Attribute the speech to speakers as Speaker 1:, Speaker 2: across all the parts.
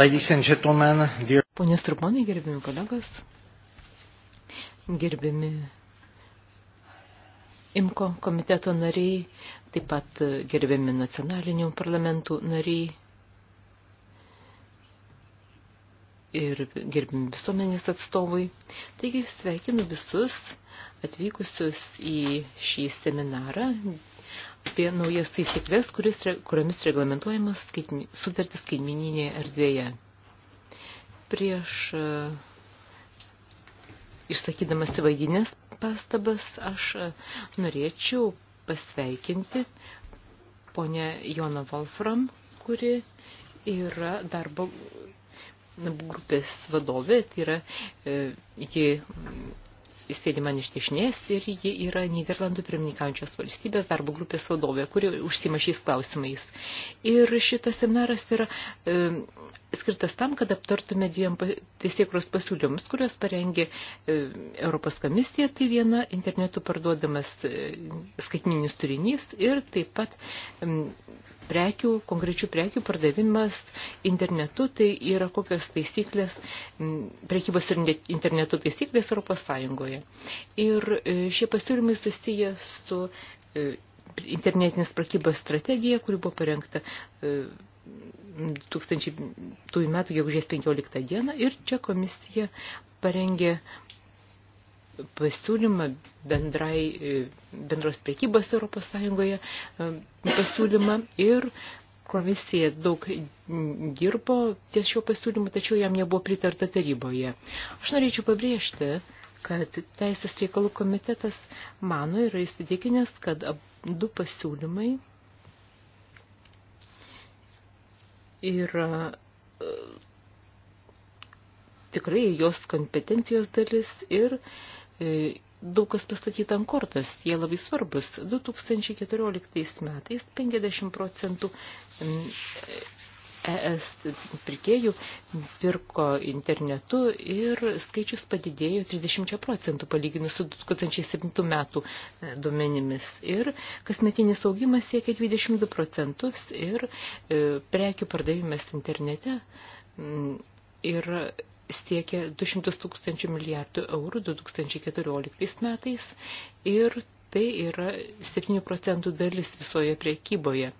Speaker 1: Ladies and gentlemen, dear... Ponės ir ponai, gerbimi kolegos, gerbimi IMKO komiteto nariai, taip pat gerbimi nacionalinių parlamentų nariai ir gerbimi visuomenės atstovai. Taigi sveikinu visus atvykusius į šį seminarą apie naujas taisyklės, kuris, kuriomis reglamentuojamas skaitmi, sutartis skaitmininėje erdvėje. Prieš e, išsakydamas įvaiginės pastabas, aš e, norėčiau pasveikinti ponę Joną Wolfram, kuri yra darbo grupės vadovė, tai yra e, ji sėdi man iš dešinės ir ji yra Niderlandų pirmininkaujančios valstybės darbo grupės vadovė, kuri užsima šiais klausimais. Ir šitas seminaras yra e, skirtas tam, kad aptartume dviem teisėkros pasiūlymus, kurios parengė e, Europos komisija, tai viena internetu parduodamas e, skaitmininis turinys ir taip pat e, prekių, konkrečių prekių pardavimas internetu, tai yra kokios taisyklės, e, prekybos ir internetu taisyklės Europos Sąjungoje pasiūlymai. Ir e, šie pasiūlymai susiję su e, internetinės prakybos strategija, kuri buvo parengta 2000 e, metų gegužės 15 dieną ir čia komisija parengė pasiūlymą bendrai, bendros prekybos Europos Sąjungoje pasiūlymą ir komisija daug dirbo ties šio pasiūlymu, tačiau jam nebuvo pritarta taryboje. Aš norėčiau pabrėžti, kad Teisės reikalų komitetas mano yra įsitikinęs, kad du pasiūlymai yra e, tikrai jos kompetencijos dalis ir e, daug kas pastatyta ant kortas, jie labai svarbus. 2014 metais 50 procentų ES pirkėjų pirko internetu ir skaičius padidėjo 30 procentų palyginus su 2007 metų e, duomenimis. Ir kasmetinis augimas siekia 22 procentus ir e, prekių pardavimas internete ir siekia 200 tūkstančių milijardų eurų 2014 metais ir tai yra 7 procentų dalis visoje priekyboje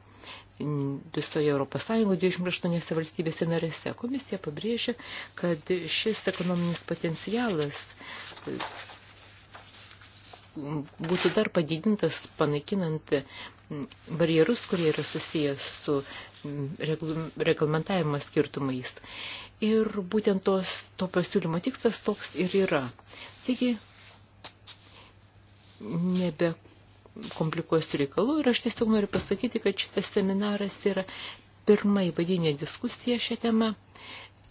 Speaker 1: visoje Europos Sąjungoje 28 valstybėse narėse. Komisija pabrėžia, kad šis ekonominis potencialas būtų dar padidintas panaikinant barjerus, kurie yra susijęs su reglamentavimo skirtumais. Ir būtent tos, to pasiūlymo tikslas toks ir yra. Taigi, nebe komplikuosiu reikalu ir aš tiesiog noriu pasakyti, kad šitas seminaras yra pirma įvadinė diskusija šią temą.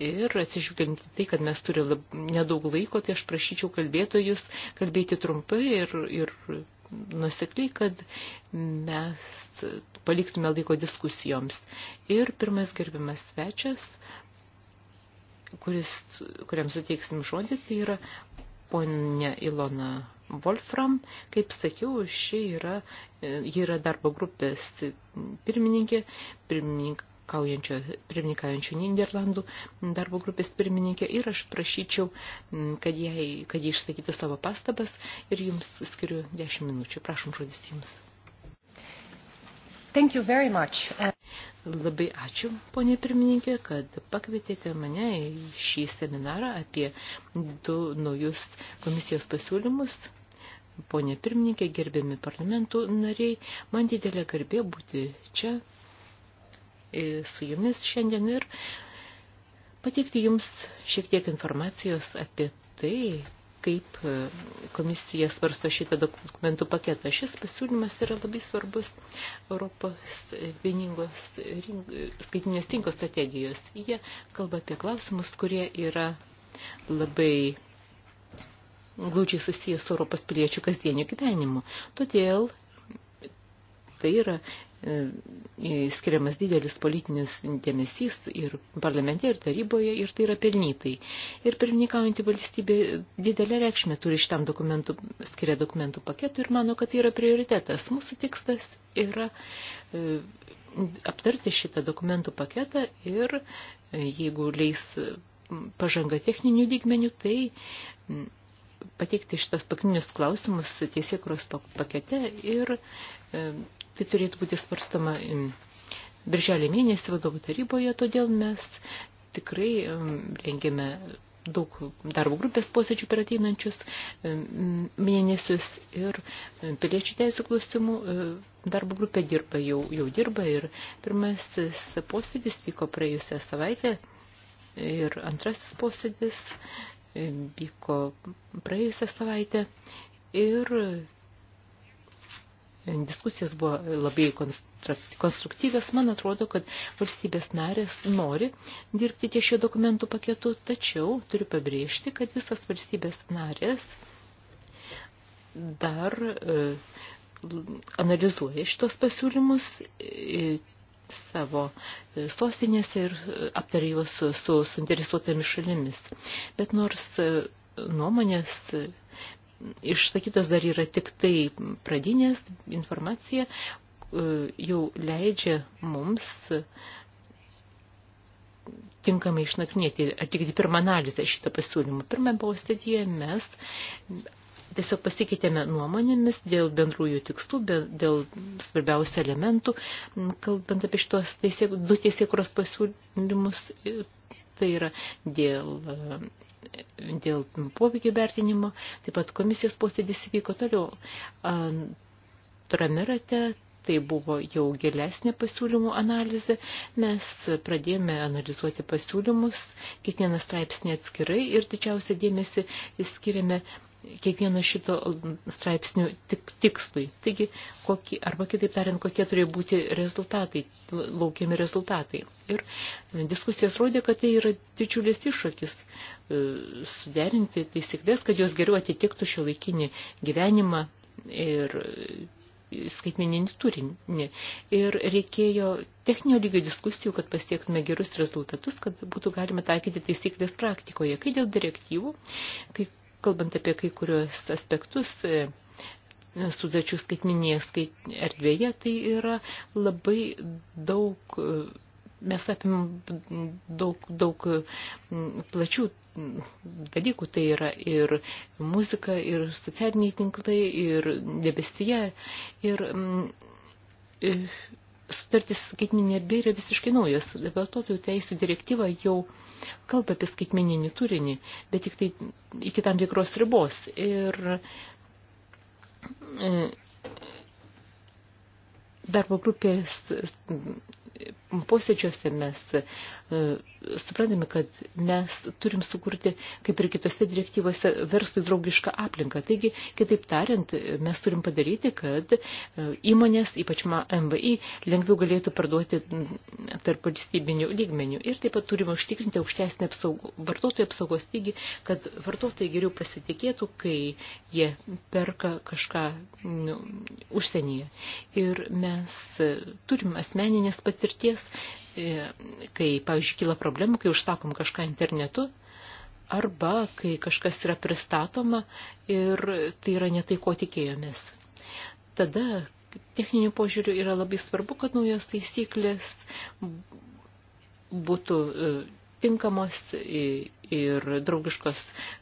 Speaker 1: Ir atsižiūrint tai, kad mes turime nedaug laiko, tai aš prašyčiau kalbėtojus kalbėti trumpai ir, ir nusekliai, kad mes paliktume laiko diskusijoms. Ir pirmas gerbiamas svečias, kuris, kuriam suteiksim žodį, tai yra ponia Ilona Wolfram. Kaip sakiau, ši yra, e, ji yra darbo grupės pirmininkė, pirmininkaujančių Niderlandų darbo grupės pirmininkė ir aš prašyčiau, kad jai, kad jai išsakytų savo pastabas ir jums skiriu 10 minučių. Prašom žodis jums. Thank you very much. Labai ačiū, ponė pirmininkė, kad pakvietėte mane į šį seminarą apie du naujus komisijos pasiūlymus. Ponė pirmininkė, gerbiami parlamentų nariai, man didelė garbė būti čia e, su jumis šiandien ir pateikti jums šiek tiek informacijos apie tai, kaip e, komisija svarsto šitą dokumentų paketą. Šis pasiūlymas yra labai svarbus Europos vieningos rink, skaitinės rinkos strategijos. Jie kalba apie klausimus, kurie yra labai glaudžiai susijęs su Europos piliečių kasdieniu gyvenimu. Todėl tai yra e, skiriamas didelis politinis dėmesys ir parlamente, ir taryboje, ir tai yra pelnytai. Ir pirmininkaujantį valstybė didelę reikšmę turi šitam dokumentų, skiria dokumentų paketų ir mano, kad tai yra prioritetas. Mūsų tikslas yra e, aptarti šitą dokumentų paketą ir e, jeigu leis pažanga techninių lygmenių, tai pateikti šitas pagrindinius klausimus teisėkuros pakete ir tai turėtų būti svarstama birželį mėnesį vadovų taryboje, todėl mes tikrai rengėme daug darbo grupės posėdžių per ateinančius mėnesius ir piliečių teisų klausimų darbo grupė dirba, jau, jau dirba ir pirmasis posėdis vyko praėjusią savaitę ir antrasis posėdis vyko praėjusią savaitę ir diskusijos buvo labai konstruktyvios. Man atrodo, kad valstybės narės nori dirbti ties šio dokumentų paketu, tačiau turiu pabrėžti, kad visas valstybės narės dar e, analizuoja šitos pasiūlymus e, savo e, sostinėse ir aptarė juos su suinteresuotomis su šalimis. Bet nors nuomonės išsakytas dar yra tik tai pradinės informacija, e, jau leidžia mums tinkamai išnagrinėti, atlikti pirmą analizę šitą pasiūlymą. Pirmą posėdyje mes tiesiog pasikeitėme nuomonėmis dėl bendrųjų tikslų, dėl svarbiausių elementų, kalbant apie šitos teisėk, du teisėkuros pasiūlymus, tai yra dėl dėl poveikio vertinimo, taip pat komisijos posėdis vyko toliau. Antrame rate tai buvo jau gilesnė pasiūlymų analizė. Mes pradėjome analizuoti pasiūlymus, kiekvieną straipsnį atskirai ir didžiausią dėmesį skiriame kiekvieno šito straipsnių tik, tikslui. Taigi, kokie, arba kitaip tariant, kokie turėjo būti rezultatai, laukiami rezultatai. Ir diskusijas rodė, kad tai yra didžiulis iššūkis e, suderinti taisyklės, kad jos geriau atitiktų šio laikinį gyvenimą ir skaitmeninį turinį. Ir reikėjo techninio lygio diskusijų, kad pasiektume gerus rezultatus, kad būtų galima taikyti taisyklės praktikoje. Kai dėl direktyvų, kai kalbant apie kai kurios aspektus e, sudačių skaitminėje skait... erdvėje, tai yra labai daug, e, mes apimam daug, daug plačių dalykų, tai yra ir muzika, ir socialiniai tinklai, ir debesyje, ir, ir sutartis skaitmeninė erdvė yra visiškai naujas. Vartotojų teisų direktyva jau kalba apie skaitmeninį turinį, bet tik tai iki tam tikros ribos. Ir e, darbo grupės posėdžiuose mes e, suprantame, kad mes turim sukurti, kaip ir kitose direktyvose, verslui draugišką aplinką. Taigi, kitaip tariant, mes turim padaryti, kad e, įmonės, ypač MVI, lengviau galėtų parduoti tarp valstybinių lygmenių. Ir taip pat turim užtikrinti aukštesnį apsaugų, vartotojų apsaugos lygį, kad vartotojai geriau pasitikėtų, kai jie perka kažką nu, užsienyje. Ir mes e, turim asmeninės patirties patirties, e, kai, pavyzdžiui, kyla problemų, kai užsakom kažką internetu, arba kai kažkas yra pristatoma ir tai yra ne tai, ko tikėjomės. Tada techninių požiūrių yra labai svarbu, kad naujos taisyklės būtų e, tinkamos ir draugiškos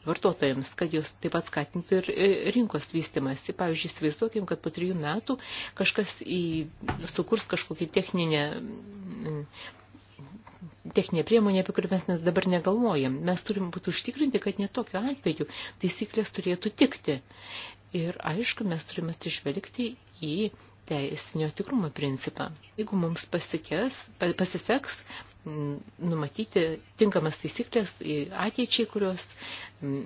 Speaker 1: vartotojams, kad jos taip pat skatintų ir rinkos vystimasi. Pavyzdžiui, įsivaizduokim, kad po trijų metų kažkas į, sukurs kažkokį techninę techninė priemonė, apie kurį mes dabar negalvojam. Mes turim būti užtikrinti, kad netokiu atveju taisyklės turėtų tikti. Ir aišku, mes turime atsižvelgti į teisinio tikrumo principą. Jeigu mums pasikės, pasiseks, Mm, numatyti tinkamas taisyklės ateičiai, kurios mm,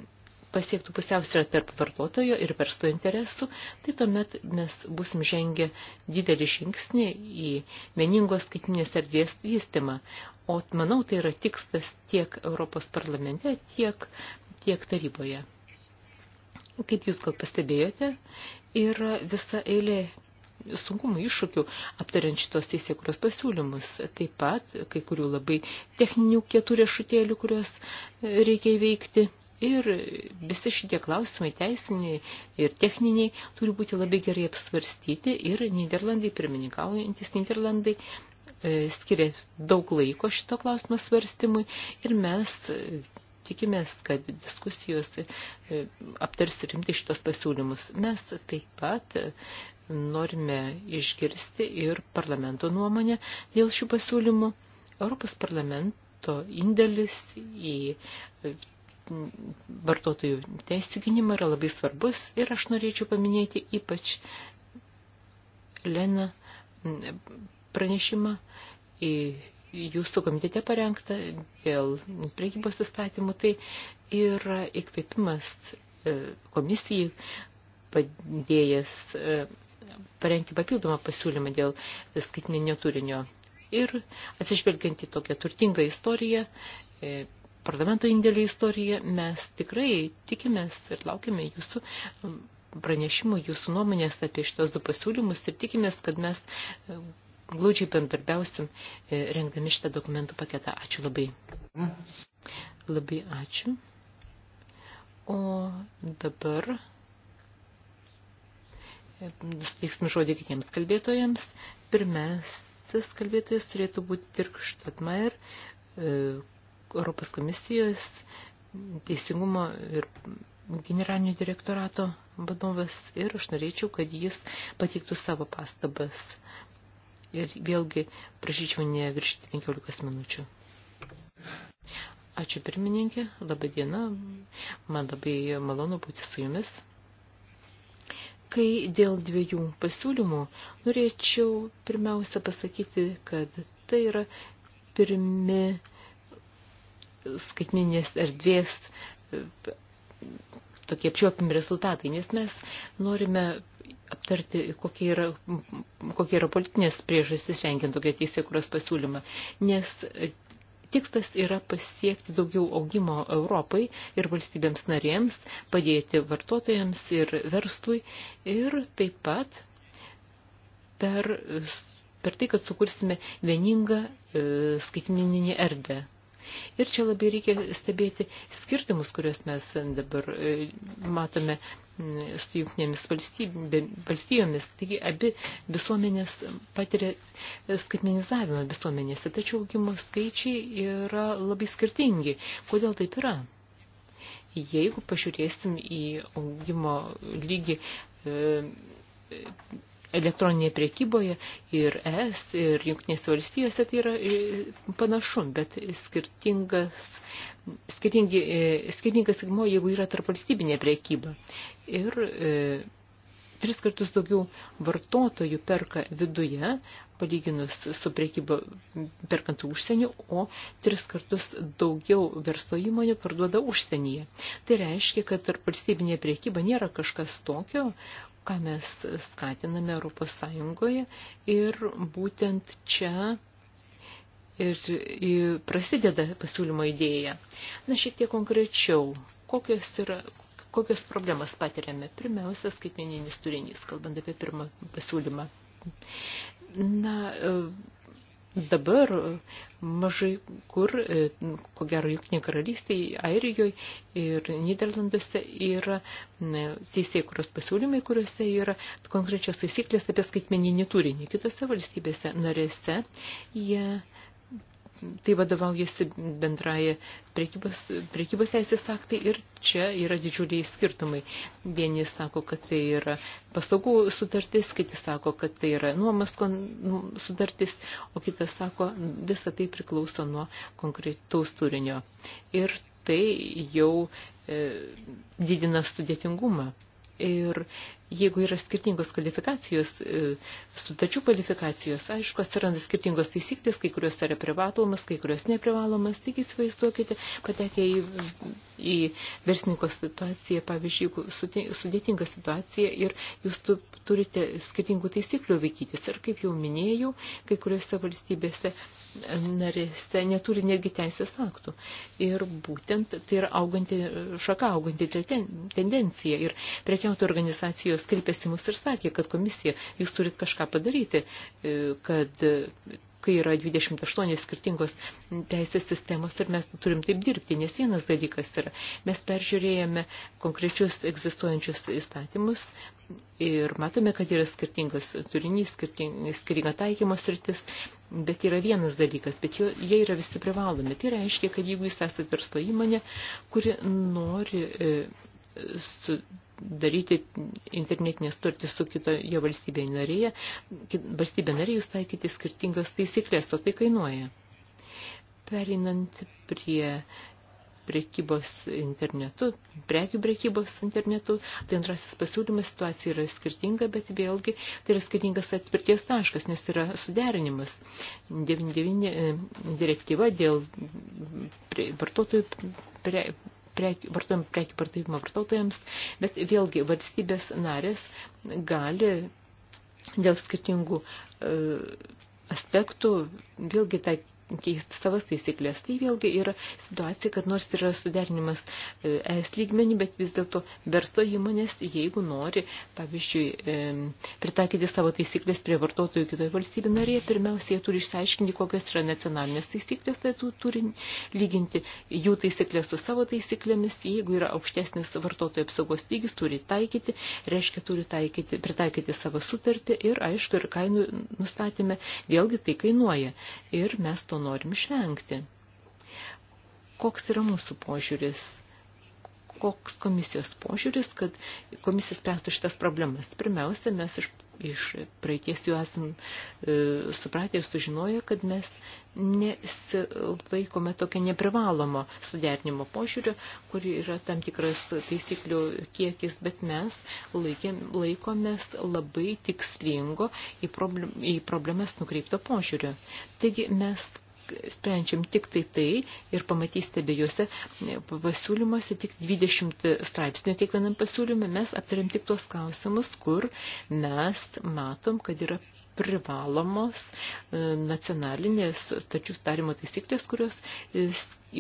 Speaker 1: pasiektų pusiausvyrą tarp vartotojo ir verslo interesų, tai tuomet mes busim žengę didelį žingsnį į vieningos skaitinės erdvės vystymą. O manau, tai yra tikslas tiek Europos parlamente, tiek, tiek taryboje. Kaip jūs gal pastebėjote, yra visa eilė sunkumų, iššūkių aptariant šitos teisėkuros pasiūlymus. Taip pat kai kurių labai techninių keturiešutėlių, kurios e, reikia įveikti. Ir visi šitie klausimai teisiniai ir techniniai turi būti labai gerai apsvarstyti ir Niderlandai, pirmininkaujantis Niderlandai, e, skiria daug laiko šito klausimo svarstymui ir mes tikimės, kad diskusijos e, aptars rimtai šitos pasiūlymus. Mes taip pat e, norime išgirsti ir parlamento nuomonę dėl šių pasiūlymų. Europos parlamento indėlis į e, vartotojų teisų gynimą yra labai svarbus ir aš norėčiau paminėti ypač Lena pranešimą jūsų komitete parengta dėl priekybos įstatymų, tai yra įkvėpimas e, komisijai padėjęs e, parengti papildomą pasiūlymą dėl skaitmeninio turinio. Ir atsižvelgiant į tokią turtingą istoriją, e, parlamento indėlio istoriją, mes tikrai tikimės ir laukiame jūsų pranešimų, jūsų nuomonės apie šitos du pasiūlymus ir tikimės, kad mes glūdžiai bendarbiausim e, rengdami šitą dokumentų paketą. Ačiū labai. Labai ačiū. O dabar e, steiksim žodį kitiems kalbėtojams. Pirmasis kalbėtojas turėtų būti Dirk Štatmajer, e, Europos komisijos teisingumo ir generalinio direktorato vadovas ir aš norėčiau, kad jis pateiktų savo pastabas Ir vėlgi prašyčiau neviršyti 15 minučių. Ačiū pirmininkė, laba diena, man labai malonu būti su jumis. Kai dėl dviejų pasiūlymų norėčiau pirmiausia pasakyti, kad tai yra pirmi skaitminės erdvės tokie apčiuopimi rezultatai, nes mes norime aptarti, kokie yra, kokie yra politinės priežastys rengiant tokią teisėkuros pasiūlymą. Nes tikslas yra pasiekti daugiau augimo Europai ir valstybėms narėms, padėti vartotojams ir verslui ir taip pat per, per tai, kad sukursime vieningą e, skaitmininį erdvę Ir čia labai reikia stebėti skirtumus, kuriuos mes dabar e, matome su jungtinėmis valstybėmis. Taigi abi visuomenės patiria skaitmenizavimą visuomenėse, tačiau augimo skaičiai yra labai skirtingi. Kodėl taip yra? Jeigu pažiūrėsim į augimo lygį e, elektroninėje priekyboje ir ES, ir Junktinės valstijose tai yra e, panašu, bet skirtingas, skirtingi, e, skirtingas sigmo, jeigu yra tarp valstybinė priekyba. Ir e, tris kartus daugiau vartotojų perka viduje, palyginus su priekyba perkant užsienį, o tris kartus daugiau verslo įmonių parduoda užsienyje. Tai reiškia, kad tarp valstybinė priekyba nėra kažkas tokio, ką mes skatiname Europos Sąjungoje ir būtent čia ir, ir prasideda pasiūlymo idėja. Na, šiek tiek konkrečiau, kokios yra, kokios problemas patiriame. Pirmiausia, skaitmeninis turinys, kalbant apie pirmą pasiūlymą. Na, e, dabar mažai kur, e, ko gero, Junktinė karalystėje, Airijoje ir Niderlanduose yra teisėjai, kurios pasiūlymai, kuriuose yra konkrečios taisyklės apie skaitmeninį turinį. Kitose valstybėse narėse jie tai vadovaujasi bendraja priekybos, priekybos teisės aktai ir čia yra didžiuliai skirtumai. Vieni sako, kad tai yra paslaugų sutartis, kiti sako, kad tai yra nuomas nu, sutartis, o kitas sako, visa tai priklauso nuo konkretaus turinio. Ir tai jau e, didina sudėtingumą. Ir jeigu yra skirtingos kvalifikacijos, e, sutarčių kvalifikacijos, aišku, atsiranda skirtingos taisyklės, kai kurios yra privalomas, kai kurios neprivalomas, tik įsivaizduokite, patekę į, į versninko situaciją, pavyzdžiui, sudėtinga situacija ir jūs tu, turite skirtingų taisyklių laikytis. Ir kaip jau minėjau, kai kuriuose valstybėse e, narėse neturi netgi teisės aktų. Ir būtent tai yra auganti, šaka auganti tendencija. Ir prekiautų organizacijos narės kreipėsi mus ir sakė, kad komisija, jūs turit kažką padaryti, e, kad e, kai yra 28 skirtingos teisės sistemos ir mes turim taip dirbti, nes vienas dalykas yra, mes peržiūrėjome konkrečius egzistuojančius įstatymus ir matome, kad yra skirtingas turinys, skirting, skirtinga taikymo sritis, bet yra vienas dalykas, bet jo, jie yra visi privalomi. Tai reiškia, kad jeigu jūs esate verslo įmonė, kuri nori e, su, daryti internetinės sutartys su kitoje valstybėje narėje, valstybė narėje jūs taikyti skirtingas taisyklės, o tai kainuoja. Perinant prie prekybos internetu, prekių prekybos internetu. Tai antrasis pasiūlymas situacija yra skirtinga, bet vėlgi tai yra skirtingas atspirties taškas, nes yra suderinimas. 99 e, direktyva dėl vartotojų pre, prekių, vartojimo prekių pardavimo vartotojams, bet vėlgi valstybės narės gali dėl skirtingų e, aspektų vėlgi taikyti keisti savas taisyklės. Tai vėlgi yra situacija, kad nors yra suderinimas e, es lygmenį, bet vis dėlto verslo įmonės, jeigu nori, pavyzdžiui, e, pritaikyti savo taisyklės prie vartotojų kitoje valstybė narėje, pirmiausia, jie turi išsiaiškinti, kokios yra nacionalinės taisyklės, tai tu turi lyginti jų taisyklės su savo taisyklėmis, jeigu yra aukštesnis vartotojų apsaugos lygis, turi taikyti, reiškia, turi taikyti, pritaikyti savo sutartį ir, aišku, ir kainų nustatymę, vėlgi tai kainuoja. Ir mes to to norim išvengti. Koks yra mūsų požiūris? Koks komisijos požiūris, kad komisija spręstų šitas problemas? Pirmiausia, mes iš, iš praeities jau esam e, supratę ir sužinoję, kad mes nesilaikome tokio neprivalomo suderinimo požiūrio, kur yra tam tikras taisyklių kiekis, bet mes laikėm, laikomės labai tikslingo į, problem, į problemas nukreipto požiūrio. Taigi mes sprendžiam tik tai tai ir pamatysite abiejose pasiūlymuose tik 20 straipsnių kiekvienam pasiūlymui. Mes aptariam tik tuos klausimus, kur mes matom, kad yra privalomos e, nacionalinės stačių starimo taisyklės, kurios e,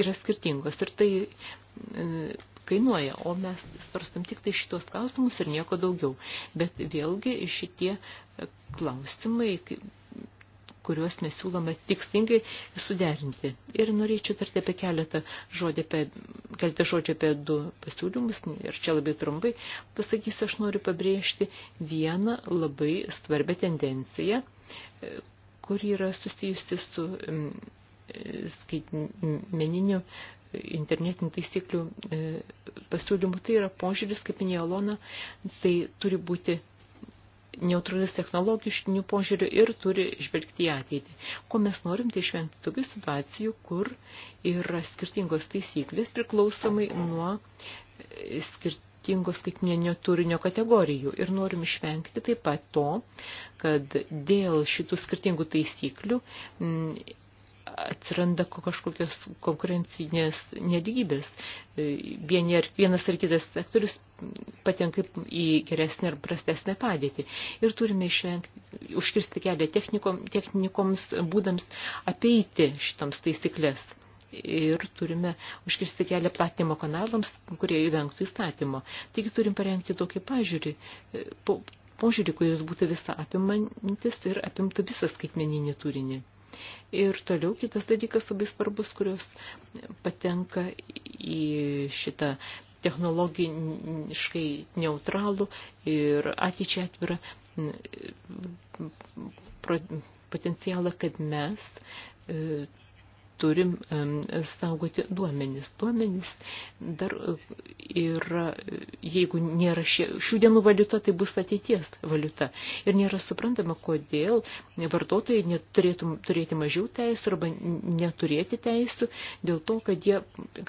Speaker 1: yra skirtingos. Ir tai e, kainuoja, o mes svarstam tik tai šitos klausimus ir nieko daugiau. Bet vėlgi šitie klausimai, kuriuos mes siūlome tikslingai suderinti. Ir norėčiau tarti apie keletą, žodį, apie, keletą žodžių apie du pasiūlymus, ir čia labai trumpai pasakysiu, aš noriu pabrėžti vieną labai svarbę tendenciją, kuri yra susijusi su mm, skaitmeniniu internetinių taisyklių e, pasiūlymų. Tai yra požiūris, kaip minėjo Lona, tai turi būti neutralius technologiškinių požiūrių ir turi žvelgti į ateitį. Ko mes norim, tai išvengti tokių situacijų, kur yra skirtingos taisyklės priklausomai nuo e, skirtingos skaitmeninio turinio kategorijų. Ir norim išvengti taip pat to, kad dėl šitų skirtingų taisyklių m, atsiranda kažkokios konkurencinės nelygybės. E, vieni ar, vienas ar kitas sektorius patenka į geresnę ar prastesnę padėtį. Ir turime išvengti, užkirsti kelią technikom, technikoms, būdams apeiti šitoms taisyklės. Ir turime užkirsti kelią platinimo kanalams, kurie įvengtų įstatymo. Taigi turim parengti tokį pažiūrį, po, požiūrį, kuris būtų visą apimantis ir apimtų visą skaitmeninį turinį. Ir toliau kitas dalykas labai svarbus, kurios patenka į šitą technologiškai neutralų ir ateičiai atvirą mm, potencialą, kad mes e, turim saugoti duomenis. Duomenis dar e, yra, jeigu nėra šie, šių dienų valiuta, tai bus ateities valiuta. Ir nėra suprantama, kodėl vartotojai neturėtų turėti mažiau teisų arba neturėti teisų dėl to, kad jie,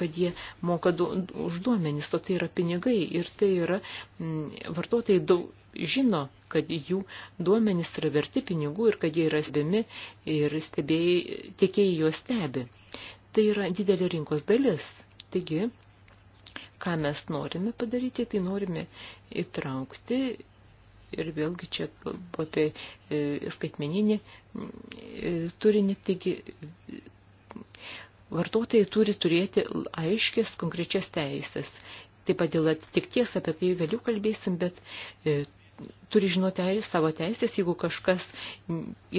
Speaker 1: kad jie moka du, už duomenis, o tai yra pinigai ir tai yra m, vartotojai daug žino, kad jų duomenys yra verti pinigų ir kad jie yra stebimi ir stebėjai, tiekėjai juos stebi. Tai yra didelė rinkos dalis. Taigi, ką mes norime padaryti, tai norime įtraukti ir vėlgi čia kalbu apie e, skaitmeninį e, turinį, taigi vartotojai turi turėti aiškės konkrečias teisės. Taip pat dėl atitikties apie tai vėliau kalbėsim, bet e, turi žinoti savo teisės, jeigu kažkas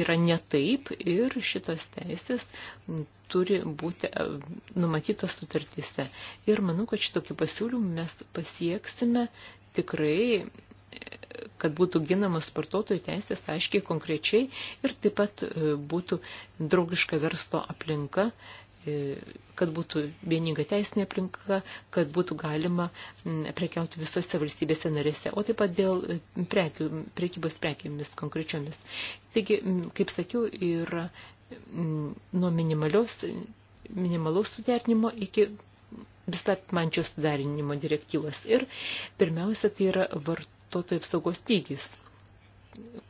Speaker 1: yra ne taip ir šitos teisės turi būti e, numatytos sutartyse. Ir manau, kad šitokių pasiūlymų mes pasieksime tikrai kad būtų ginamas vartotojų teisės aiškiai konkrečiai ir taip pat e, būtų draugiška verslo aplinka E, kad būtų vieninga teisinė aplinka, kad būtų galima prekiauti visose valstybėse narėse, o taip pat dėl e, prekių, prekybos prekėmis konkrečiomis. Taigi, kaip sakiau, yra nuo minimalios, minimalaus suderinimo iki visatmančio sudarinimo direktyvas. Ir pirmiausia, tai yra vartotojų apsaugos lygis.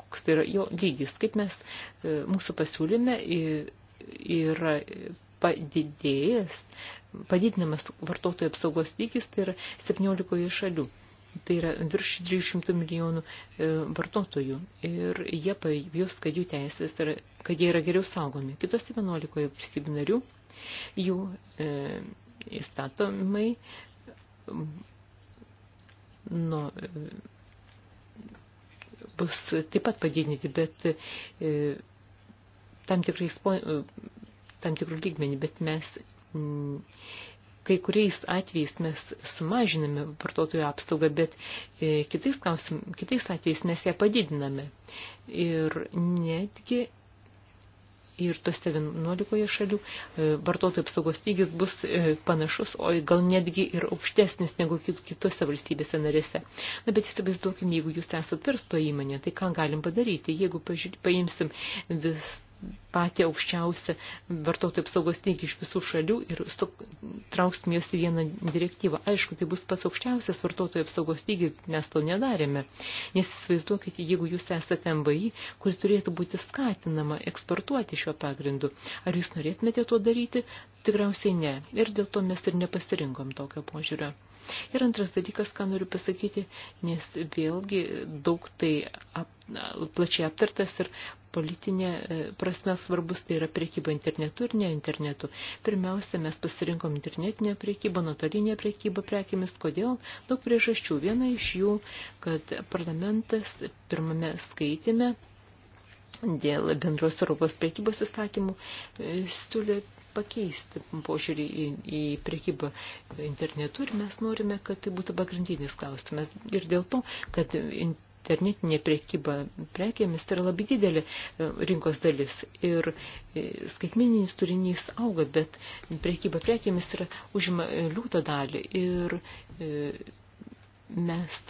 Speaker 1: Koks tai yra jo lygis, kaip mes e, mūsų pasiūlyme yra padidėjęs, padidinamas vartotojų apsaugos lygis, tai yra 17 šalių. Tai yra virš 300 milijonų e, vartotojų ir jie pajus, kad jų teisės, yra, kad jie yra geriau saugomi. Kitose 11 valstybių narių jų e, įstatomai nu, e, bus taip pat padidinti, bet e, tam tikrais tam tikrų lygmenį, bet mes mm, kai kuriais atvejais mes sumažiname vartotojų apsaugą, bet e, kitais, klausim, kitais atvejais mes ją padidiname. Ir netgi ir tose 11 šalių e, vartotojų apsaugos lygis bus e, panašus, o gal netgi ir aukštesnis negu kitose valstybėse narėse. Na, bet įsivaizduokim, jeigu jūs esat versto įmonė, tai ką galim padaryti, jeigu paimsim vis patį aukščiausią vartotojų apsaugos lygį iš visų šalių ir trauksim juos į vieną direktyvą. Aišku, tai bus pats aukščiausias vartotojų apsaugos lygis, mes to nedarėme. Nes įsivaizduokite, jeigu jūs esate MVI, kuri turėtų būti skatinama eksportuoti šiuo pagrindu. Ar jūs norėtumėte to daryti? Tikriausiai ne. Ir dėl to mes ir nepasirinkom tokio požiūrio. Ir antras dalykas, ką noriu pasakyti, nes vėlgi daug tai ap, plačiai aptartas ir politinė e, prasme svarbus, tai yra priekyba internetu ir ne internetu. Pirmiausia, mes pasirinkom internetinę priekybą, notarinę priekybą prekiamis. Kodėl? Daug priežasčių. Viena iš jų, kad parlamentas pirmame skaitime dėl bendros Europos priekybos įstatymų e, siūlė pakeisti požiūrį į, į priekybą internetu ir mes norime, kad tai būtų pagrindinis klausimas. Ir dėl to, kad internetu internetinė priekyba prekėmis tai yra labai didelė e, rinkos dalis ir e, skaitmeninis turinys auga, bet priekyba prekėmis yra užima e, liūto dalį ir mes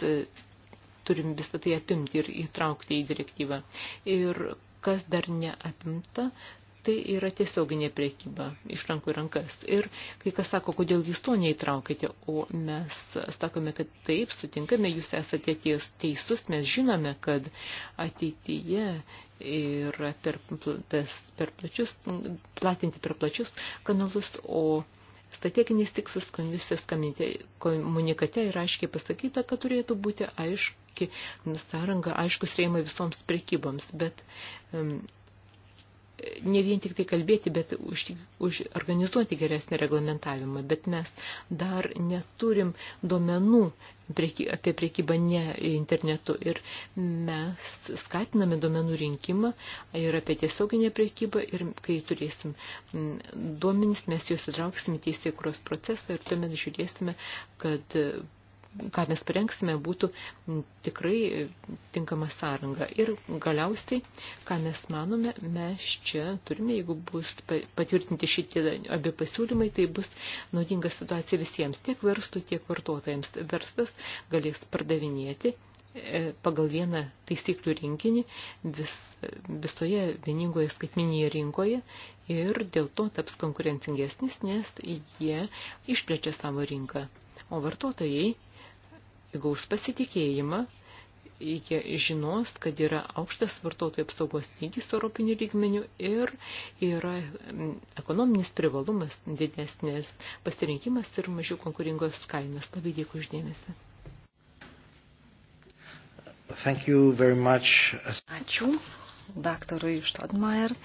Speaker 1: turim visą tai apimti ir įtraukti į direktyvą. Ir kas dar neapimta, tai yra tiesioginė priekyba iš rankų į rankas. Ir kai kas sako, kodėl jūs to neįtraukite, o mes sakome, kad taip, sutinkame, jūs esate teisus, mes žinome, kad ateityje ir per, tas, per plačius, platinti per plačius kanalus, o Strateginis tikslas konvisijos komunikate yra aiškiai pasakyta, kad turėtų būti aiški sąranga, aiškus rėmai visoms prekyboms, bet um, ne vien tik tai kalbėti, bet už, už organizuoti geresnį reglamentavimą, bet mes dar neturim duomenų prieki, apie priekybą ne internetu ir mes skatiname duomenų rinkimą ir apie tiesioginę priekybą ir kai turėsim duomenys, mes juos įtrauksim į teisėkuros procesą ir tuomet žiūrėsime, kad ką mes parengsime, būtų tikrai tinkama sąranga. Ir galiausiai, ką mes manome, mes čia turime, jeigu bus patvirtinti šitie abi pasiūlymai, tai bus naudinga situacija visiems, tiek verslui, tiek vartotojams. Verslas galės pardavinėti e, pagal vieną taisyklių rinkinį vis, visoje vieningoje skaitminėje rinkoje ir dėl to taps konkurencingesnis, nes jie išplečia savo rinką. O vartotojai įgaus pasitikėjimą, jie žinos, kad yra aukštas vartotojų apsaugos lygis europinių lygmenių ir yra ekonominis privalumas, didesnės pasirinkimas ir mažiau konkuringos kainos. Labai dėkui uždėmesi.
Speaker 2: Thank you very much. Ačiū daktarui Štadmajer.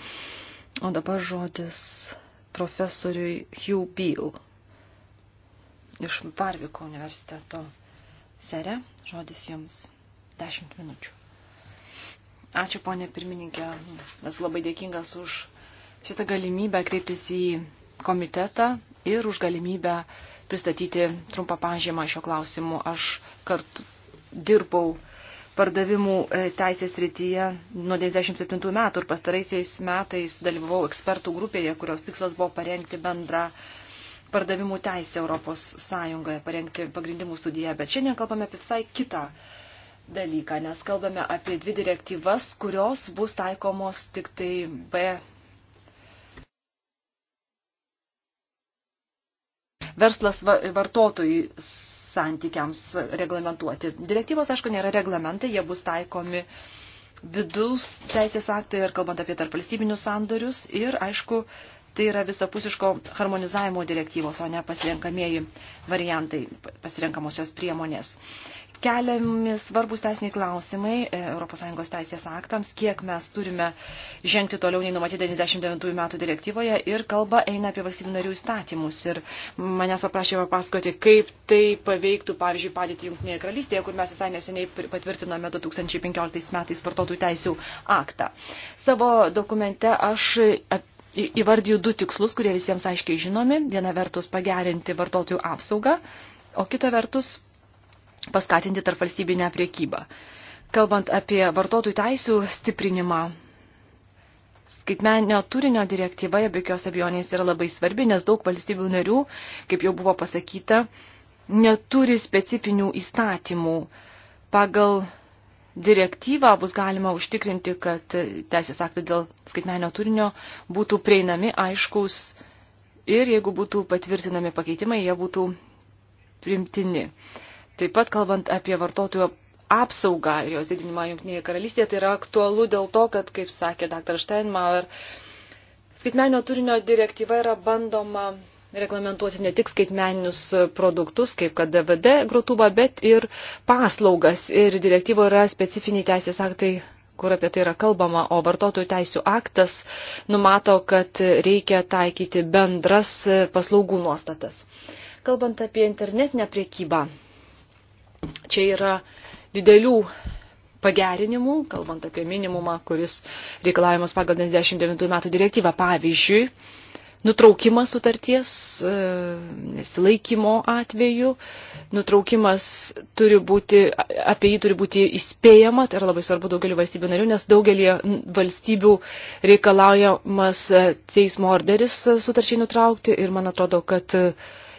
Speaker 2: O dabar žodis profesoriui Hugh Beale iš Barviko universiteto Sere, žodis jums. Dešimt minučių. Ačiū, ponė pirmininkė. Esu labai dėkingas už šitą galimybę kreiptis į komitetą ir už galimybę pristatyti trumpą pažymą šio klausimu. Aš kartu dirbau pardavimų e, teisės rytyje nuo 97 metų ir pastaraisiais metais dalyvavau ekspertų grupėje, kurios tikslas buvo parengti bendrą uh, pardavimų teisę Europos Sąjungoje, parengti pagrindimų studiją, bet šiandien kalbame apie visai kitą dalyką, nes kalbame apie dvi direktyvas, kurios bus taikomos tik tai B. Verslas vartotojai santykiams reglamentuoti. Direktyvos, aišku, nėra reglamentai, jie bus taikomi vidus teisės aktai ir kalbant apie tarpvalstybinius sandorius ir, aišku, tai yra visapusiško harmonizavimo direktyvos, o ne pasirenkamieji variantai, pasirenkamosios priemonės. Keliami svarbus teisiniai klausimai ES teisės aktams, kiek mes turime žengti toliau nei numatyti 99 metų direktyvoje ir kalba eina apie valstybių narių įstatymus. Ir manęs paprašė papasakoti, kaip tai paveiktų, pavyzdžiui, padėti Junktinėje karalystėje, kur mes visai neseniai patvirtinome 2015 metais vartotojų teisų aktą. Savo dokumente aš įvardyju du tikslus, kurie visiems aiškiai žinomi. Viena vertus pagerinti vartotojų apsaugą, o kita vertus paskatinti tarp valstybinę priekybą. Kalbant apie vartotojų teisų stiprinimą, skaitmenio turinio direktyva, be jokios abejonės, yra labai svarbi, nes daug valstybių narių, kaip jau buvo pasakyta, neturi specifinių įstatymų pagal direktyvą bus galima užtikrinti, kad teisės aktai dėl skaitmenio turinio būtų prieinami, aiškus ir jeigu būtų patvirtinami pakeitimai, jie būtų primtini. Taip pat kalbant apie vartotojų apsaugą ir jos didinimą Junktinėje karalystėje, tai yra aktualu dėl to, kad, kaip sakė dr. Steinmauer, skaitmenio turinio direktyva yra bandoma reglamentuoti ne tik skaitmeninius produktus, kaip kad DVD grotuvą, bet ir paslaugas. Ir direktyvo yra specifiniai teisės aktai kur apie tai yra kalbama, o vartotojų teisų aktas numato, kad reikia taikyti bendras paslaugų nuostatas. Kalbant apie internetinę priekybą, čia yra didelių pagerinimų, kalbant apie minimumą, kuris reikalavimas pagal 99 metų direktyvą. Pavyzdžiui, nutraukimas sutarties e, nesilaikymo atveju. Nutraukimas turi būti, apie jį turi būti įspėjama, tai yra labai svarbu daugelį valstybių narių, nes daugelį valstybių reikalaujamas teismo orderis sutarčiai nutraukti ir man atrodo, kad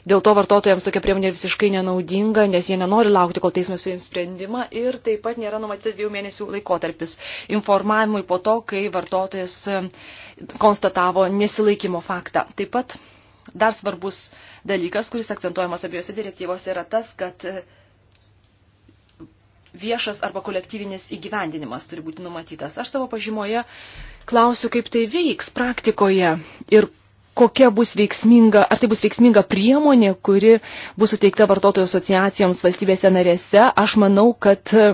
Speaker 2: Dėl to vartotojams tokia priemonė visiškai nenaudinga, nes jie nenori laukti, kol teismas priims sprendimą ir taip pat nėra numatytas dviejų mėnesių laikotarpis informavimui po to, kai vartotojas e, konstatavo nesilaikymo faktą. Taip pat dar svarbus dalykas, kuris akcentuojamas abiejose direktyvose, yra tas, kad e, viešas arba kolektyvinis įgyvendinimas turi būti numatytas. Aš savo pažymoje klausiu, kaip tai veiks praktikoje ir kokia bus veiksminga, ar tai bus veiksminga priemonė, kuri bus suteikta vartotojų asociacijoms valstybėse narėse, aš manau, kad e,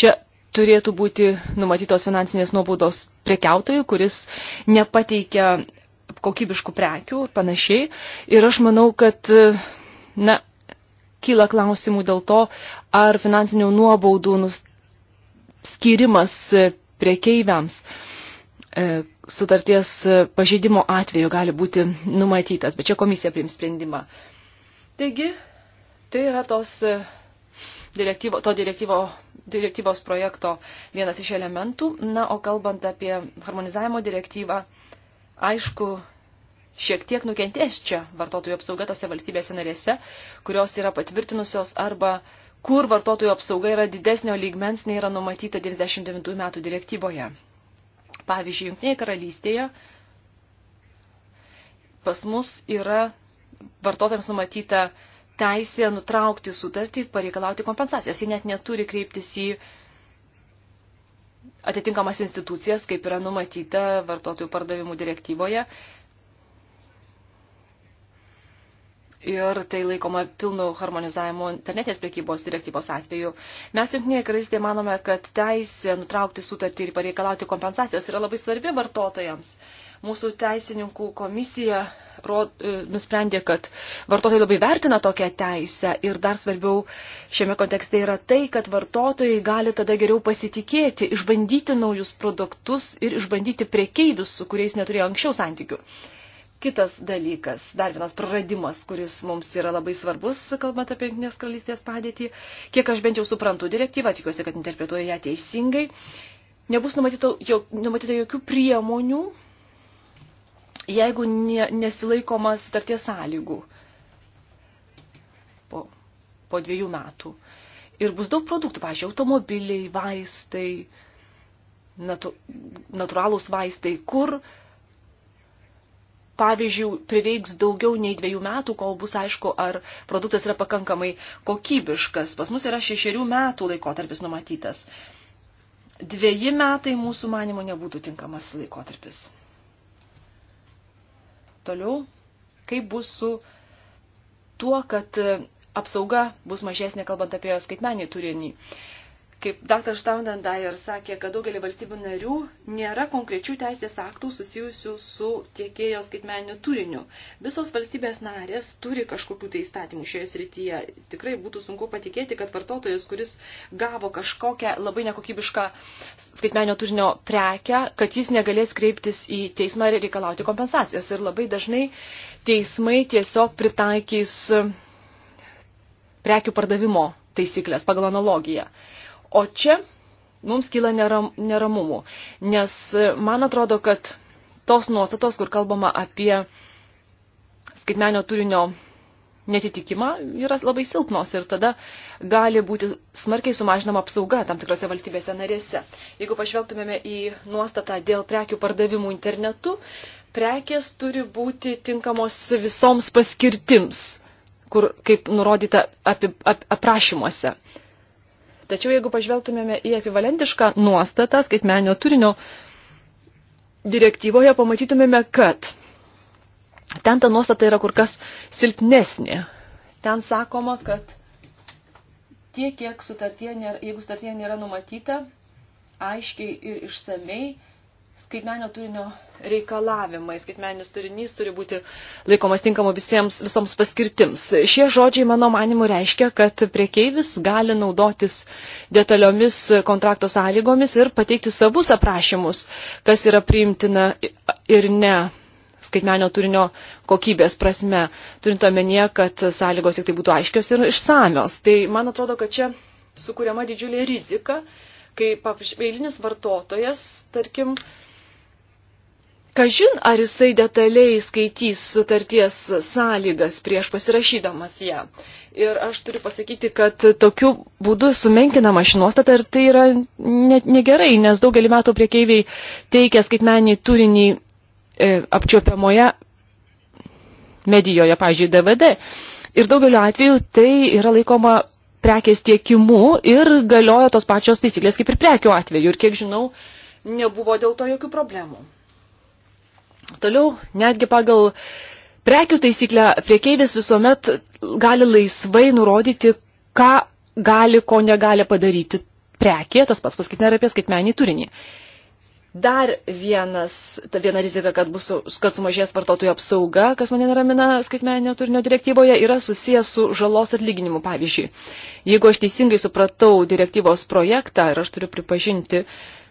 Speaker 2: čia turėtų būti numatytos finansinės nuobaudos prekiautojui, kuris nepateikia kokybiškų prekių ir panašiai. Ir aš manau, kad, e, na, kyla klausimų dėl to, ar finansinių nuobaudų skirimas e, prekeiviams, sutarties pažeidimo atveju gali būti numatytas, bet čia komisija priims sprendimą. Taigi, tai yra tos e, direktyvo, to direktyvo, direktyvos projekto vienas iš elementų. Na, o kalbant apie harmonizavimo direktyvą, aišku, šiek tiek nukentės čia vartotojų apsauga tose valstybėse narėse, kurios yra patvirtinusios arba kur vartotojų apsauga yra didesnio lygmens nei yra numatyta 99 metų direktyvoje. Pavyzdžiui, Junktinėje karalystėje pas mus yra vartotojams numatyta teisė nutraukti sutartį ir pareikalauti kompensacijos. Jie net neturi kreiptis į atitinkamas institucijas, kaip yra numatyta vartotojų pardavimų direktyvoje. ir tai laikoma pilnu harmonizavimu internetinės prekybos direktyvos atveju. Mes Junktinėje karalystėje manome, kad teisė nutraukti sutartį ir pareikalauti kompensacijos yra labai svarbi vartotojams. Mūsų teisininkų komisija rod, e, nusprendė, kad vartotojai labai vertina tokią teisę ir dar svarbiau šiame kontekste yra tai, kad vartotojai gali tada geriau pasitikėti, išbandyti naujus produktus ir išbandyti priekeivius, su kuriais neturėjo anksčiau santykių. Kitas dalykas, dar vienas praradimas, kuris mums yra labai svarbus, kalbant apie Junktinės karalystės padėtį, kiek aš bent jau suprantu direktyvą, tikiuosi, kad interpretuoju ją teisingai, nebus numatyta, jok, numatyta jokių priemonių, jeigu ne, nesilaikoma sutarties sąlygų po, po dviejų metų. Ir bus daug produktų, pažiūrėjau, automobiliai, vaistai, natu, natūralūs vaistai, kur uh, pavyzdžių prireiks daugiau nei dviejų metų, kol bus aišku, ar produktas yra pakankamai kokybiškas. Pas mus yra šešerių metų laikotarpis numatytas. Dvieji metai mūsų manimo nebūtų tinkamas laikotarpis. Toliau, kaip bus su tuo, kad apsauga bus mažesnė, kalbant apie skaitmenį turinį. Uh, kaip dr. Staudendajer sakė, kad daugelį valstybių narių nėra konkrečių teisės aktų susijusių su tiekėjo skaitmeniniu turiniu. Visos valstybės narės turi kažkokių tai įstatymų šioje srityje. Tikrai būtų sunku patikėti, kad vartotojas, kuris gavo kažkokią labai nekokybišką skaitmeninio turinio prekę, kad jis negalės kreiptis į teismą ir reikalauti kompensacijos. Ir labai dažnai teismai tiesiog pritaikys prekių pardavimo taisyklės pagal analogiją. O čia mums kyla neram, neramumų, nes e, man atrodo, kad tos nuostatos, kur kalbama apie skaitmenio turinio netitikimą, yra labai silpnos ir tada gali būti smarkiai sumažinama apsauga tam tikrose valstybėse narėse. Jeigu pažvelgtumėme į nuostatą dėl prekių pardavimų internetu, prekės turi būti tinkamos visoms paskirtims, kur, kaip nurodyta, ap, ap, aprašymuose. Ap Tačiau jeigu pažvelgtumėme į ekvivalentišką nuostatą skaitmenio turinio direktyvoje, pamatytumėme, kad ten ta nuostata yra kur kas silpnesnė. Ten sakoma, kad tiek, kiek sutartie nėra, jeigu sutartie nėra numatyta, aiškiai ir išsamei, skaitmenio turinio reikalavimai. Skaitmeninis turinys turi būti laikomas tinkamu visiems, visoms paskirtims. Šie žodžiai, mano manimu, reiškia, kad priekeivis gali naudotis detaliomis kontrakto sąlygomis ir pateikti savus aprašymus, kas yra priimtina ir ne skaitmenio turinio kokybės prasme, turint omenyje, kad sąlygos tik tai būtų aiškios ir išsamios. Tai man atrodo, kad čia sukūriama didžiulė rizika, kai eilinis vartotojas, tarkim, Kažin, ar jisai detaliai skaitys sutarties sąlygas prieš pasirašydamas ją. Ir aš turiu pasakyti, kad tokiu būdu sumenkinama ši nuostata ir tai yra ne, negerai, nes daugelį metų priekeiviai teikia skaitmenį turinį e, apčiopiamoje medijoje, pavyzdžiui, DVD. Ir daugeliu atveju tai yra laikoma prekės tiekimu ir galioja tos pačios taisyklės kaip ir prekių atveju. Ir kiek žinau, nebuvo dėl to jokių problemų. Toliau, netgi pagal prekių taisyklę, priekeivis visuomet gali laisvai nurodyti, ką gali, ko negali padaryti prekė, tas pats paskaitinė yra apie skaitmenį turinį. Dar vienas, ta viena rizika, kad, bus, kad sumažės vartotojų apsauga, kas mane neramina skaitmeninio turinio direktyvoje, yra susijęs su žalos atlyginimu. Pavyzdžiui, jeigu aš teisingai supratau direktyvos projektą ir aš turiu pripažinti, uh,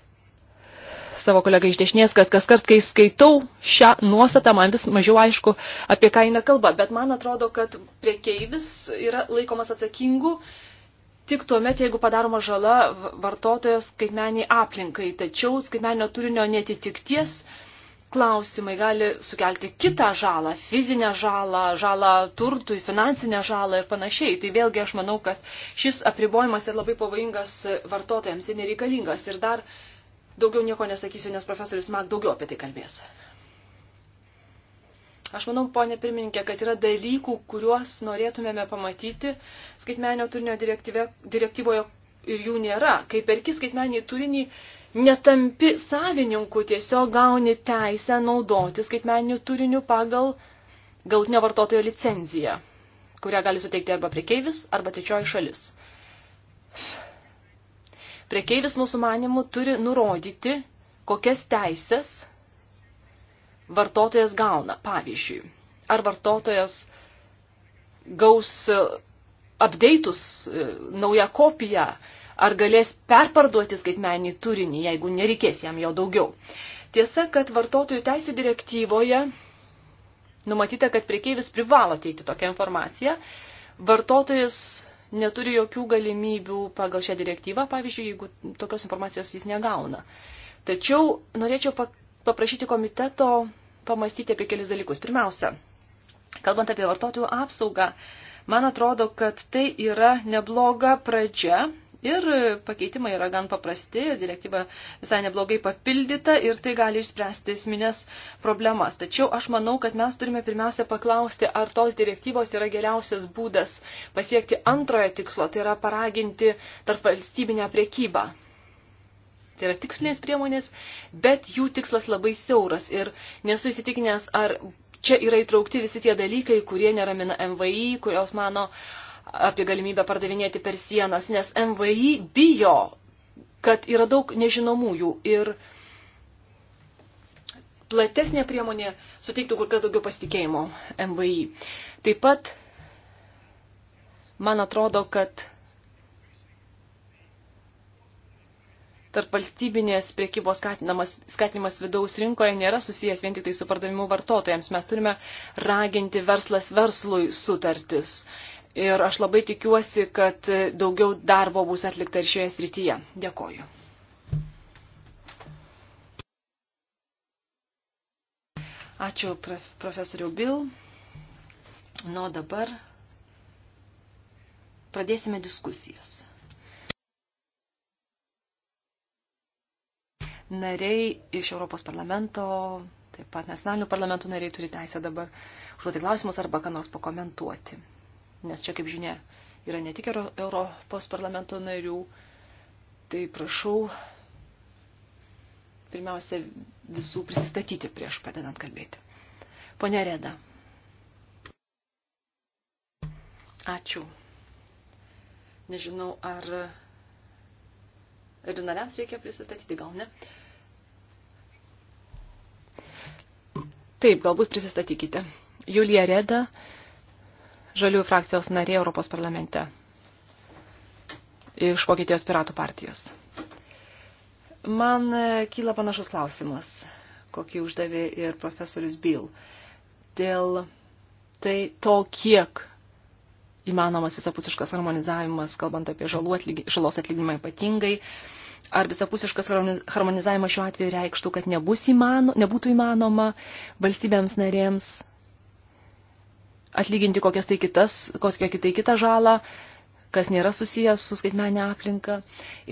Speaker 2: savo kolegą iš dešinės, kad kas kart, kai skaitau šią nuostatą, man vis mažiau aišku, apie ką eina kalba. Bet man atrodo, kad priekeivis yra laikomas atsakingu tik tuomet, jeigu padaroma žala vartotojos skaitmeniai aplinkai. Tačiau skaitmenio turinio netitikties klausimai gali sukelti kitą žalą, fizinę žalą, žalą turtui, finansinę žalą ir panašiai. Tai vėlgi aš manau, kad šis apribojimas yra labai pavojingas vartotojams ir nereikalingas. Ir dar Daugiau nieko nesakysiu, nes profesorius Mak daugiau apie tai kalbės. Aš manau, ponė pirmininkė, kad yra dalykų, kuriuos norėtumėme pamatyti skaitmenio turinio direktyvoje ir jų nėra. Kai perki skaitmenį turinį, netampi savininku, tiesiog gauni teisę naudoti skaitmeniniu turiniu pagal galtinio vartotojo licenciją, kurią gali suteikti arba priekeivis, arba trečioji šalis. Prekeivis mūsų manimų turi nurodyti, kokias teisės vartotojas gauna. Pavyzdžiui, ar vartotojas gaus apdeitus e, e, naują kopiją, ar galės perparduoti skaitmenį turinį, jeigu nereikės jam jo daugiau. Tiesa, kad vartotojų teisų direktyvoje numatyta, kad priekeivis privalo teikti tokią informaciją. Vartotojas neturi jokių galimybių pagal šią direktyvą, pavyzdžiui, jeigu tokios informacijos jis negauna. Tačiau norėčiau paprašyti komiteto pamastyti apie kelis dalykus. Pirmiausia, kalbant apie vartotojų apsaugą, man atrodo, kad tai yra nebloga pradžia Ir pakeitimai yra gan paprasti, direktyva visai neblogai papildyta ir tai gali išspręsti esminės problemas. Tačiau aš manau, kad mes turime pirmiausia paklausti, ar tos direktyvos yra geriausias būdas pasiekti antrojo tikslo, tai yra paraginti tarp valstybinę priekybą. Tai yra tikslinės priemonės, bet jų tikslas labai siauras ir nesu įsitikinęs, ar čia yra įtraukti visi tie dalykai, kurie neramina MVI, kurios mano, apie galimybę pardavinėti per sienas, nes MVI bijo, kad yra daug nežinomųjų ir platesnė priemonė suteiktų kur kas daugiau pasitikėjimo MVI. Taip pat man atrodo, kad tarp valstybinės priekybos skatinamas, skatinimas vidaus rinkoje nėra susijęs vien tik tai su pardavimu vartotojams. Mes turime raginti verslas verslui sutartis. Ir aš labai tikiuosi, kad daugiau darbo bus atlikta ir šioje srityje. Dėkoju. Ačiū profesoriu Bill. Nu, dabar pradėsime diskusijas. Nariai iš Europos parlamento, taip pat nacionalinių parlamentų nariai turi teisę dabar užduoti klausimus arba ką nors pakomentuoti nes čia, kaip žinia, yra ne tik Europos parlamento narių, tai prašau pirmiausia visų prisistatyti prieš pradedant kalbėti. Pone Reda. Ačiū. Nežinau, ar ir nariams reikia prisistatyti, gal ne. Taip, galbūt prisistatykite. Julija Reda, žaliųjų frakcijos narė Europos parlamente iš Vokietijos piratų partijos. Man e, kyla panašus klausimas, kokį uždavė ir profesorius Bill, dėl tai to, kiek įmanomas visapusiškas harmonizavimas, kalbant apie atlygi, žalos atlyginimą ypatingai, ar visapusiškas harmonizavimas šiuo atveju reikštų, kad nebus įmano, nebūtų įmanoma valstybėms narėms atlyginti kokias tai kitas, kokią kitai kitą žalą, kas nėra susijęs su skaitmenė aplinka.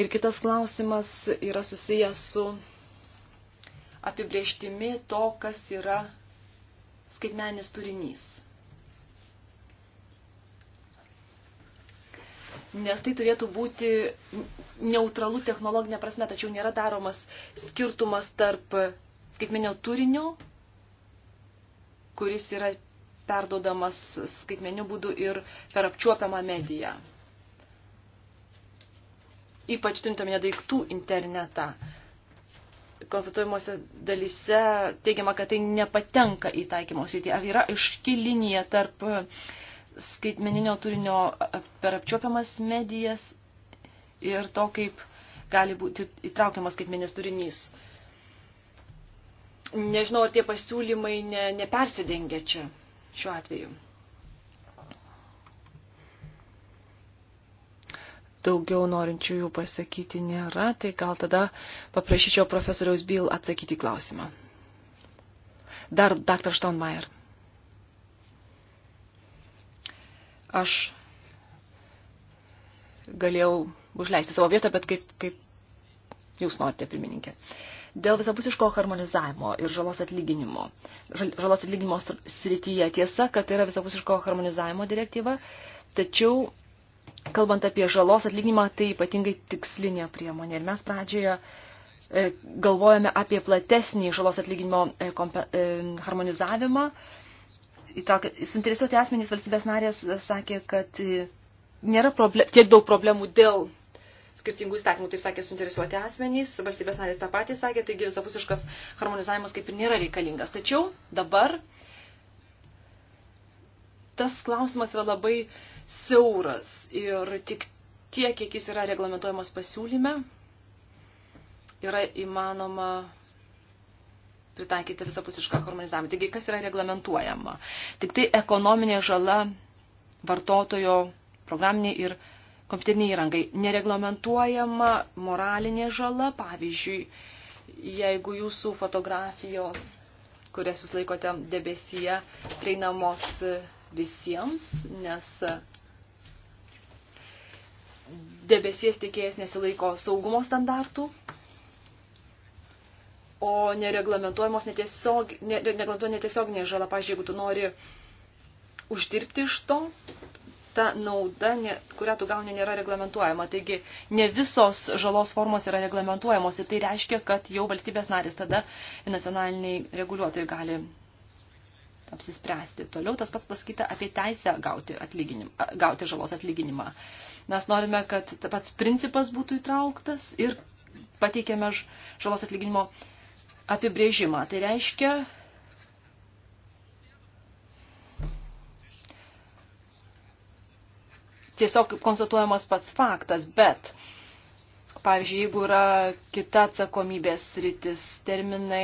Speaker 2: Ir kitas klausimas yra susijęs su apibrieštimi to, kas yra skaitmenis turinys. nes tai turėtų būti neutralu technologinė prasme, tačiau nėra daromas skirtumas tarp skaitmenio turinio, kuris yra perdodamas skaitmeniu būdu ir per apčiuopiamą mediją. Ypač turintuomenė daiktų internetą. Konstatuojimuose dalyse teigiama, kad tai nepatenka į taikymo sritį. Ar yra aiški linija tarp skaitmeninio turinio per apčiuopiamas medijas ir to, kaip gali būti įtraukiamas skaitmenis turinys? nežinau, ar tie pasiūlymai ne, nepersidengia čia šiuo atveju. Daugiau norinčių jų pasakyti nėra, tai gal tada paprašyčiau profesoriaus Bill atsakyti klausimą. Dar dr. Steinmeier. Aš galėjau užleisti savo vietą, bet kaip, kaip jūs norite, pirmininkė. Uh, dėl visapusiško harmonizavimo ir žalos atlyginimo. Žalos atlyginimo srityje tiesa, kad tai yra visapusiško harmonizavimo direktyva, tačiau kalbant apie žalos atlyginimą, tai ypatingai tikslinė priemonė. Ir mes pradžioje e, galvojame apie platesnį žalos atlyginimo e, e, harmonizavimą. Suinteresuoti asmenys valstybės narės sakė, kad nėra problem, tiek daug problemų dėl skirtingų įstatymų, taip sakė suinteresuoti asmenys, valstybės narės tą patį sakė, taigi visapusiškas harmonizavimas kaip ir nėra reikalingas. Tačiau dabar tas klausimas yra labai siauras ir tik tiek, kiek jis yra reglamentojamas pasiūlyme, yra įmanoma pritaikyti visapusišką harmonizavimą. Taigi, kas yra reglamentuojama? Tik tai ekonominė žala vartotojo programinė ir kompiuteriniai įrangai. Nereglamentuojama moralinė žala, pavyzdžiui, jeigu jūsų fotografijos, kurias jūs laikote debesyje, prieinamos visiems, nes debesies tiekėjas nesilaiko saugumo standartų, o nereglamentuojamos netiesiog, nereglamentuoja netiesioginė žala, pažiūrėjau, jeigu tu nori uždirbti iš to, ta nauda, ne, kurią tu gauni, nėra reglamentuojama. Taigi ne visos žalos formos yra reglamentuojamos ir tai reiškia, kad jau valstybės narės tada nacionaliniai reguliuotojai gali apsispręsti. Toliau tas pats pasakyta apie teisę gauti, gauti žalos atlyginimą. Mes norime, kad pats principas būtų įtrauktas ir pateikėme žalos atlyginimo apibrėžimą. Tai reiškia, tiesiog konstatuojamas pats faktas, bet, pavyzdžiui, jeigu yra kita atsakomybės rytis, terminai,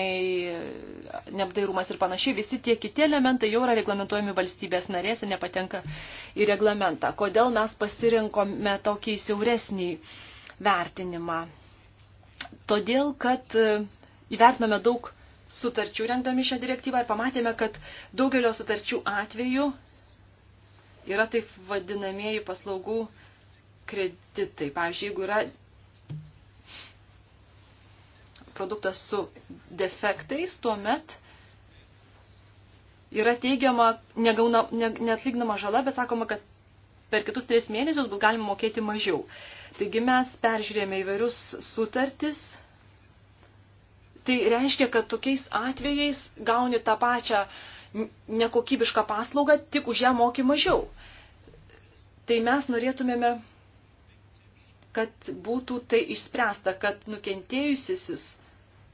Speaker 2: neapdairumas ir panašiai, visi tie kiti elementai jau yra reglamentuojami valstybės narės ir nepatenka į reglamentą. Kodėl mes pasirinkome tokį siauresnį vertinimą? Todėl, kad e, įvertinome daug sutarčių rengdami šią direktyvą ir pamatėme, kad daugelio sutarčių atveju yra taip vadinamieji paslaugų kreditai. Pavyzdžiui, jeigu yra produktas su defektais, tuomet yra teigiama negauna, ne, neatlyginama žala, bet sakoma, kad per kitus tris mėnesius bus galima mokėti mažiau. Taigi mes peržiūrėjome įvairius sutartis. Tai reiškia, kad tokiais atvejais gauni tą pačią uh, nekokybišką paslaugą, tik už ją moki mažiau. Tai mes norėtumėme, kad būtų tai išspręsta, kad nukentėjusisis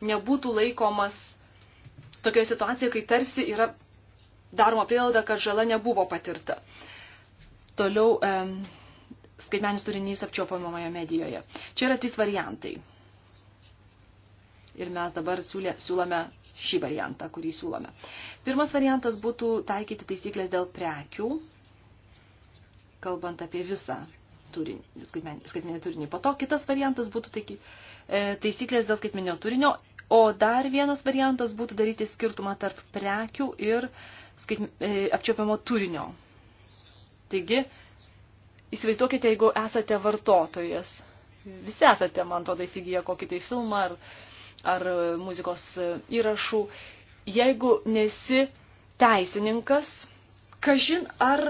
Speaker 2: nebūtų laikomas tokioje situacijoje, kai tarsi yra daroma prielaida, kad žala nebuvo patirta. Toliau e, skaitmenis turinys apčiopamoje medijoje. Čia yra trys variantai. Ir mes dabar siūlė, siūlome šį variantą, kurį siūlome. Pirmas variantas būtų taikyti taisyklės dėl prekių, kalbant apie visą turinį, skaitminį turinį. Po to kitas variantas būtų taigi, e, taisyklės dėl skaitminio turinio, o dar vienas variantas būtų daryti skirtumą tarp prekių ir skaitmi, e, apčiopiamo turinio. Taigi, įsivaizduokite, jeigu esate vartotojas, visi esate, man atrodo, įsigiję kokį tai filmą ar ar muzikos įrašų. Jeigu nesi teisininkas, kažin ar,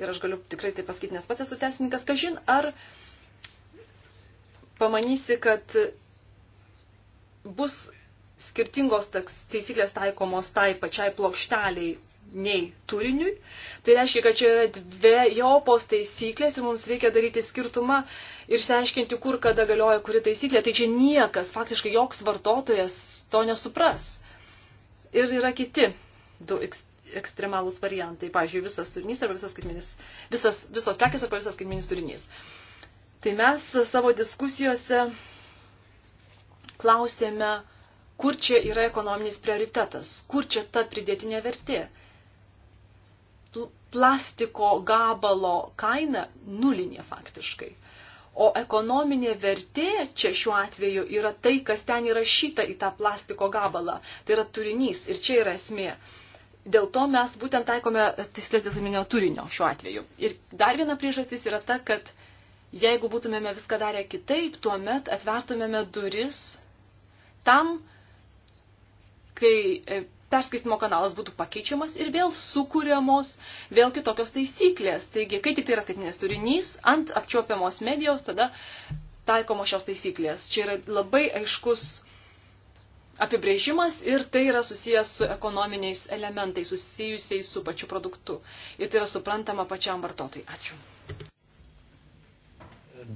Speaker 2: ir aš galiu tikrai tai pasakyti, nes pats esu teisininkas, kažin ar pamanysi, kad bus skirtingos taisyklės taikomos tai pačiai plokšteliai nei turiniui. Tai reiškia, kad čia yra dviejopos taisyklės ir mums reikia daryti skirtumą ir išsiaiškinti, kur kada galioja kuri taisyklė. Tai čia niekas, faktiškai joks vartotojas to nesupras. Ir yra kiti du ekstremalūs variantai. Pavyzdžiui, visas turinys arba visas skaitminis, visas, visos prekės arba visas skaitminis turinys. Tai mes savo diskusijose klausėme, kur čia yra ekonominis prioritetas, kur čia ta pridėtinė vertė plastiko gabalo kaina nulinė faktiškai. O ekonominė vertė čia šiuo atveju yra tai, kas ten įrašyta į tą plastiko gabalą. Tai yra turinys ir čia yra esmė. Dėl to mes būtent taikome taisyklės dėl pirminio turinio šiuo atveju. Ir dar viena priežastis yra ta, kad jeigu būtumėme viską darę kitaip, tuomet atvertumėme duris tam, kai e, perskaistimo kanalas būtų pakeičiamas ir vėl sukūriamos vėl kitokios taisyklės. Taigi, kai tik tai yra skaitminės turinys, ant apčiopiamos medijos tada taikomos šios taisyklės. Čia yra labai aiškus apibrėžimas ir tai yra susijęs su ekonominiais elementais, susijusiais su pačiu produktu. Ir tai yra suprantama pačiam vartotojui. Ačiū.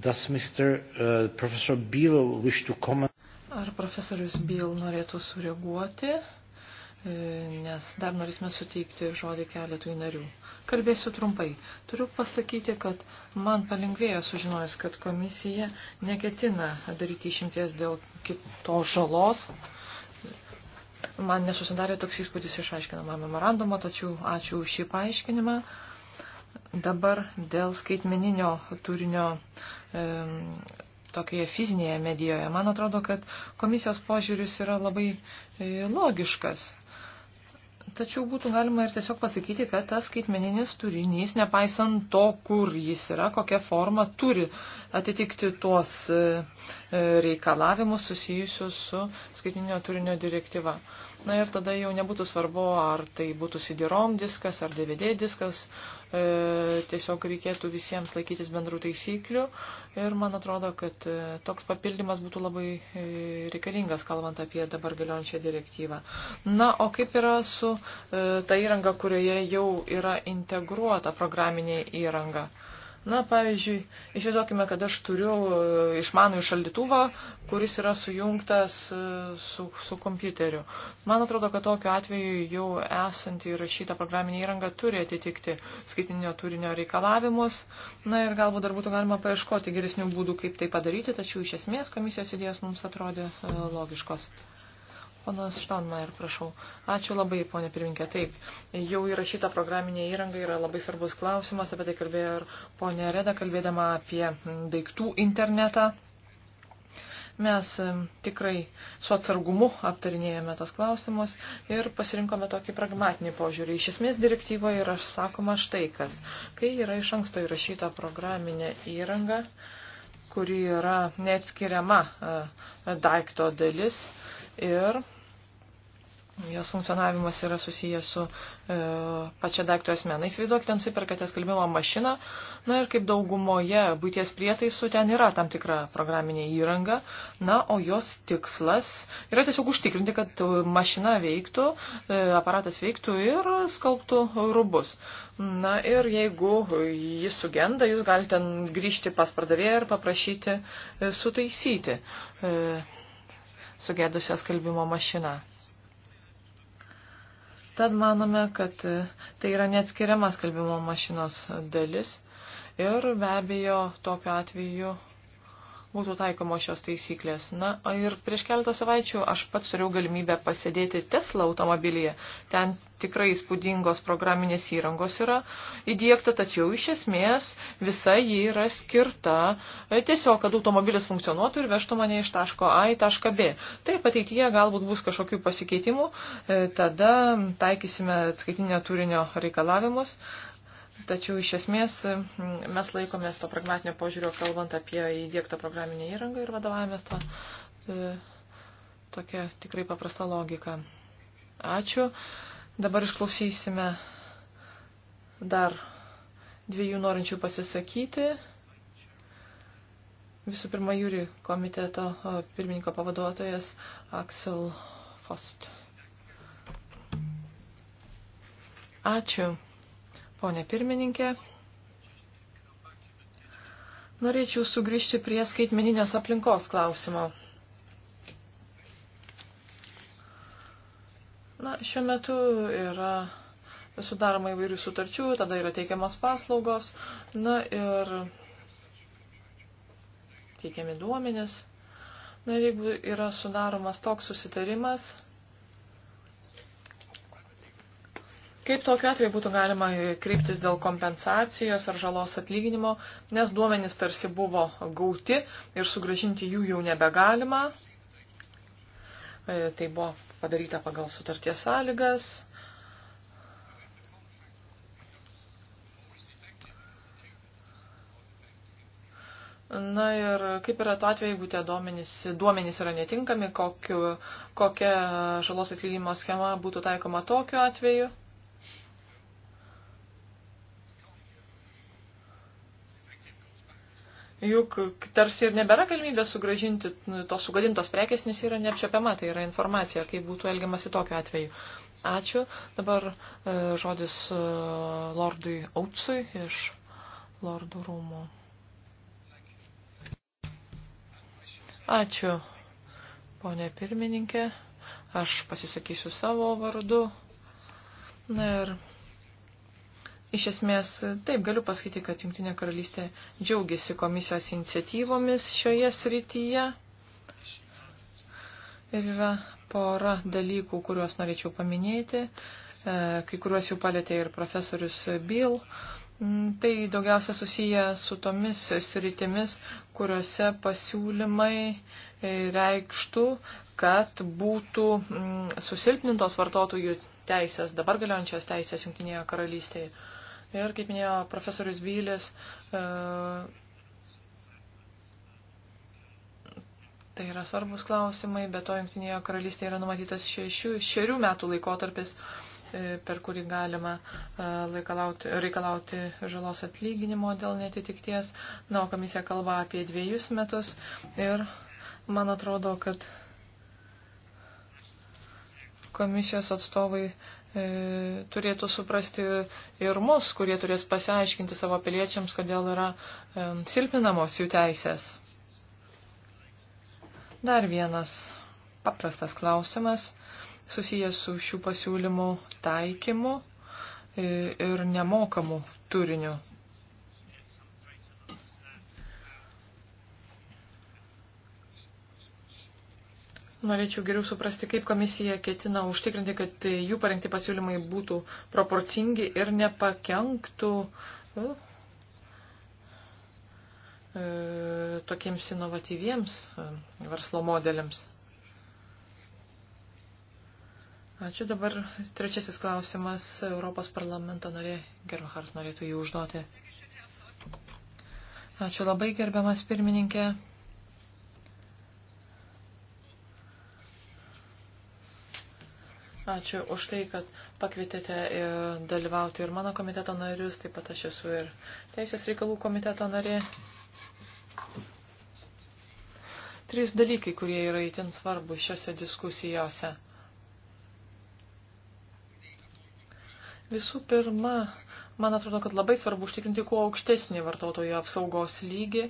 Speaker 2: Does Mr. Uh, Professor Beal wish to comment?
Speaker 3: Ar profesorius Beal norėtų sureaguoti? E, nes dar norėsime suteikti žodį keletui narių. Kalbėsiu trumpai. Turiu pasakyti, kad man palengvėjo sužinojus, kad komisija neketina daryti išimties dėl kitos žalos. Man nesusidarė toks įspūdis išaiškinamą memorandumą, tačiau ačiū už šį paaiškinimą. Dabar dėl skaitmeninio turinio. E, tokioje fizinėje medijoje. Man atrodo, kad komisijos požiūris yra labai e, logiškas. Tačiau būtų galima ir tiesiog pasakyti, kad tas skaitmeninis turinys, nepaisant to, kur jis yra, kokia forma, turi atitikti tuos e, e, reikalavimus susijusius su skaitmeninio turinio direktyva. Na ir tada jau nebūtų svarbu, ar tai būtų CD-ROM diskas, ar DVD diskas, e, tiesiog reikėtų visiems laikytis bendrų taisyklių. Ir man atrodo, kad e, toks papildymas būtų labai e, reikalingas, kalbant apie dabar galiojančią direktyvą. Na, o kaip yra su e, ta įranga, kurioje jau yra integruota programinė įranga? E, Na, pavyzdžiui, įsivaizduokime, kad aš turiu e, išmanų šaldytuvą, kuris yra sujungtas e, su, su kompiuteriu. Man atrodo, kad tokiu atveju jau esanti įrašyta programinė įranga turi atitikti skaitinio turinio reikalavimus. Na ir galbūt dar būtų galima paieškoti geresnių būdų, kaip tai padaryti, tačiau iš esmės komisijos idėjos mums atrodė e, logiškos. Panas Štonmajer, prašau. Ačiū labai, ponė pirminkė. Taip, jau įrašyta programinė įranga yra labai svarbus klausimas, apie tai kalbėjo ir ponė Reda, kalbėdama apie daiktų internetą. Mes tikrai su atsargumu aptarinėjame tos klausimus ir pasirinkome tokį pragmatinį požiūrį. Iš esmės direktyvoje yra sakoma štai kas. Kai yra iš anksto įrašyta programinė įranga, kuri yra neatskiriama e, daikto dalis ir Jos funkcionavimas yra susijęs su e, pačia daiktų asmenai. Įsivaizduokite, nusiperkate skalbimo mašiną, na ir kaip daugumoje būties prietaisų ten yra tam tikra programinė įranga, na, o jos tikslas yra tiesiog užtikrinti, kad mašina veiktų, e, aparatas veiktų ir skalbtų rubus. Na ir jeigu jis sugenda, jūs galite grįžti pas pardavėją ir paprašyti e, sutaisyti e, sugedusią skalbimo mašiną. Tad manome, kad tai yra neatskiriama skalbimo mašinos dalis ir be abejo tokiu atveju būtų taikomos šios taisyklės. Na, ir prieš keletą savaičių aš pats turėjau galimybę pasėdėti Tesla automobilyje. Ten tikrai įspūdingos programinės įrangos yra įdėkta, tačiau iš esmės visa ji yra skirta e, tiesiog, kad automobilis funkcionuotų ir vežtų mane iš taško A į tašką B. Taip, ateityje galbūt bus kažkokių pasikeitimų, e, tada taikysime atskaitinio turinio reikalavimus, Tačiau iš esmės mm, mes laikomės to pragmatinio požiūrio, kalbant apie įdėktą programinę įrangą ir vadovavomės to e, tokia tikrai paprasta logika. Ačiū. Dabar išklausysime dar dviejų norinčių pasisakyti. Visų pirma, Jūri komiteto pirmininko pavaduotojas Aksel Fost. Ačiū ponė pirmininkė. Norėčiau sugrįžti prie skaitmeninės aplinkos klausimo. Na, šiuo metu yra sudaroma įvairių sutarčių, tada yra teikiamas paslaugos, na ir teikiami duomenis. Na ir jeigu yra sudaromas toks susitarimas, Kaip tokiu atveju būtų galima kreiptis dėl kompensacijos ar žalos atlyginimo, nes duomenys tarsi buvo gauti ir sugražinti jų jau nebegalima. E, tai buvo padaryta pagal sutarties sąlygas. Na ir kaip yra to atveju, jeigu tie duomenys, duomenys yra netinkami, kokiu, kokia žalos atlyginimo schema būtų taikoma tokiu atveju? Juk tarsi ir nebėra galimybė sugražinti nu, tos sugadintos prekės, nes yra neapčiopiama, tai yra informacija, kaip būtų elgiamasi tokiu atveju. Ačiū. Dabar e, žodis e, Lordui Autsui iš Lordų rūmų. Ačiū, ponė pirmininkė. Aš pasisakysiu savo vardu. Na ir Iš esmės, taip galiu pasakyti, kad Junktinė karalystė džiaugiasi komisijos iniciatyvomis šioje srityje. Ir yra pora dalykų, kuriuos norėčiau paminėti. E, kai kuriuos jau palėtė ir profesorius Bill. Mm, tai daugiausia susiję su tomis sritimis, kuriuose pasiūlymai e, reikštų, kad būtų mm, susilpnintos vartotojų teisės, dabar galiojančios teisės Junktinėje karalystėje. Ir, kaip minėjo profesorius Bylis, e, Tai yra svarbus klausimai, bet to Junktinėje karalystėje yra numatytas šešių, šerių metų laikotarpis, e, per kurį galima e, laikalauti, reikalauti žalos atlyginimo dėl netitikties. Na, o komisija kalba apie dviejus metus ir man atrodo, kad komisijos atstovai E, turėtų suprasti ir mus, kurie turės pasiaiškinti savo piliečiams, kodėl yra e, silpinamos jų teisės. Dar vienas paprastas klausimas susijęs su šių pasiūlymų taikymu e, ir nemokamu turiniu. Norėčiau geriau suprasti, kaip komisija ketina užtikrinti, kad jų parengti pasiūlymai būtų proporcingi ir nepakenktų nu, e, tokiems inovatyviems e, verslo modeliams. Ačiū dabar. Trečiasis klausimas. Europos parlamento narė Gerhardt norėtų jį užduoti. Ačiū labai, gerbiamas pirmininkė. Ačiū už tai, kad pakvietėte ir e, dalyvauti ir mano komiteto narius, taip pat aš esu ir Teisės reikalų komiteto narė. Trys dalykai, kurie yra įtin svarbu šiose diskusijose. Visų pirma, man atrodo, kad labai svarbu užtikrinti kuo aukštesnį vartotojų apsaugos lygį,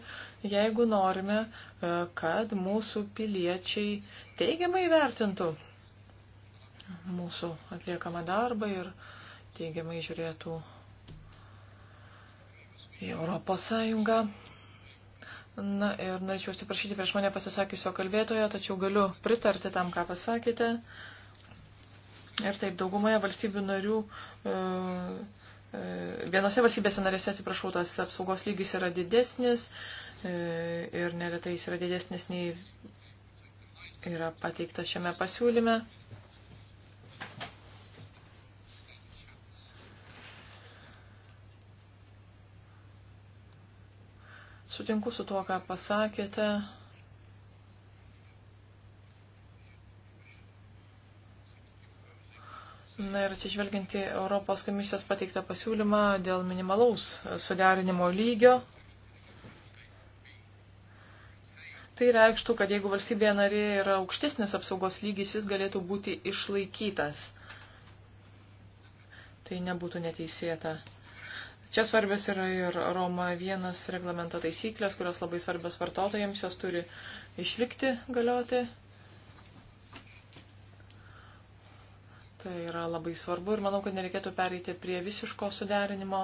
Speaker 3: jeigu norime, e, kad mūsų piliečiai teigiamai vertintų mūsų atliekamą darbą ir teigiamai žiūrėtų į Europos Sąjungą. Na ir norėčiau atsiprašyti prieš mane pasisakiusio kalbėtojo, tačiau galiu pritarti tam, ką pasakėte. Ir taip, daugumoje valstybių narių, e, e, vienose valstybėse narėse, atsiprašau, tas apsaugos lygis yra didesnis e, ir neretai jis yra didesnis nei yra pateikta šiame pasiūlyme. Sutinku su tuo, ką pasakėte. Na ir atsižvelgiant į Europos komisijos pateiktą pasiūlymą dėl minimalaus suderinimo lygio, tai reikštų, kad jeigu valstybėje narė yra aukštesnis apsaugos lygis, jis galėtų būti išlaikytas. Tai nebūtų neteisėta. Čia svarbios yra ir Roma 1 reglamento taisyklės, kurios labai svarbios vartotojams, jos turi išlikti galioti. Tai yra labai svarbu ir manau, kad nereikėtų pereiti prie visiško suderinimo.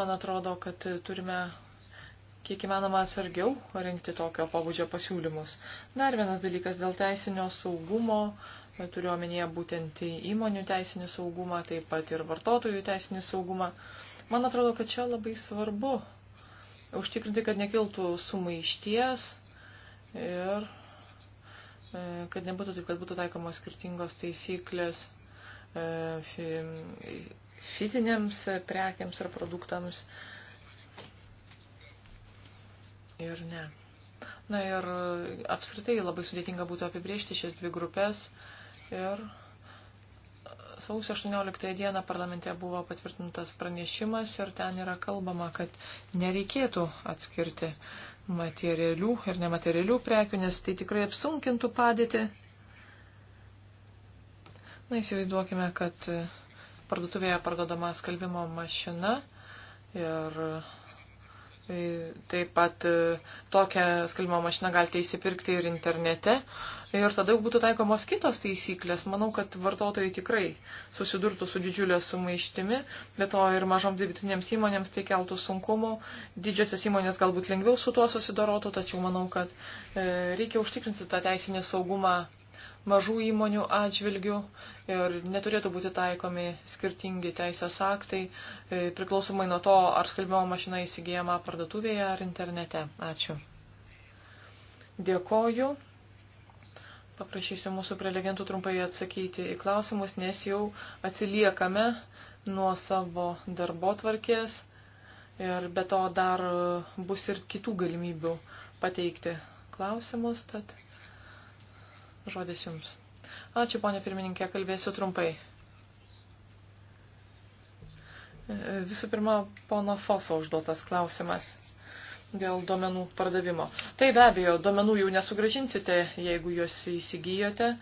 Speaker 3: Man atrodo, kad turime kiek įmanoma atsargiau rinkti tokio pabudžio pasiūlymus. Dar vienas dalykas dėl teisinio saugumo, turiu omenyje būtent įmonių teisinį saugumą, taip pat ir vartotojų teisinį saugumą. Man atrodo, kad čia labai svarbu užtikrinti, kad nekiltų sumaišties ir e, kad nebūtų taip, kad būtų taikomos skirtingos taisyklės e, fiziniams prekiams ar produktams ir ne. Na ir apskritai labai sudėtinga būtų apibriežti šias dvi grupės ir sausio 18 dieną parlamente buvo patvirtintas pranešimas ir ten yra kalbama, kad nereikėtų atskirti materialių ir nematerialių prekių, nes tai tikrai apsunkintų padėtį. Na, įsivaizduokime, kad parduotuvėje parduodama skalbimo mašina ir Tai taip pat e, tokią skalbimo mašiną galite įsipirkti ir internete. Ir tada būtų taikomos kitos taisyklės. Manau, kad vartotojai tikrai susidurtų su didžiulė sumaištimi, bet to ir mažoms vidutinėms įmonėms tai keltų sunkumų. Didžiosios įmonės galbūt lengviau su tuo susidarotų, tačiau manau, kad e, reikia užtikrinti tą teisinį saugumą mažų įmonių atžvilgių ir neturėtų būti taikomi skirtingi teisės aktai e, priklausomai nuo to, ar skalbimo mašina įsigijama parduotuvėje ar internete. Ačiū. Dėkoju. Paprašysiu mūsų prelegentų trumpai atsakyti į klausimus, nes jau atsiliekame nuo savo darbo tvarkės ir be to dar bus ir kitų galimybių pateikti klausimus. Tad... Žodis jums. Ačiū, ponė pirmininkė, kalbėsiu trumpai. Visų pirma, pono Foso užduotas klausimas dėl duomenų pardavimo. Tai be abejo, duomenų jau nesugražinsite, jeigu juos įsigijote,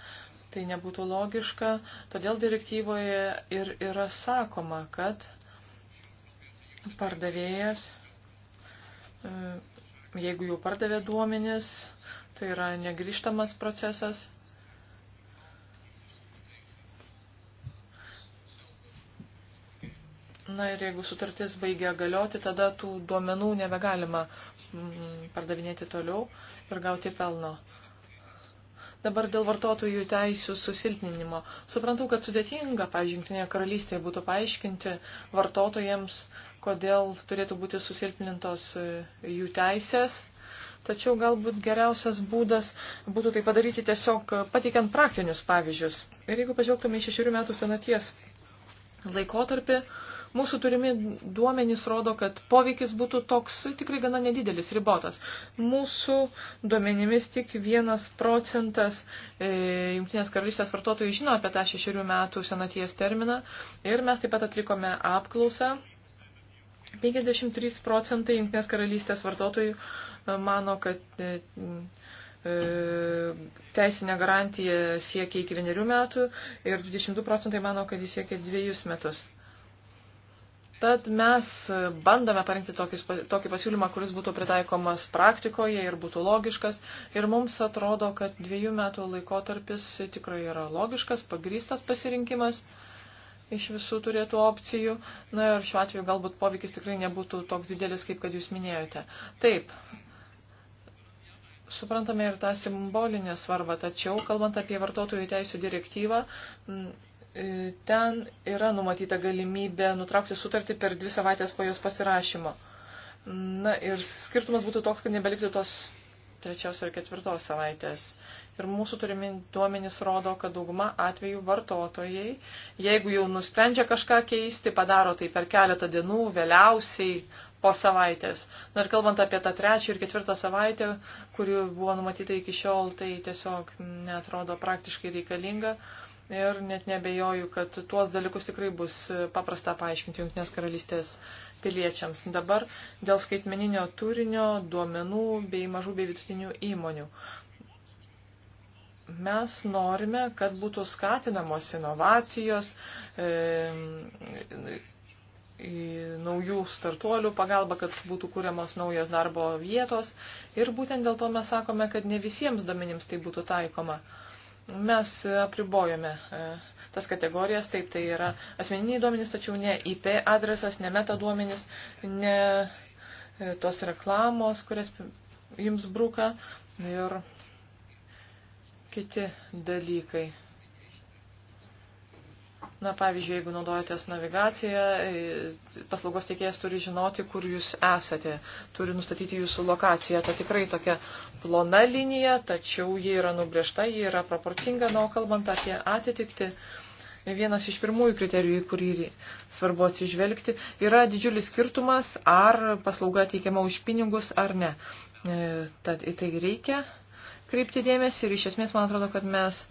Speaker 3: tai nebūtų logiška. Todėl direktyvoje ir yra sakoma, kad pardavėjas, e, jeigu jau pardavė duomenis, tai yra negrižtamas procesas, Na ir jeigu sutartis baigia galioti, tada tų duomenų nebegalima mm, pardavinėti toliau ir gauti pelno. Dabar dėl vartotojų teisų susilpninimo. Suprantu, kad sudėtinga, pavyzdžiui, Junktinėje karalystėje būtų paaiškinti vartotojams, kodėl turėtų būti susilpnintos e, jų teisės. Tačiau galbūt geriausias būdas būtų tai padaryti tiesiog e, pateikiant praktinius pavyzdžius. Ir jeigu pažvelgtume į šešių metų senaties laikotarpį, Mūsų turimi duomenys rodo, kad poveikis būtų toks tikrai gana nedidelis, ribotas. Mūsų duomenimis tik vienas procentas e, Junktinės karalystės vartotojų žino apie tą šešių metų senaties terminą ir mes taip pat atlikome apklausą 53 procentai Junktinės karalystės vartotojų e, mano, kad e, e, teisinė garantija siekia iki vienerių metų ir 22 procentai mano, kad jis siekia dviejus metus. Tad mes bandome parengti tokius, tokį pasiūlymą, kuris būtų pritaikomas praktikoje ir būtų logiškas. Ir mums atrodo, kad dviejų metų laikotarpis tikrai yra logiškas, pagrystas pasirinkimas iš visų turėtų opcijų. Na ir šiuo atveju galbūt poveikis tikrai nebūtų toks didelis, kaip kad jūs minėjote. Taip, suprantame ir tą simbolinę svarbą, tačiau, kalbant apie vartotojų teisų direktyvą, m, E, ten yra numatyta galimybė nutraukti sutartį per dvi savaitės po jos pasirašymo. Na ir skirtumas būtų toks, kad nebeliktų tos trečios ar ketvirtos savaitės. Ir mūsų turimi duomenys rodo, kad dauguma atvejų vartotojai, jeigu jau nusprendžia kažką keisti, padaro tai per keletą dienų, vėliausiai po savaitės. Na ir kalbant apie tą trečią ir ketvirtą savaitę, kuri buvo numatyta iki šiol, tai tiesiog netrodo praktiškai reikalinga. Uh, ir net nebejoju, kad tuos dalykus tikrai bus paprasta paaiškinti Junktinės karalystės piliečiams. Dabar dėl skaitmeninio turinio, duomenų bei mažų bei vidutinių įmonių. Mes norime, kad būtų skatinamos inovacijos, e, naujų startuolių pagalba, kad būtų kūriamos naujos darbo vietos. Ir būtent dėl to mes sakome, kad ne visiems domenims tai būtų taikoma. Mes apribojome e, tas kategorijas, taip tai yra asmeniniai duomenys, tačiau ne IP adresas, ne metaduomenys, ne e, tos reklamos, kurias jums bruka ir kiti dalykai. Na, pavyzdžiui, jeigu naudojatės navigaciją, e, paslaugos teikėjas turi žinoti, kur jūs esate, turi nustatyti jūsų lokaciją. Ta tikrai tokia plona linija, tačiau ji yra nubriežta, ji yra proporcinga. Na, o kalbant apie atitikti, vienas iš pirmųjų kriterijų, į kurį svarbu atsižvelgti, yra didžiulis skirtumas, ar paslauga teikiama už pinigus ar ne. E, tad į tai reikia kreipti dėmesį ir iš esmės man atrodo, kad mes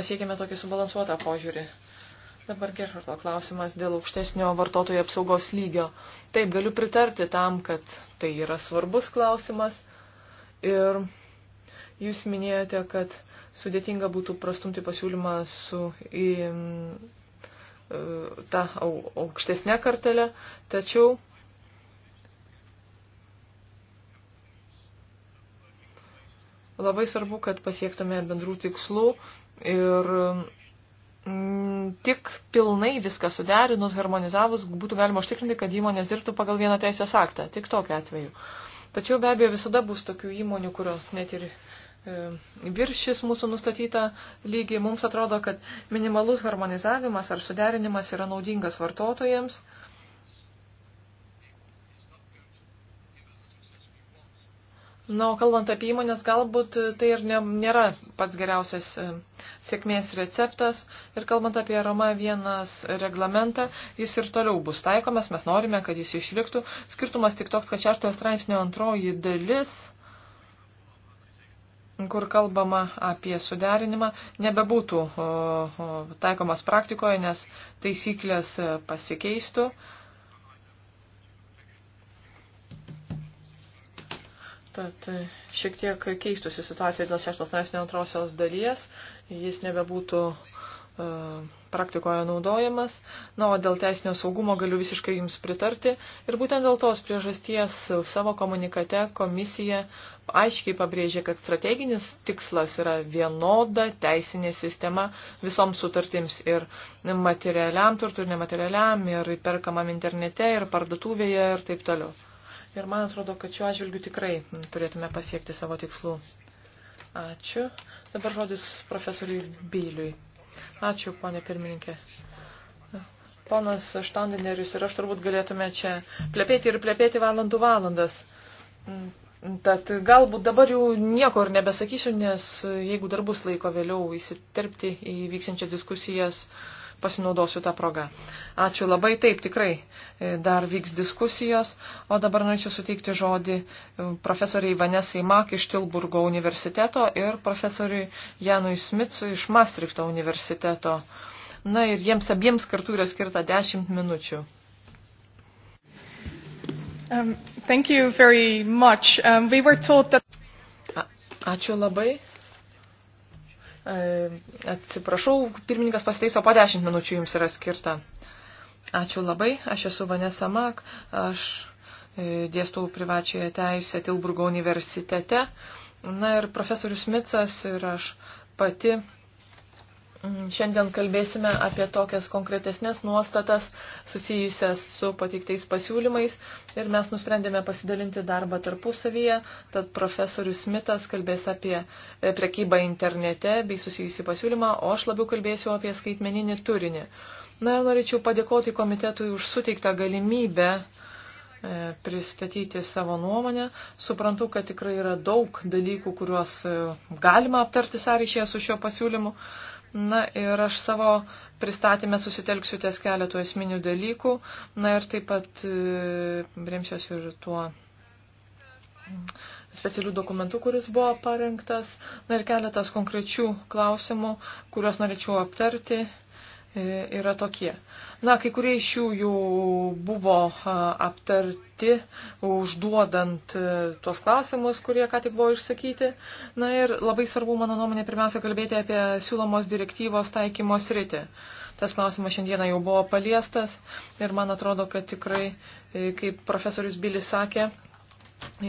Speaker 3: pasiekėme tokį subalansuotą požiūrį. Dabar Gerhardo klausimas dėl aukštesnio vartotojų apsaugos lygio. Taip, galiu pritarti tam, kad tai yra svarbus klausimas. Ir jūs minėjote, kad sudėtinga būtų prastumti pasiūlymą su į, e, tą aukštesnę kartelę, tačiau labai svarbu, kad pasiektume bendrų tikslų ir Mm, tik pilnai viską suderinus, harmonizavus, būtų galima užtikrinti, kad įmonės dirbtų pagal vieną teisės aktą. Tik tokiu atveju. Tačiau be abejo visada bus tokių įmonių, kurios net ir e, viršis mūsų nustatytą lygį. Mums atrodo, kad minimalus harmonizavimas ar suderinimas yra naudingas vartotojams. Uh, Na, o kalbant apie įmonės, galbūt tai ir ne, nėra pats geriausias e, sėkmės receptas. Ir kalbant apie Roma 1 reglamentą, jis ir toliau bus taikomas, mes norime, kad jis išliktų. Skirtumas tik toks, kad šeštojo straipsnio antroji dalis, kur kalbama apie suderinimą, nebebūtų o, o, taikomas praktikoje, nes taisyklės e, pasikeistų. O, Tad e, šiek tiek keistųsi situacija dėl šeštos straipsnio antrosios dalies, jis nebebūtų e, praktikoje naudojamas. Na, o dėl teisinio saugumo galiu visiškai jums pritarti. Ir būtent dėl tos priežasties savo komunikate komisija aiškiai pabrėžė, kad strateginis tikslas yra vienoda teisinė sistema visoms sutartims ir materialiam turtui, ir nematerialiam, ir perkamam internete, ir parduotuvėje, ir taip toliau. Ir man atrodo, kad šiuo atžvilgiu tikrai turėtume pasiekti savo tikslų. Ačiū. Dabar žodis profesoriui Byliui. Ačiū, ponė pirmininkė. Ponas Štandinerius ir aš turbūt galėtume čia plepėti ir plepėti valandų valandas. Tad galbūt dabar jau nieko ir nebesakysiu, nes jeigu dar bus laiko vėliau įsiterpti į vyksiančias diskusijas, uh, pasinaudosiu tą progą. Ačiū labai, taip, tikrai e, dar vyks diskusijos, o dabar norėčiau suteikti žodį e, profesoriai Vanesai Mak iš Tilburgo universiteto ir profesoriui Janui Smitsui iš Masrikto universiteto. Na ir jiems abiems kartu yra skirta 10 minučių. Um, thank you very much. Um, we were taught that... A, ačiū labai. E, atsiprašau, pirmininkas pasiteiso po 10 minučių jums yra skirta. Ačiū labai, aš esu Vanessa Mak, aš e, dėstau privačioje teisė Tilburgo universitete. Na ir profesorius Micas ir aš pati Šiandien kalbėsime apie tokias konkretesnės nuostatas susijusias su pateiktais pasiūlymais ir mes nusprendėme pasidalinti darbą tarpusavyje, tad profesorius Smithas kalbės apie e, prekybą internete bei susijusi pasiūlymą, o aš labiau kalbėsiu apie skaitmeninį turinį. Na ir norėčiau padėkoti komitetui už suteiktą galimybę e, pristatyti savo nuomonę. Suprantu, kad tikrai yra daug dalykų, kuriuos e, galima aptarti sąryšėje su šiuo pasiūlymu. Na ir aš savo pristatymę susitelksiu ties keletų esminių dalykų. Na ir taip pat e, remsiuosi ir tuo specialių dokumentų, kuris buvo parengtas. Na ir keletas konkrečių klausimų, kuriuos norėčiau aptarti E, yra tokie. Na, kai kurie iš jų jau buvo e, aptarti, užduodant e, tuos klausimus, kurie ką tik buvo išsakyti. Na ir labai svarbu, mano nuomonė, pirmiausia kalbėti apie siūlomos direktyvos taikymo sritį. Tas klausimas šiandieną jau buvo paliestas ir man atrodo, kad tikrai, kaip profesorius Bilis sakė,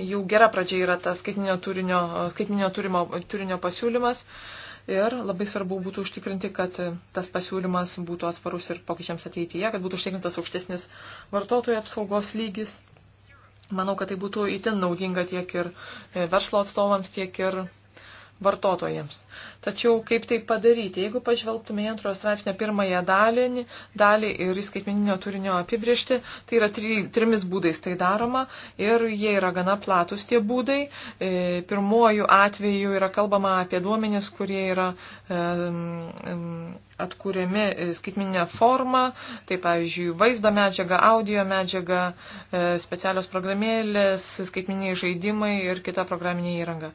Speaker 3: jau gera pradžia yra tas skaitinio, turinio, skaitinio turimo, turinio pasiūlymas. Uh, Ir labai svarbu būtų užtikrinti, kad tas pasiūlymas būtų atsparus ir pokyčiams ateityje, kad būtų užtikrintas aukštesnis vartotojų apsaugos lygis. Manau, kad tai būtų itin naudinga tiek ir e, verslo atstovams, tiek ir vartotojams. Tačiau kaip tai padaryti? Jeigu pažvelgtume į antrojo straipsnio pirmąją dalį, dalį ir įskaitmeninio turinio apibriežti, tai yra tri, trimis būdais tai daroma ir jie yra gana platus tie būdai. E, pirmuoju atveju yra kalbama apie duomenis, kurie yra e, atkūrimi e, skaitmeninė forma, tai pavyzdžiui vaizdo medžiaga, audio medžiaga, e, specialios programėlės, skaitmeniniai žaidimai ir kita programinė įranga.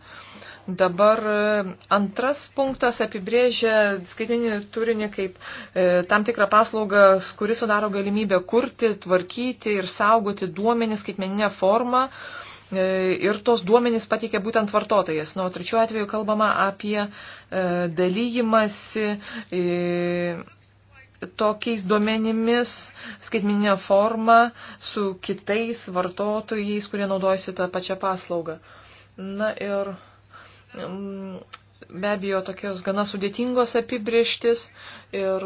Speaker 3: Dabar antras punktas apibrėžia skaitmeninį turinį kaip e, tam tikrą paslaugą, kuris sudaro galimybę kurti, tvarkyti ir saugoti duomenį skaitmeninę formą. E, ir tos duomenys pateikia būtent vartotojas. Nuo trečių atveju kalbama apie e, dalyjimąsi e, tokiais duomenimis, skaitminė forma, su kitais vartotojais, kurie naudojasi tą pačią paslaugą. Na ir be abejo tokios gana sudėtingos apibrieštis ir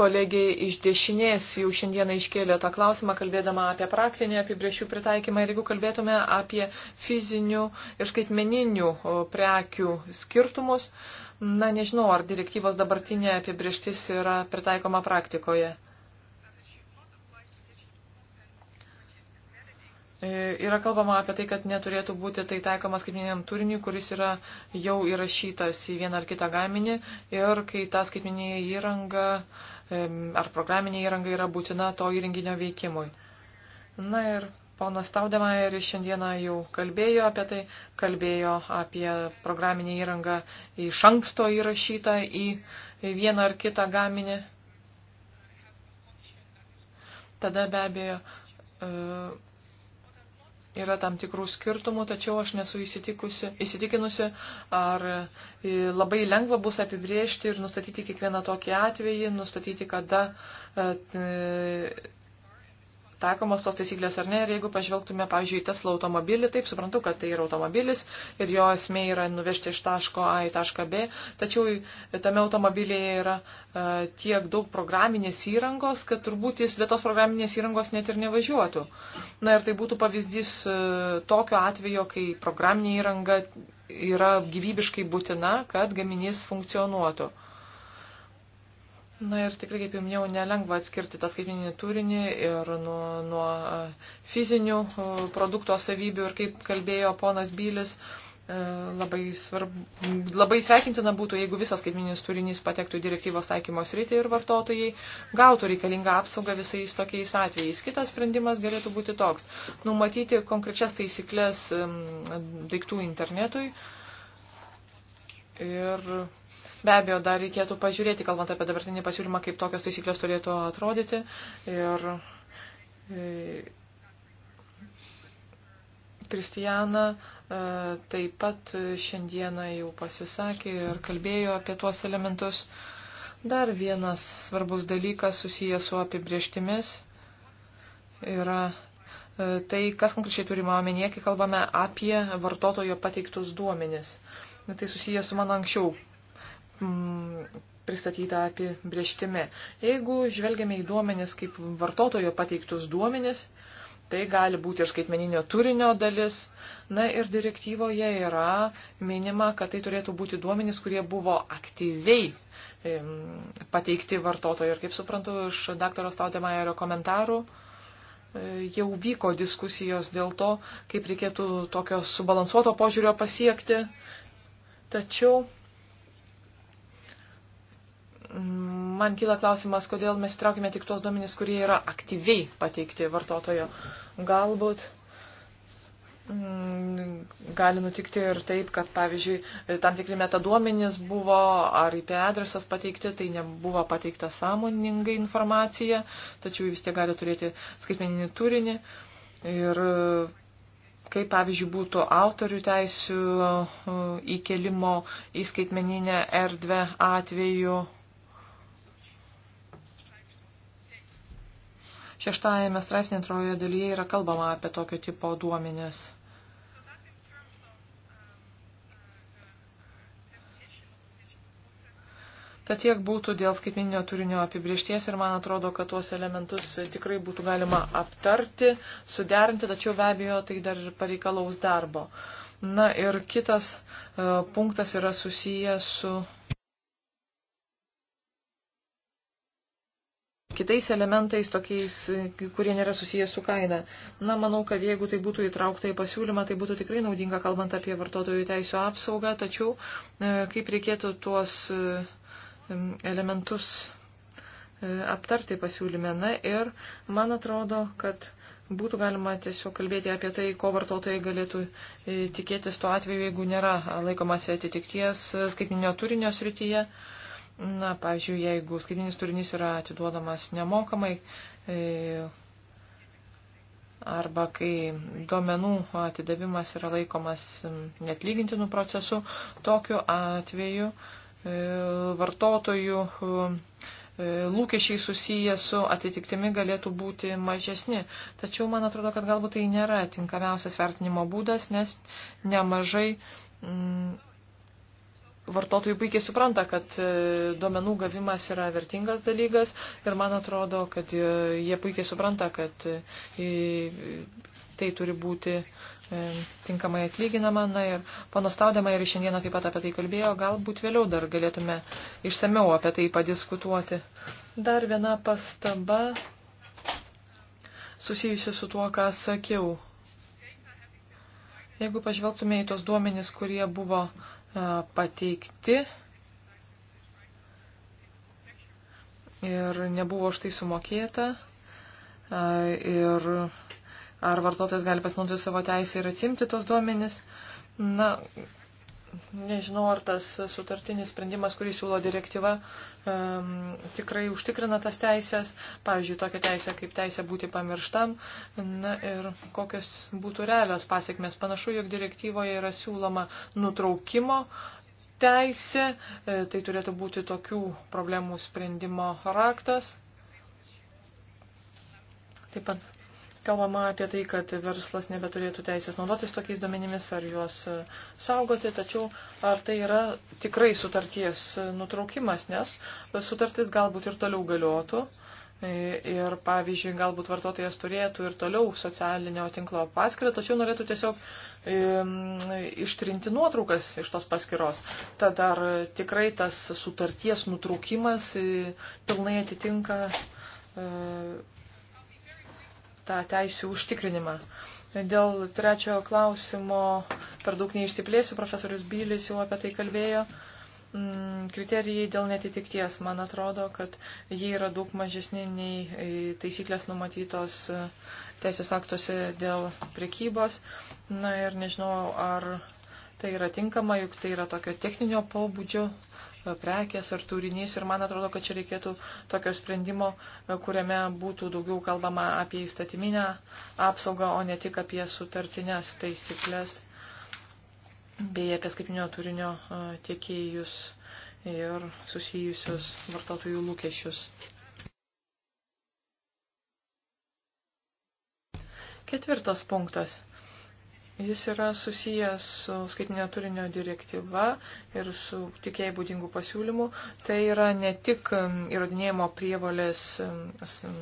Speaker 3: kolegė iš dešinės jau šiandieną iškėlė tą klausimą, kalbėdama apie praktinį apibriešių pritaikymą ir jeigu kalbėtume apie fizinių ir skaitmeninių prekių skirtumus, na nežinau, ar direktyvos dabartinė apibrieštis yra pritaikoma praktikoje. E, yra kalbama apie tai, kad neturėtų būti tai taikomas skaitmeniniam turiniui, kuris yra jau įrašytas į vieną ar kitą gaminį ir kai ta skaitmeninė įranga ar programinė įranga yra būtina to įrenginio veikimui. Na ir ponas Taudemaier šiandieną jau kalbėjo apie tai, kalbėjo apie programinę įrangą iš anksto įrašytą į vieną ar kitą gaminį. Tada be abejo e, yra tam tikrų skirtumų, tačiau aš nesu įsitikinusi, ar e, labai lengva bus apibriežti ir nustatyti kiekvieną tokį atvejį, nustatyti, kada e, taikomos tos taisyklės ar ne. Ir jeigu pažvelgtume, pavyzdžiui, į Tesla automobilį, taip suprantu, kad tai yra automobilis ir jo esmė yra nuvežti iš taško A į tašką B, tačiau tame automobilyje yra e, tiek daug programinės įrangos, kad turbūt jis be tos programinės įrangos net ir nevažiuotų. Na ir tai būtų pavyzdys e, tokio atvejo, kai programinė įranga yra gyvybiškai būtina, kad gaminys funkcionuotų. Na ir tikrai, kaip jau minėjau, nelengva atskirti tą skaitmeninį turinį ir nuo, nuo e, fizinių e, produkto savybių ir kaip kalbėjo ponas Bylis, e, labai, svarb, labai sveikintina būtų, jeigu visas skaitmeninis turinys patektų direktyvos taikymos rytį ir vartotojai gautų reikalingą apsaugą visais tokiais atvejais. Kitas sprendimas galėtų būti toks - numatyti konkrečias taisyklės daiktų internetui ir Be abejo, dar reikėtų pažiūrėti, kalbant apie dabartinį pasiūlymą, kaip tokios taisyklės turėtų atrodyti. Ir e, Kristijana e, taip pat šiandieną jau pasisakė ir kalbėjo apie tuos elementus. Dar vienas svarbus dalykas susijęs su apibrieštimis yra e, tai, kas konkrečiai turime omenyje, kai kalbame apie vartotojo pateiktus duomenis. Tai susijęs su mano anksčiau Mm, pristatyta apibrieštimi. Jeigu žvelgiame į duomenis kaip vartotojo pateiktus duomenis, tai gali būti ir skaitmeninio turinio dalis. Na ir direktyvoje yra minima, kad tai turėtų būti duomenys, kurie buvo aktyviai pateikti vartotojai. Ir kaip suprantu iš daktaro Staudemajerio komentarų, e, jau vyko diskusijos dėl to, kaip reikėtų tokio subalansuoto požiūrio pasiekti. Tačiau Man kyla klausimas, kodėl mes traukime tik tuos duomenys, kurie yra aktyviai pateikti vartotojo. Galbūt mm, gali nutikti ir taip, kad, pavyzdžiui, tam tikri metaduomenys buvo ar IP adresas pateikti, tai nebuvo pateikta sąmoningai informacija, tačiau vis tiek gali turėti skaitmeninį turinį. Ir kaip pavyzdžiui būtų autorių teisių uh, įkelimo į skaitmeninę erdvę atveju. Šeštajame straipsnė antrojoje dalyje yra kalbama apie tokio tipo duomenis. Tad tiek būtų dėl skaitmininio turinio apibriešties ir man atrodo, kad tuos elementus tikrai būtų galima aptarti, suderinti, tačiau be abejo tai dar ir pareikalaus darbo. Na ir kitas e, punktas yra susijęs su kitais elementais, tokiais, e, kurie nėra susijęs su kaina. Na, manau, kad jeigu tai būtų įtraukta į pasiūlymą, tai būtų tikrai naudinga, kalbant apie vartotojų teisų apsaugą, tačiau e, kaip reikėtų tuos e, elementus aptarti pasiūlyme. Na ir man atrodo, kad būtų galima tiesiog kalbėti apie tai, ko vartotojai galėtų tikėtis tuo atveju, jeigu nėra laikomasi atitikties skaitminio turinio srityje. Na, pavyzdžiui, jeigu skaitminis turinys yra atiduodamas nemokamai e, arba kai duomenų atidavimas yra laikomas netlygintinų procesų, tokiu atveju e, vartotojų e, e, lūkesčiai susiję su atitiktimi galėtų būti mažesni. Tačiau man atrodo, kad galbūt tai nėra tinkamiausias vertinimo būdas, nes nemažai. Mm, vartotojai puikiai supranta, kad e, duomenų gavimas yra vertingas dalykas ir man atrodo, kad e, jie puikiai supranta, kad e, tai turi būti tinkamai atlyginama. Na ir panas Taudama ir šiandieną taip pat apie tai kalbėjo, galbūt vėliau dar galėtume išsameu apie tai padiskutuoti. Dar viena pastaba susijusi su tuo, ką sakiau. Jeigu pažvelgtume į tos duomenys, kurie buvo pateikti ir nebuvo už tai sumokėta. Ir ar vartotojas gali pasinaudoti savo teisę ir atsimti tos duomenis. Na, nežinau, ar tas sutartinis sprendimas, kurį siūlo direktyva, um, tikrai užtikrina tas teisės, pavyzdžiui, tokia teisė kaip teisė būti pamirštam, na ir kokios būtų realios pasiekmes. Panašu, jog direktyvoje yra siūloma nutraukimo teisė, e, tai turėtų būti tokių problemų sprendimo raktas. Taip pat Kalbama apie tai, kad verslas nebeturėtų teisės naudotis tokiais duomenimis ar juos e, saugoti, tačiau ar tai yra tikrai sutarties e, nutraukimas, nes sutartis galbūt ir toliau galiotų. E, ir pavyzdžiui, galbūt vartotojas turėtų ir toliau socialinio tinklo paskirtą, tačiau norėtų tiesiog e, ištrinti nuotraukas iš tos paskiros. Tad ar tikrai tas sutarties nutraukimas pilnai atitinka e, tą teisų užtikrinimą. Dėl trečiojo klausimo per daug neišsiplėsiu, profesorius Bylis jau apie tai kalbėjo. Mm, kriterijai dėl netitikties, man atrodo, kad jie yra daug mažesni nei e, taisyklės numatytos e, teisės aktuose dėl prekybos. Na ir nežinau, ar tai yra tinkama, juk tai yra tokio techninio pobūdžio prekės ar turinys ir man atrodo, kad čia reikėtų tokio sprendimo, kuriame būtų daugiau kalbama apie įstatyminę apsaugą, o ne tik apie sutartinės taisyklės bei apie skaitinio turinio e, tiekėjus ir susijusius vartotojų lūkesčius. Ketvirtas punktas. Jis yra susijęs su skaitinio turinio direktyva ir su tikėjai būdingų pasiūlymų. Tai yra ne tik um, įrodinėjimo prievalės um, um,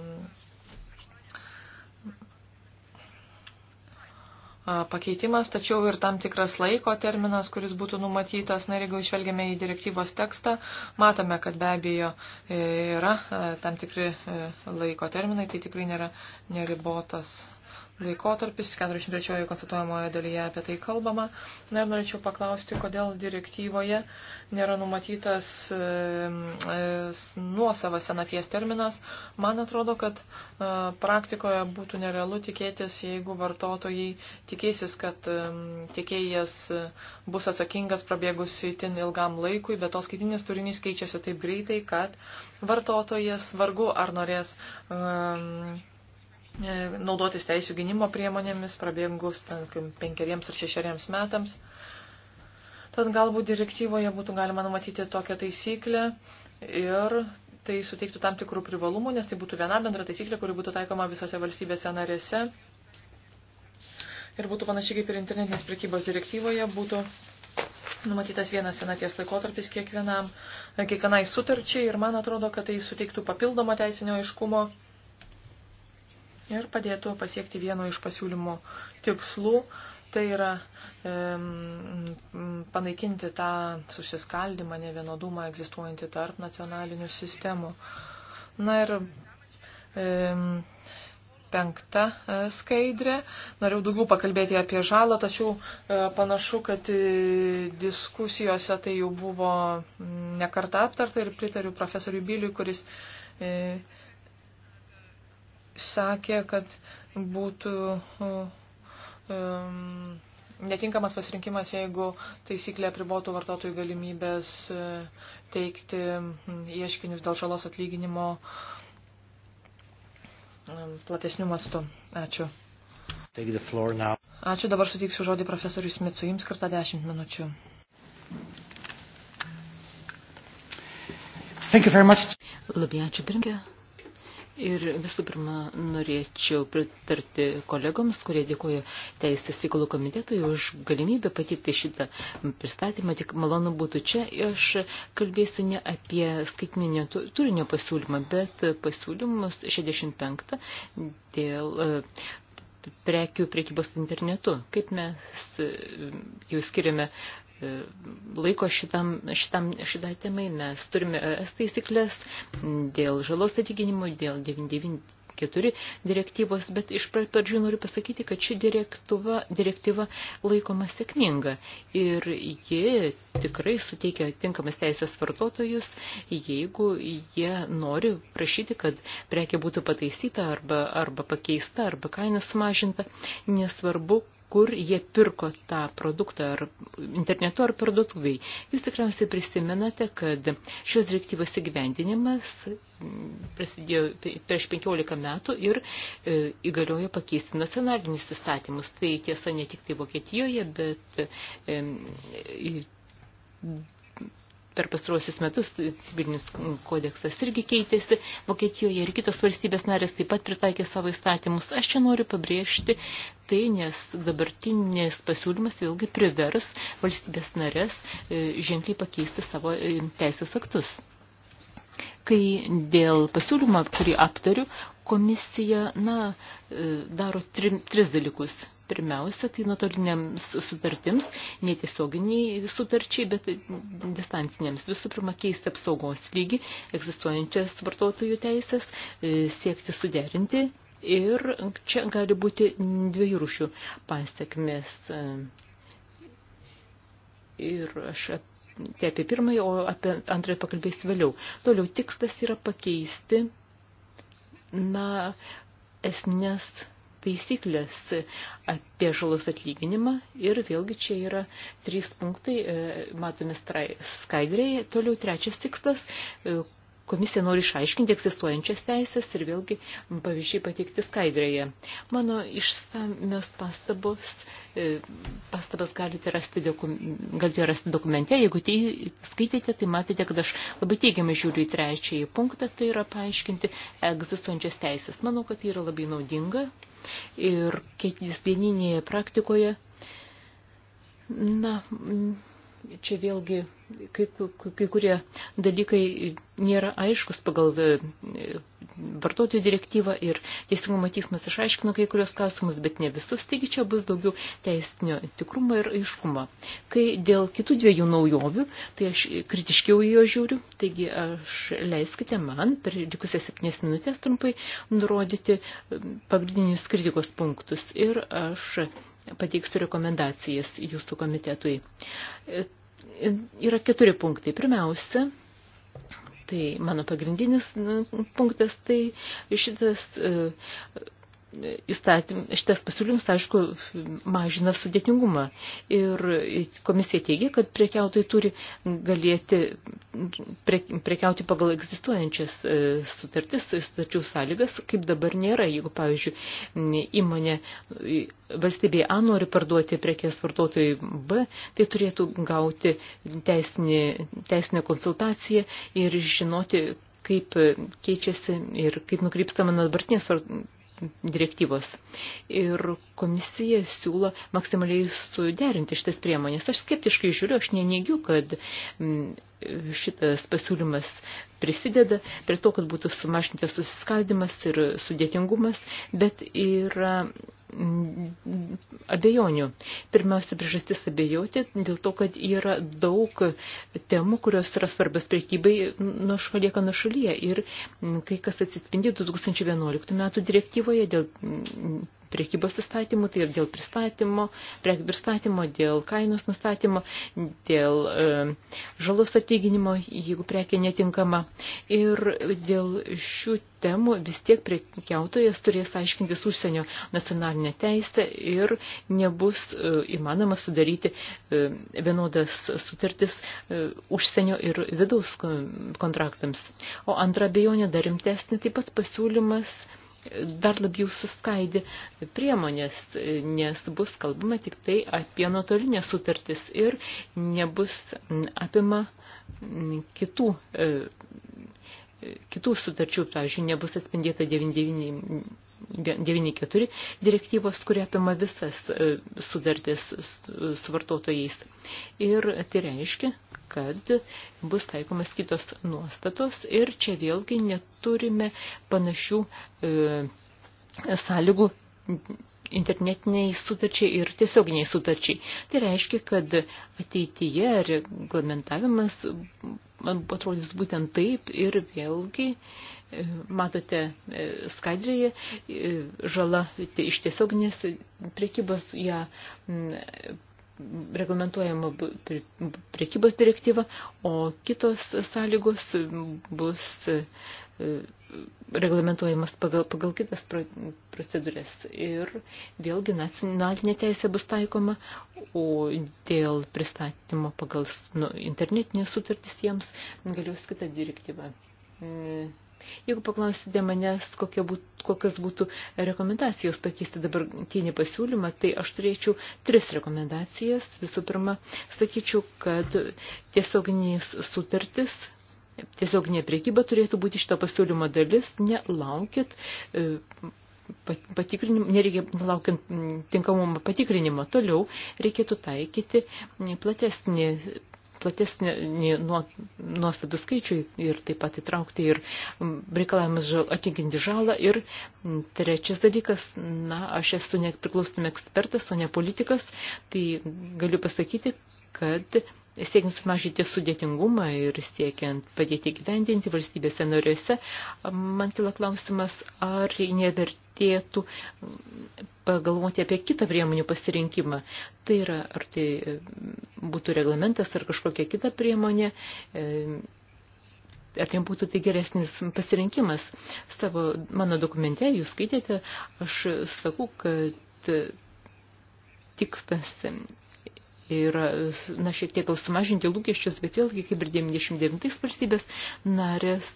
Speaker 3: pakeitimas, tačiau ir tam tikras laiko terminas, kuris būtų numatytas. Na ir jeigu išvelgiame į direktyvos tekstą, matome, kad be abejo e, yra e, tam tikri e, laiko terminai, tai tikrai nėra neribotas laikotarpis, 43 konstatuojamoje dalyje apie tai kalbama. Na ir norėčiau paklausti, kodėl direktyvoje nėra numatytas e, e, nuosavas senaties terminas. Man atrodo, kad e, praktikoje būtų nerealu tikėtis, jeigu vartotojai tikėsis, kad e, tiekėjas bus atsakingas prabėgus įtin ilgam laikui, bet tos skaitinis turinys keičiasi taip greitai, kad vartotojas vargu ar norės. E, E, naudotis teisų gynimo priemonėmis prabėgus tankim, penkeriems ar šešeriems metams. Tad galbūt direktyvoje būtų galima numatyti tokią taisyklę ir tai suteiktų tam tikrų privalumų, nes tai būtų viena bendra taisyklė, kuri būtų taikoma visose valstybėse narėse. Ir būtų panašiai kaip ir internetinės prekybos direktyvoje, būtų numatytas vienas senaties laikotarpis kiekvienam, kiekvienai sutarčiai ir man atrodo, kad tai suteiktų papildomą teisinio aiškumo ir padėtų pasiekti vieno iš pasiūlymo tikslų. Tai yra e, panaikinti tą susiskaldimą, nevienodumą egzistuojantį tarp nacionalinių sistemų. Na ir e, penkta skaidrė. Norėjau daugiau pakalbėti apie žalą, tačiau e, panašu, kad e, diskusijose tai jau buvo nekarta aptarta ir pritariu profesoriui Biliui, kuris e, sakė, kad būtų uh, um, netinkamas pasirinkimas, jeigu taisyklė pribotų vartotojų galimybės uh, teikti um, ieškinius dėl žalos atlyginimo um, platesnių mastų. Ačiū. Ačiū, dabar suteiksiu žodį profesoriui Smitsui, jums skirta 10 minučių.
Speaker 1: Labai ačiū, pirmininkė. Ir visų pirma, norėčiau pritarti kolegoms, kurie dėkoja Teisės reikalų komitetui už galimybę patikti šitą pristatymą. Tik malonu būtų čia. Aš kalbėsiu ne apie skaitminio turinio pasiūlymą, bet pasiūlymus 65 dėl e, prekių priekybos internetu. Kaip mes e, jau skiriame E, laiko šitam, šitam, šitai temai. Mes turime ES taisyklės dėl žalos atlyginimo, dėl 994 direktyvos, bet iš pradžių noriu pasakyti, kad ši direktyva, direktyva laikoma sėkminga ir ji tikrai suteikia tinkamas teisės vartotojus, jeigu jie nori prašyti, kad prekė būtų pataisyta arba, arba pakeista, arba kaina sumažinta, nesvarbu, kur jie pirko tą produktą ar internetu ar parduotuviai. Jūs tikriausiai prisimenate, kad šios direktyvos įgyvendinimas prasidėjo prieš 15 metų ir e, įgaliojo pakeisti nacionalinius įstatymus. Tai tiesa ne tik tai Vokietijoje, bet per pastaruosius metus civilinis kodeksas irgi keitėsi, Vokietijoje ir kitos valstybės narės taip pat pritaikė savo įstatymus. Aš čia noriu pabrėžti tai, nes dabartinės pasiūlymas vėlgi privers valstybės narės e, ženkliai pakeisti savo e, teisės aktus. Kai dėl pasiūlymo, kurį aptariu, Komisija, na, e, daro trim, tris dalykus. Pirmiausia, tai nuotoliniams sutartims, netiesioginiai sutarčiai, bet distanciniams. Visų pirma, keisti apsaugos lygį, egzistuojančias vartotojų teisės, e, siekti suderinti. Ir čia gali būti dviejų rušių pasiekmes. E, ir aš tai apie pirmąjį, o apie antrąjį pakalbėsiu vėliau. Toliau tikslas yra pakeisti na, esminės taisyklės apie žalos atlyginimą ir vėlgi čia yra trys punktai, e, matome skaidrėje. Toliau trečias tikslas, e, komisija nori išaiškinti egzistuojančias teisės ir vėlgi pavyzdžiai pateikti skaidrėje. Mano išsamios pastabos, e, pastabas galite rasti, dokum, galite rasti dokumente. Jeigu tai skaitėte, tai matėte, kad aš labai teigiamai žiūriu į trečiąjį punktą, tai yra paaiškinti egzistuojančias teisės. Manau, kad tai yra labai naudinga ir kasdieninėje praktikoje. Na, čia vėlgi kai, kai kurie dalykai nėra aiškus pagal e, vartotojų direktyvą ir teisingumo teismas išaiškino kai kurios klausimus, bet ne visus, taigi čia bus daugiau teisinio tikrumo ir aiškumo. Kai dėl kitų dviejų naujovių, tai aš kritiškiau į jo žiūriu, taigi aš leiskite man per likusias septynės minutės trumpai nurodyti e, pagrindinius kritikos punktus ir aš pateiksiu rekomendacijas jūsų komitetui. E, yra keturi punktai. Pirmiausia, tai mano pagrindinis punktas, tai šitas e, įstatym, šitas pasiūlymas, aišku, mažina sudėtingumą. Ir komisija teigia, kad prekiautojai turi galėti pre, prekiauti pagal egzistuojančias e, sutartis, sutarčių sąlygas, kaip dabar nėra. Jeigu, pavyzdžiui, įmonė e, valstybėje A nori parduoti prekės vartotojai B, tai turėtų gauti teisinį, teisinę konsultaciją ir žinoti, kaip keičiasi ir kaip nukrypsta mano dabartinės direktyvos. Ir komisija siūlo maksimaliai suderinti šitas priemonės. Aš skeptiškai žiūriu, aš neneigiu, kad mm, šitas pasiūlymas prisideda prie to, kad būtų sumažintas susiskaldimas ir sudėtingumas, bet yra abejonių. Pirmiausia, priežastis abejoti dėl to, kad yra daug temų, kurios yra svarbios priekybai nuo šalieka nuo šalyje. Ir kai kas atsispindi 2011 metų direktyvoje dėl priekybos įstatymų, tai dėl pristatymo, prekių pristatymo, dėl kainos nustatymo, dėl e, žalos atlyginimo, jeigu prekė netinkama. Ir dėl šių temų vis tiek prekiautojas turės aiškintis užsienio nacionalinę teisę ir nebus e, įmanoma sudaryti e, vienodas sutartis e, užsienio ir vidaus kontraktams. O antra bejonė dar rimtesnė, taip pat pasiūlymas dar labiau suskaidė priemonės, nes bus kalbama tik tai apie nuotolinės sutartis ir nebus apima kitų, e, kitų sutarčių, pavyzdžiui, nebus atspindėta 99. 94 direktyvos, kuria apima visas e, sudartis su vartotojais. Ir tai reiškia, kad bus taikomas kitos nuostatos ir čia vėlgi neturime panašių e, sąlygų internetiniai sutarčiai ir tiesioginiai sutarčiai. Tai reiškia, kad ateityje reglamentavimas atrodys būtent taip ir vėlgi, e, matote e, skaidrėje, e, žala iš tiesioginės priekybos ją ja, reglamentuojama priekybos direktyva, o kitos sąlygos bus e, reglamentuojamas pagal, pagal kitas procedūras. Ir vėlgi nacionalinė teisė bus taikoma, o dėl pristatymo pagal nu, internetinės sutartys jiems galios kita direktyva. E, Jeigu paklausite manęs, būt, kokias būtų rekomendacijos pakeisti dabartinį pasiūlymą, tai aš turėčiau tris rekomendacijas. Visų pirma, sakyčiau, kad tiesioginės sutartis, tiesioginė priekyba turėtų būti šito pasiūlymo dalis, nelaukit e, patikrinim, nereikia laukiant tinkamumo patikrinimo. Toliau reikėtų taikyti platesnį platesnį nuostatų skaičių ir taip pat įtraukti ir reikalavimus atlyginti žalą. Ir trečias dalykas, na, aš esu nepriklausomi ekspertas, o ne politikas, tai galiu pasakyti, kad siekiant sumažinti sudėtingumą ir siekiant padėti gyvendinti valstybėse norėse, man kila klausimas, ar nevertėtų pagalvoti apie kitą priemonių pasirinkimą. Tai yra, ar tai e, būtų reglamentas ar kažkokia kita priemonė. E, ar tai būtų tai geresnis pasirinkimas? Savo, mano dokumente, jūs skaitėte, aš sakau, kad tikslas ir, na, šiek tiek gal sumažinti lūkesčius, bet vėlgi, kaip ir 99 valstybės narės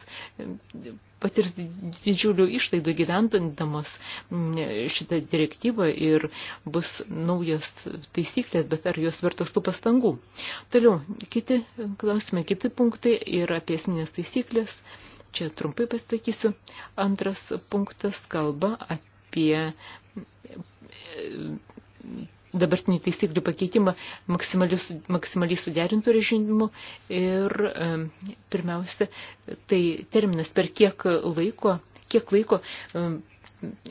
Speaker 1: patirs didžiulių išlaidų gyventandamas mm, šitą direktyvą ir bus naujas taisyklės, bet ar jos vertos tų pastangų. Toliau, kiti klausimai, kiti punktai ir apie esminės taisyklės. Čia trumpai pasakysiu. Antras punktas kalba apie dabartinių taisyklių pakeitimą maksimaliai, maksimaliai suderintų režimu ir pirmiausia, tai terminas per kiek laiko, kiek laiko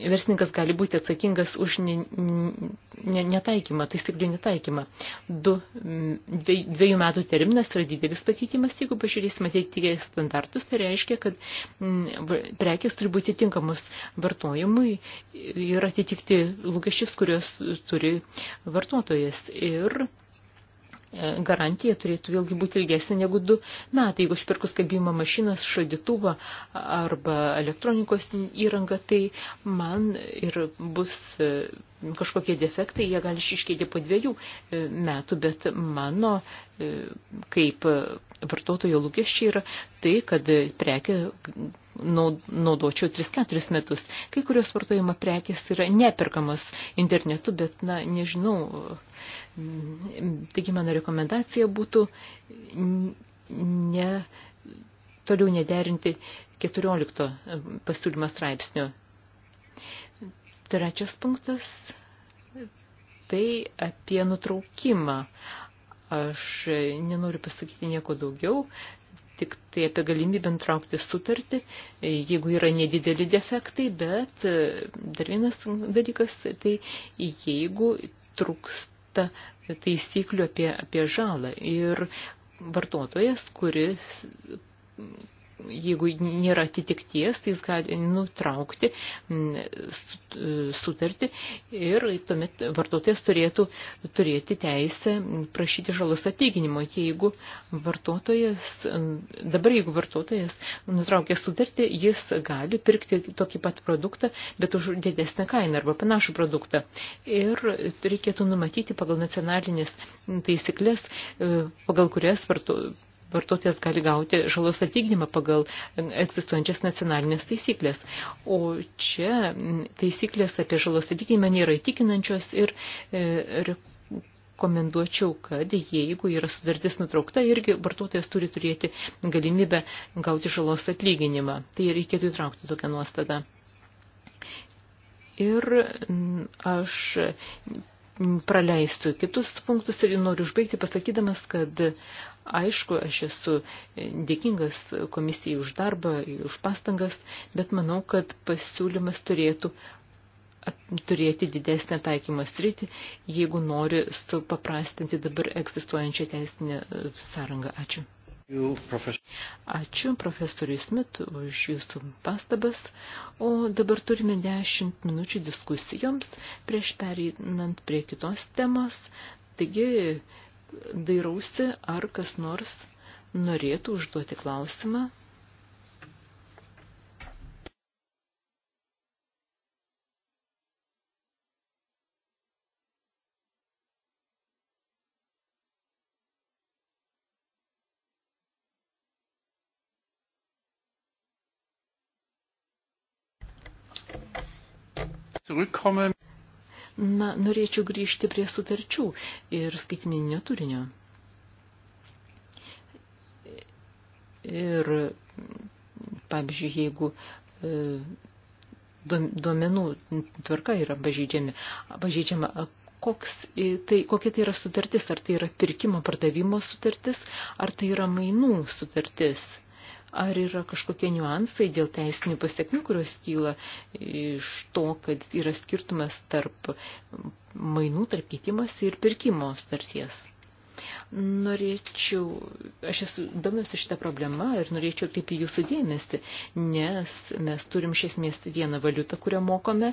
Speaker 1: verslininkas gali būti atsakingas už ne, ne, netaikymą, taisyklių netaikymą. Du, dviejų metų terminas yra didelis pakeitimas, jeigu pažiūrėsime ateityje standartus, tai reiškia, kad prekės turi būti tinkamos vartojimui ir atitikti lūkesčius, kuriuos turi vartotojas. Ir E, garantija turėtų vėlgi būti ilgesnė negu du metai. Jeigu aš perku skabimą mašinas, šaldytuvą arba elektronikos įrangą, tai man ir bus e, kažkokie defektai, jie gali išiškėti po dviejų e, metų, bet mano kaip vartotojo lūkesčiai yra tai, kad prekė naudočiau 3-4 metus. Kai kurios vartojimo prekės yra neperkamos internetu, bet, na, nežinau. Taigi mano rekomendacija būtų ne, toliau nederinti 14 e, pasiūlymo straipsnio. Trečias punktas
Speaker 3: –
Speaker 1: tai apie nutraukimą. Aš e, nenoriu pasakyti nieko daugiau, tik tai apie galimybę traukti sutartį, e, jeigu yra nedideli defektai, bet e, dar vienas dalykas, tai jeigu trūksta taisyklių apie, apie žalą ir vartotojas, kuris jeigu nėra atitikties, tai jis gali nutraukti mm, sutartį ir tuomet vartotojas turėtų turėti teisę prašyti žalos atlyginimo. Jeigu vartotojas, dabar jeigu vartotojas nutraukia sutartį, jis gali pirkti tokį pat produktą, bet už didesnę kainą arba panašų produktą. Ir reikėtų numatyti pagal nacionalinės taisyklės, pagal kurias vartotojas vartotojas gali gauti žalos atlyginimą pagal egzistuojančias nacionalinės taisyklės. O čia taisyklės apie žalos atlyginimą nėra įtikinančios ir e, komenduočiau, kad jeigu yra sudartis nutraukta, irgi vartotojas turi turėti galimybę gauti žalos atlyginimą. Tai reikėtų įtraukti tokią nuostatą. Ir aš praleistų kitus punktus ir noriu užbaigti pasakydamas, kad aišku, aš esu dėkingas komisijai už darbą, už pastangas, bet manau, kad pasiūlymas turėtų turėti didesnę taikymą sritį, jeigu nori supaprastinti dabar egzistuojančią teisinę e, sąrangą. Ačiū. Ačiū profesoriui Smith už jūsų pastabas, o dabar turime 10 minučių diskusijoms prieš pereinant prie kitos temos, taigi dairausi, ar kas nors norėtų užduoti klausimą. zurückkomme. Na, norėčiau grįžti prie sutarčių ir skaitmininio turinio. Ir, pavyzdžiui, jeigu e, duomenų tvarka yra pažeidžiami, pažeidžiama, koks, e, tai, kokia tai yra sutartis, ar tai yra pirkimo pardavimo sutartis, ar tai yra mainų sutartis Ar yra kažkokie niuansai dėl teisinių pasiekmių, kurios kyla iš to, kad yra skirtumas tarp mainų, tarp keitimas ir pirkimo starties? Norėčiau, aš esu domiuosi šitą problemą ir norėčiau kaip jūsų dėmesį, nes mes turim iš esmės vieną valiutą, kurią mokome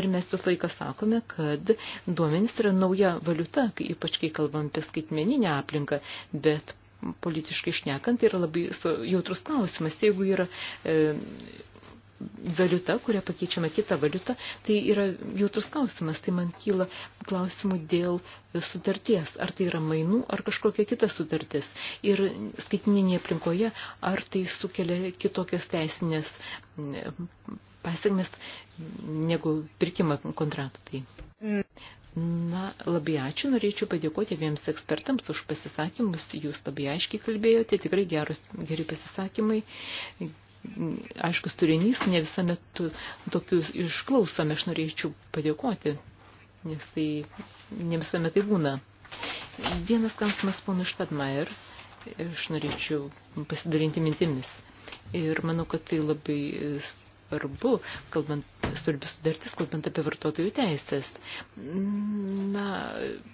Speaker 1: ir mes vis laiką sakome, kad duomenys yra nauja valiuta, ypač kai kalbam apie skaitmeninę aplinką, bet politiškai šnekant, tai yra labai jautrus klausimas. Tai jeigu yra e, valiuta, kuria pakeičiama kita valiuta, tai yra jautrus klausimas. Tai man kyla klausimų dėl sutarties. Ar tai yra mainų, ar kažkokia kita sutartis. Ir skaitmininėje aplinkoje, ar tai sukelia kitokias teisinės pasiekmes negu pirkimą kontraktai. Na, labai ačiū, norėčiau padėkoti abiems ekspertams už pasisakymus, jūs labai aiškiai kalbėjote, tikrai geros, geri pasisakymai, aiškus turinys, ne visuomet tu, tokius išklausome, aš norėčiau padėkoti, nes tai ne visuomet tai būna. Vienas klausimas, ponu Štadmajer, aš norėčiau pasidalinti mintimis. Ir manau, kad tai labai svarbu, kalbant, svarbi sudartis, kalbant apie vartotojų teisės. Na,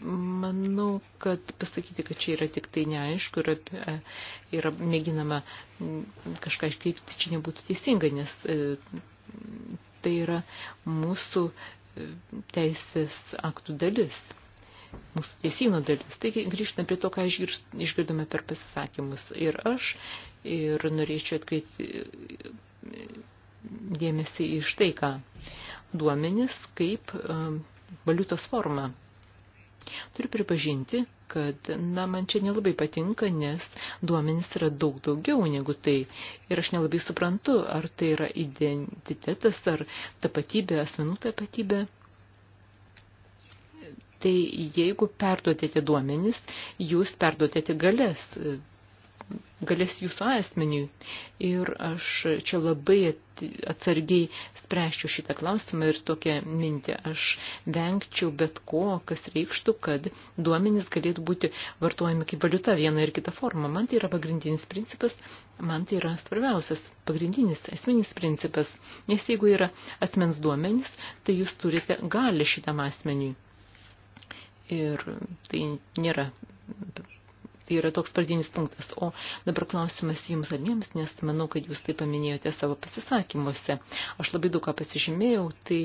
Speaker 1: manau, kad pasakyti, kad čia yra tik tai neaišku ir yra, yra mėginama kažką iškreipti, čia nebūtų teisinga, nes e, tai yra mūsų e, teisės aktų dalis mūsų teisino dalis. Taigi grįžtame prie to, ką išgirdome per pasisakymus. Ir aš ir norėčiau atkreipti dėmesį į štai ką. Duomenis kaip e, valiutos forma. Turiu pripažinti, kad, na, man čia nelabai patinka, nes duomenys yra daug daugiau negu tai. Ir aš nelabai suprantu, ar tai yra identitetas, ar tapatybė, asmenų tapatybė. Tai jeigu perduotėte duomenys, jūs perduotėte galės galės jūsų asmeniui. Ir aš čia labai atsargiai spręščiau šitą klausimą ir tokią mintį. Aš vengčiau bet ko, kas reikštų, kad duomenys galėtų būti vartojami kaip valiuta viena ir kita forma. Man tai yra pagrindinis principas, man tai yra svarbiausias, pagrindinis, esminis principas. Nes jeigu yra asmens duomenys, tai jūs turite gali šitam asmeniui. Ir tai nėra Tai yra toks pradinis punktas. O dabar klausimas jums abiems, nes manau, kad jūs tai paminėjote savo pasisakymuose. Aš labai daug ką pasižymėjau, tai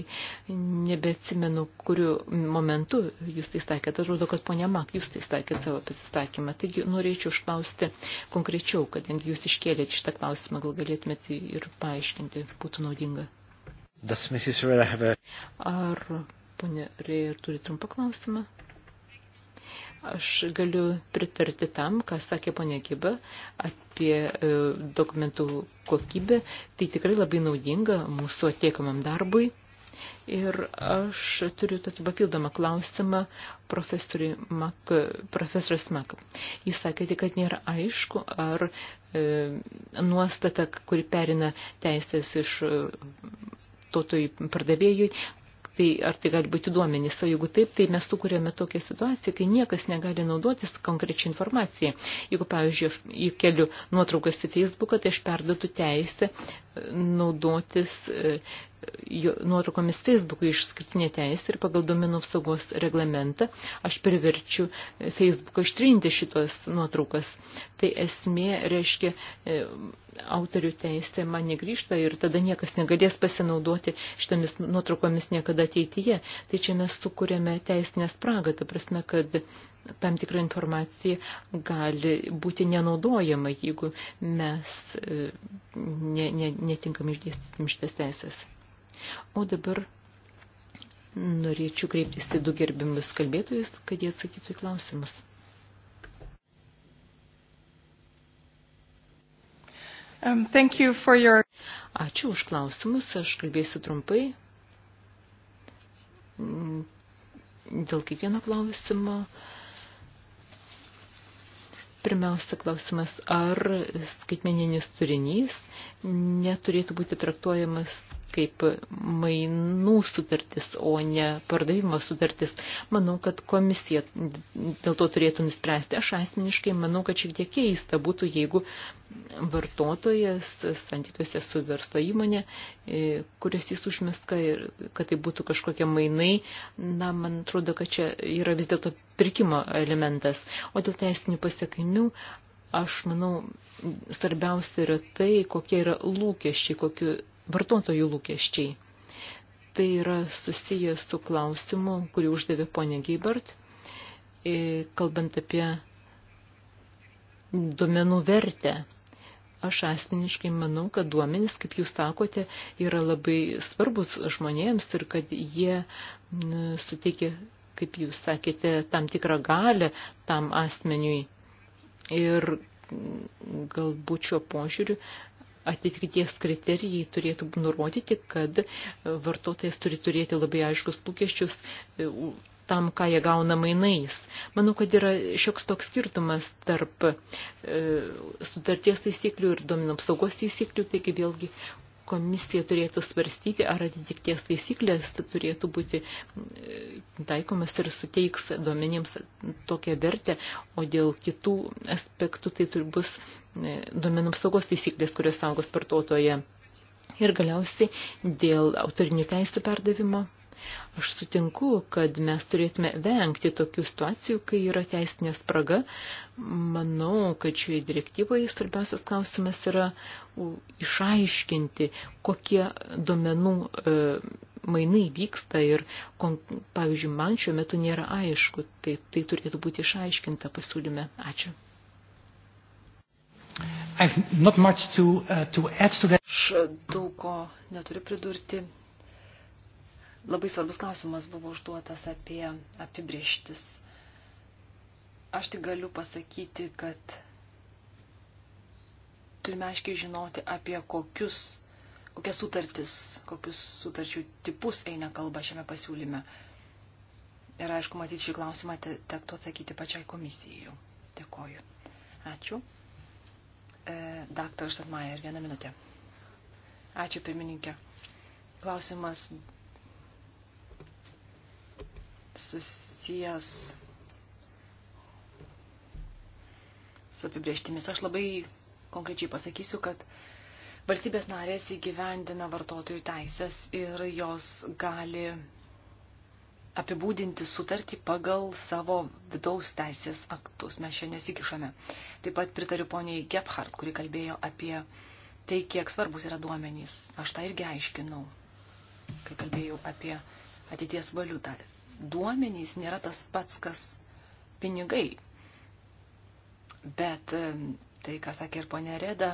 Speaker 1: nebeatsimenu, kuriu momentu jūs tai sakėte. Atrodo, kad ponia Mak, jūs tai sakėte savo pasisakymą. Taigi norėčiau užklausti konkrečiau, kadangi jūs iškėlėte šitą klausimą, gal galėtumėte ir paaiškinti, būtų naudinga.
Speaker 3: Ar
Speaker 1: ponia Reir turi trumpą klausimą? Aš galiu pritarti tam, ką sakė ponė Kiba apie e, dokumentų kokybę. Tai tikrai labai naudinga mūsų attiekamam darbui. Ir aš turiu tokį papildomą klausimą Mak, profesorius Mak. Jis sakė, kad nėra aišku, ar e, nuostata, kuri perina teisės iš e, tautojų pardavėjui, tai ar tai gali būti duomenys, o jeigu taip, tai mes sukūrėme tokią situaciją, kai niekas negali naudotis konkrečią informaciją. Jeigu, pavyzdžiui, aš įkeliu nuotraukas į Facebooką, tai aš perdotu teisę naudotis e, nuotraukomis Facebook'ui išskirtinė teisė ir pagal domenų apsaugos reglamentą aš priverčiu Facebook'ą ištrinti šitos nuotraukas. Tai esmė reiškia e, autorių teisė man negrįžta ir tada niekas negalės pasinaudoti šitomis nuotraukomis niekada ateityje. Tai čia mes sukūrėme teisinę spragą, ta prasme, kad tam tikra informacija gali būti nenaudojama, jeigu mes e, ne, ne, netinkam išdėstysim šitas teisės. O dabar norėčiau kreiptis į du gerbimus kalbėtojus, kad jie atsakytų į klausimus. Um, thank you for your... Ačiū už klausimus, aš kalbėsiu trumpai. Mm, dėl kiekvieno klausimo. Pirmiausia klausimas, ar skaitmeninis turinys neturėtų būti traktuojamas kaip mainų sutartis, o ne pardavimo sutartis. Manau, kad komisija dėl to turėtų nuspręsti. Aš asmeniškai manau, kad šiek tiek keista būtų, jeigu vartotojas santykiuose su verslo įmonė, e, kurios jis užmeska ir kad tai būtų kažkokie mainai, na, man atrodo, kad čia yra vis dėlto pirkimo elementas. O dėl teisinių pasiekmių aš manau, svarbiausia yra tai, kokie yra lūkesčiai, kokiu vartotojų lūkesčiai. Tai yra susijęs su klausimu, kurį uždavė ponė Gybart, kalbant apie duomenų vertę. Aš asmeniškai manau, kad duomenys, kaip jūs sakote, yra labai svarbus žmonėms ir kad jie suteikia, kaip jūs sakėte, tam tikrą galę tam asmeniui. Ir galbūt šiuo požiūriu atitikties kriterijai turėtų nurodyti, kad e, vartotojas turi turėti labai aiškus lūkesčius e, tam, ką jie gauna mainais. Manau, kad yra šioks toks skirtumas tarp e, sutarties taisyklių ir domino apsaugos taisyklių, taigi vėlgi komisija turėtų svarstyti, ar atitikties taisyklės turėtų būti e, taikomas ir suteiks duomenėms tokią vertę, o dėl kitų aspektų tai turi bus e, duomenų apsaugos taisyklės, kurios saugos vartotoje. Ir galiausiai dėl autorinių teisų perdavimo Aš sutinku, kad mes turėtume vengti tokių situacijų, kai yra teisinė spraga. Manau, kad šioje direktyvoje svarbiausias klausimas yra išaiškinti, kokie duomenų e, mainai vyksta ir, pavyzdžiui, man šiuo metu nėra aišku. Tai, tai turėtų būti išaiškinta pasiūlyme. Ačiū. I've not much to, uh, to add to that. Aš daug
Speaker 2: ko neturiu pridurti Labai svarbus klausimas buvo užduotas apie apibrieštis. Aš tik galiu pasakyti, kad turime aiškiai žinoti, apie kokius, kokias sutartis, kokius sutarčių tipus eina kalba šiame pasiūlyme. Ir aišku, matyti šį klausimą tektų atsakyti pačiai komisijai. Dėkoju. Ačiū. E, Daktaras Atmajer, vieną minutę. Ačiū, pirmininkė. Klausimas susijęs su apibrieštimis. Aš labai konkrečiai pasakysiu, kad valstybės narės įgyvendina vartotojų teisės ir jos gali apibūdinti sutartį pagal savo vidaus teisės aktus. Mes čia nesikišame. Taip pat pritariu poniai Gephardt, kuri kalbėjo apie tai, kiek svarbus yra duomenys. Aš tą irgi aiškinau, kai kalbėjau apie ateities valiutą duomenys nėra tas pats, kas pinigai. Bet tai, ką sakė ir ponė Reda,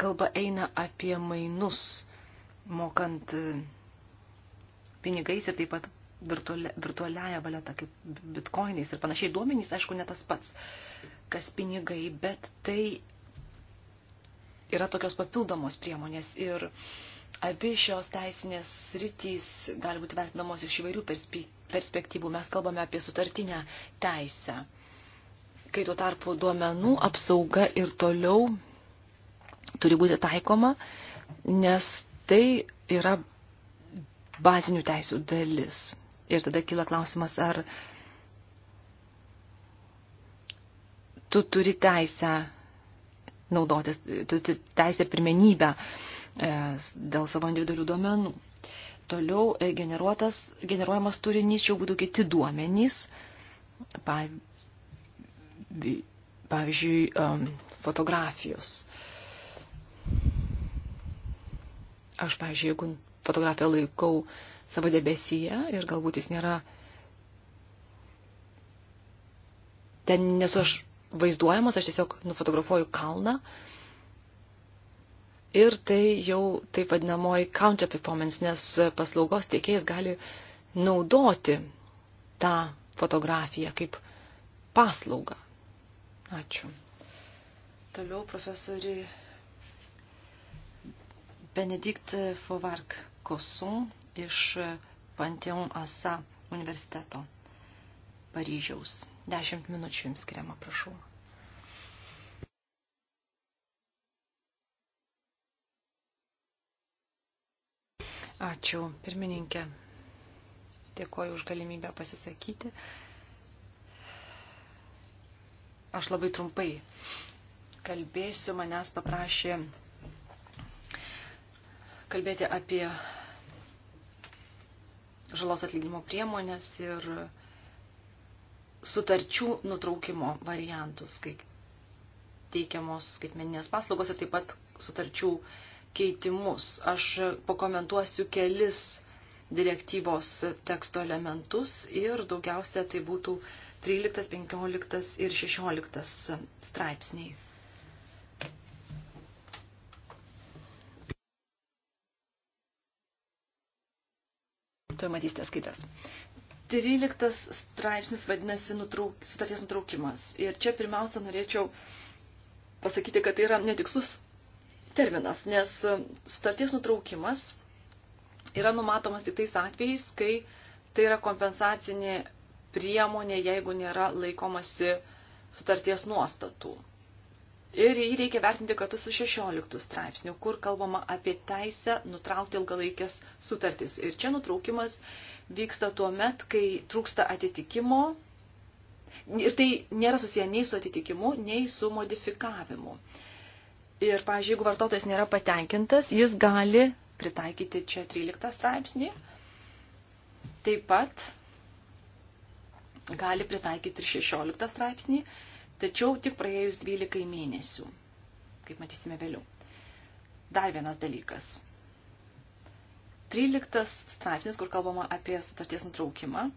Speaker 2: kalba eina apie mainus, mokant pinigais ir taip pat virtualiaja valeta, kaip bitkoinais ir panašiai. Duomenys, aišku, ne tas pats, kas pinigai, bet tai yra tokios papildomos priemonės ir uh, Abi šios teisinės sritys gali būti vertinamos iš įvairių perspektyvų. Mes kalbame apie sutartinę teisę, kai tuo tarpu duomenų apsauga ir toliau turi būti taikoma, nes tai yra bazinių teisų dalis. Ir tada kyla klausimas, ar tu turi teisę naudotis, tu turi teisę pirmenybę uh, E, dėl savo individualių duomenų. Toliau e, generuojamas turinys jau būtų kiti duomenys, pavyzdžiui, e, fotografijos. Aš, pavyzdžiui, jeigu fotografiją laikau savo debesyje ir galbūt jis nėra ten nesu aš vaizduojamas, aš tiesiog nufotografuoju kalną, ir tai jau taip vadinamoji counter performance, nes paslaugos tiekėjas gali naudoti tą fotografiją kaip paslaugą. Ačiū. Toliau profesori Benedikt Fovark Kosun iš Pantheon Asa universiteto Paryžiaus. Dešimt minučių jums skiriama, prašau. Ačiū, pirmininkė. Dėkoju už galimybę pasisakyti. Aš labai trumpai kalbėsiu, manęs paprašė kalbėti apie žalos atlyginimo priemonės ir sutarčių nutraukimo variantus, kai teikiamos skaitmeninės paslaugos ir taip pat sutarčių uh, keitimus. Aš pakomentuosiu kelis direktyvos teksto elementus ir daugiausia tai būtų 13, 15 ir 16 straipsniai. Tuo matysite skaitas. 13 straipsnis vadinasi nutrauk, sutarties nutraukimas. Ir čia pirmiausia norėčiau pasakyti, kad tai yra netikslus terminas, nes sutarties nutraukimas yra numatomas tik tais atvejais, kai tai yra kompensacinė priemonė, jeigu nėra laikomasi sutarties nuostatų. Ir jį reikia vertinti kartu su 16 straipsniu, kur kalbama apie teisę nutraukti ilgalaikės sutartis. Ir čia nutraukimas vyksta tuo met, kai trūksta atitikimo. Ir tai nėra susiję nei su atitikimu, nei su modifikavimu. Uh, Ir, pažiūrėjau, jeigu vartotojas nėra patenkintas, jis gali pritaikyti čia 13 straipsnį. Taip pat gali pritaikyti ir 16 straipsnį, tačiau tik praėjus 12 mėnesių, kaip matysime vėliau. Dar vienas dalykas. 13 straipsnis, kur kalbama apie sutarties nutraukimą,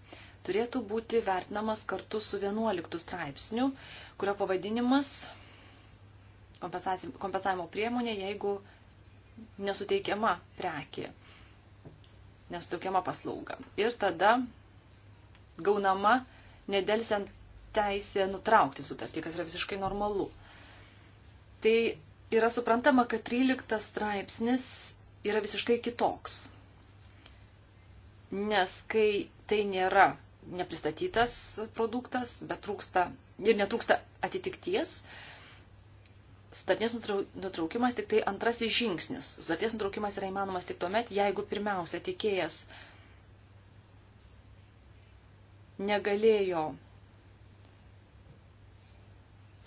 Speaker 2: turėtų būti vertinamas kartu su 11 straipsniu, kurio pavadinimas kompensavimo priemonė, jeigu nesuteikiama prekė, nesuteikiama paslauga. Ir tada gaunama nedelsiant teisė nutraukti sutartį, kas yra visiškai normalu. Tai yra suprantama, kad 13 straipsnis yra visiškai kitoks. Nes kai tai nėra nepristatytas produktas, bet trūksta ir netrūksta atitikties, Sutarties nutraukimas tik tai antrasis žingsnis. Sutarties nutraukimas yra įmanomas tik tuomet, jeigu pirmiausia tikėjas negalėjo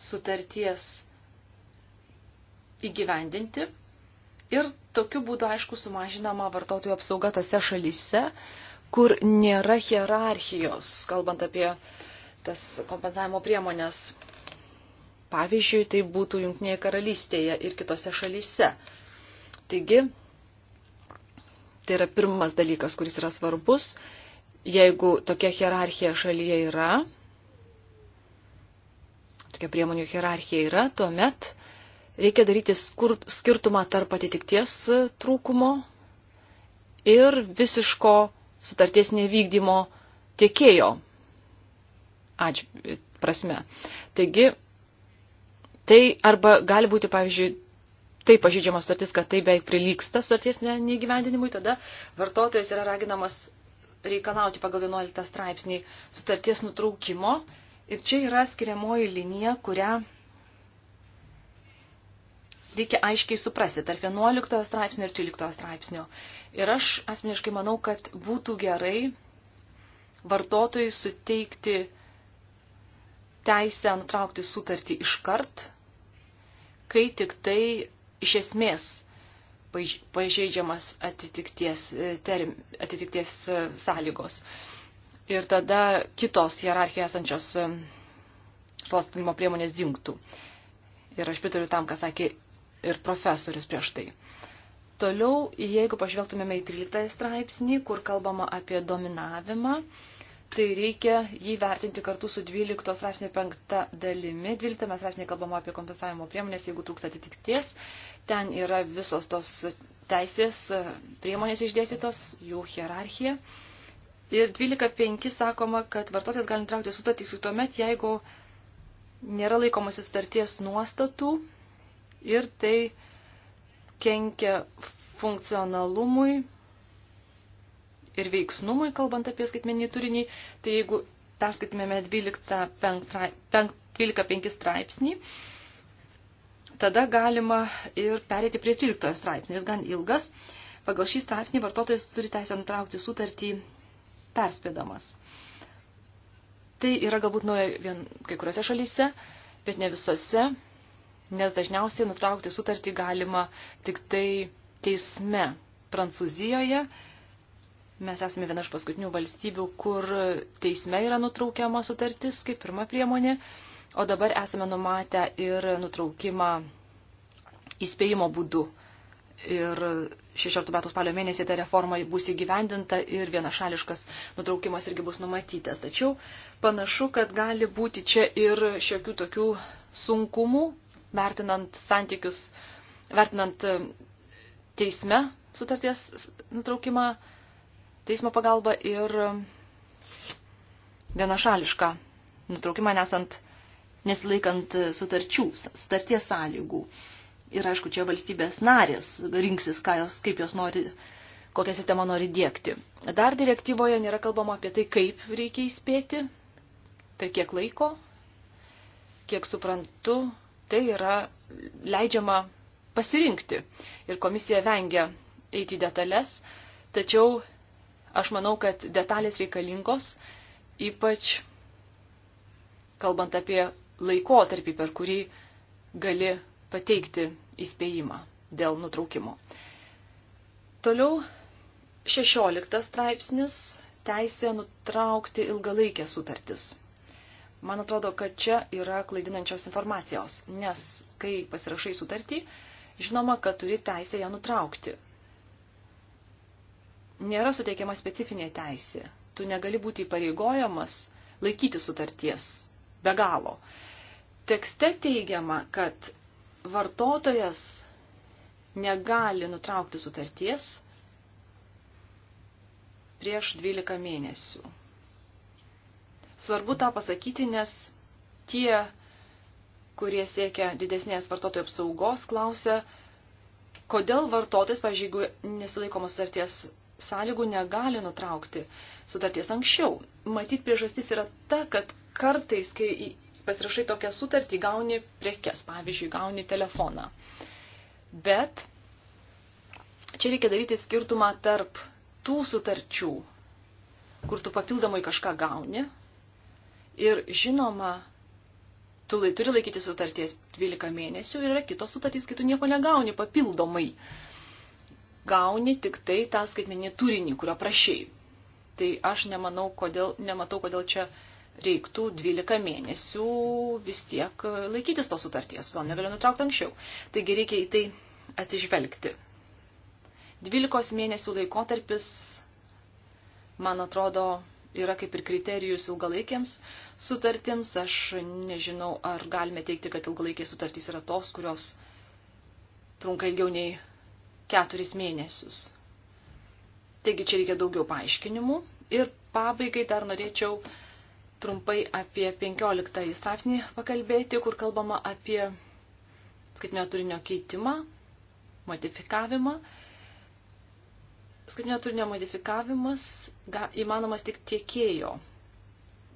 Speaker 2: sutarties įgyvendinti ir tokiu būdu, aišku, sumažinama vartotojų apsauga tose šalyse, kur nėra hierarchijos, kalbant apie tas kompensavimo priemonės Pavyzdžiui, tai būtų Junktinėje karalystėje ir kitose šalyse. Taigi, tai yra pirmas dalykas, kuris yra svarbus. Jeigu tokia hierarchija šalyje yra, tokia priemonių hierarchija yra, tuomet reikia daryti skirtumą tarp atitikties trūkumo ir visiško sutarties nevykdymo tiekėjo prasme. Taigi, Tai arba gali būti, pavyzdžiui, taip pažydžiama sutartis, kad tai beveik prilyksta sutarties neįgyvendinimui, tada vartotojas yra raginamas reikalauti pagal 11 straipsnį sutarties nutraukimo. Ir čia yra skiriamoji linija, kurią reikia aiškiai suprasti tarp 11 straipsnio ir 13 straipsnio. Ir aš asmeniškai manau, kad būtų gerai vartotojai suteikti teisę nutraukti sutartį iškart kai tik tai iš esmės pažeidžiamas atitikties, e, term, atitikties e, sąlygos. Ir tada kitos hierarchijoje esančios šluostymo e, priemonės dinktų. Ir aš pritariu tam, ką sakė ir profesorius prieš tai. Toliau, jeigu pažvelgtumėme į 13 straipsnį, kur kalbama apie dominavimą, tai reikia jį vertinti kartu su 12 straipsnio 5 dalimi. 12 straipsnė kalbama apie kompensavimo priemonės, jeigu trūksta atitikties. Ten yra visos tos teisės priemonės išdėstytos, jų hierarchija. Ir 12.5 sakoma, kad vartotojas gali traukti sutartį tik tuomet, jeigu nėra laikomasi sutarties nuostatų ir tai kenkia funkcionalumui ir veiksnumui, kalbant apie skaitmeninį turinį, tai jeigu perskaitumėme 12.5 straipsnį, tada galima ir perėti prie 13 straipsnį, jis gan ilgas. Pagal šį straipsnį vartotojas turi teisę nutraukti sutartį perspėdamas. Tai yra galbūt nauja vien kai kuriuose šalyse, bet ne visose, nes dažniausiai nutraukti sutartį galima tik tai teisme Prancūzijoje Mes esame viena iš paskutinių valstybių, kur teisme yra nutraukiama sutartis kaip pirma priemonė, o dabar esame numatę ir nutraukimą įspėjimo būdu. Ir 16 metų spalio mėnesį ta reforma bus įgyvendinta ir vienašališkas nutraukimas irgi bus numatytas. Tačiau panašu, kad gali būti čia ir šiokių tokių sunkumų, vertinant santykius, vertinant teisme sutarties nutraukimą teismo pagalbą ir vienašališką nutraukimą nesant nesilaikant sutarčių, sutarties sąlygų. Ir aišku, čia valstybės narės rinksis, jos, kaip jos nori, kokią sistemą nori dėkti. Dar direktyvoje nėra kalbama apie tai, kaip reikia įspėti, per kiek laiko, kiek suprantu, tai yra leidžiama pasirinkti. Ir komisija vengia eiti detalės, tačiau Aš manau, kad detalės reikalingos, ypač kalbant apie laikotarpį, per kurį gali pateikti įspėjimą dėl nutraukimo. Toliau 16 straipsnis - teisė nutraukti ilgalaikę sutartis. Man atrodo, kad čia yra klaidinančios informacijos, nes kai pasirašai sutartį, žinoma, kad turi teisę ją nutraukti nėra suteikiama specifinė teisė. Tu negali būti įpareigojamas laikyti sutarties be galo. Tekste teigiama, kad vartotojas negali nutraukti sutarties prieš 12 mėnesių. Svarbu tą pasakyti, nes tie, kurie siekia didesnės vartotojų apsaugos, klausia, kodėl vartotojas, pavyzdžiui, jeigu nesilaikomas sutarties sąlygų negali nutraukti sutarties anksčiau. Matyt, priežastis yra ta, kad kartais, kai pasirašai tokią sutartį, gauni prekes, pavyzdžiui, gauni telefoną. Bet čia reikia daryti skirtumą tarp tų sutarčių, kur tu papildomai kažką gauni ir žinoma, tu lai, turi laikyti sutarties 12 mėnesių ir yra kitos sutartys, kai tu nieko negauni papildomai. Uh, gauni tik tai tą skaitmeninį turinį, kurio prašiai. Tai aš nemanau, kodėl, nematau, kodėl čia reiktų 12 mėnesių vis tiek laikytis tos sutarties, gal negaliu nutraukti anksčiau. Taigi reikia į tai atsižvelgti. 12 mėnesių laikotarpis, man atrodo, yra kaip ir kriterijus ilgalaikiams sutartims. Aš nežinau, ar galime teikti, kad ilgalaikiai sutartys yra tos, kurios trunka ilgiau nei keturis mėnesius. Taigi čia reikia daugiau paaiškinimų. Ir pabaigai dar norėčiau trumpai apie 15 straipsnį pakalbėti, kur kalbama apie skaitinio turinio keitimą, modifikavimą. Skaitinio turinio modifikavimas ga, įmanomas tik tiekėjo.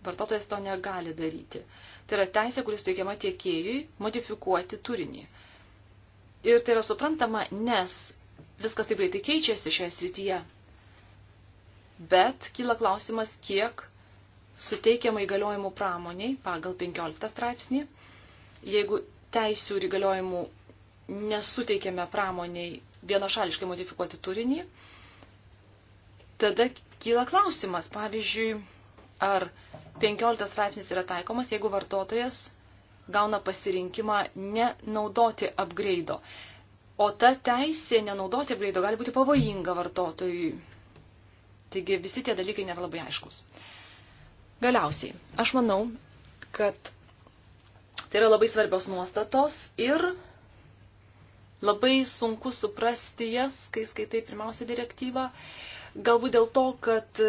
Speaker 2: Vartotojas to negali daryti. Tai yra teisė, kuris teikiama tiekėjui modifikuoti turinį. Ir tai yra suprantama, nes viskas taip greitai keičiasi šioje srityje. Bet kyla klausimas, kiek suteikiama įgaliojimų pramoniai pagal 15 straipsnį. Jeigu teisių ir įgaliojimų nesuteikiame pramoniai vienašališkai modifikuoti turinį, tada kyla klausimas, pavyzdžiui, ar 15 straipsnis yra taikomas, jeigu vartotojas gauna pasirinkimą nenaudoti upgrade'o. O ta teisė nenaudoti bleido gali būti pavojinga vartotojui. Taigi visi tie dalykai nėra labai aiškus. Galiausiai, aš manau, kad tai yra labai svarbios nuostatos ir labai sunku suprasti jas, kai skaitai pirmiausia direktyvą. Galbūt dėl to, kad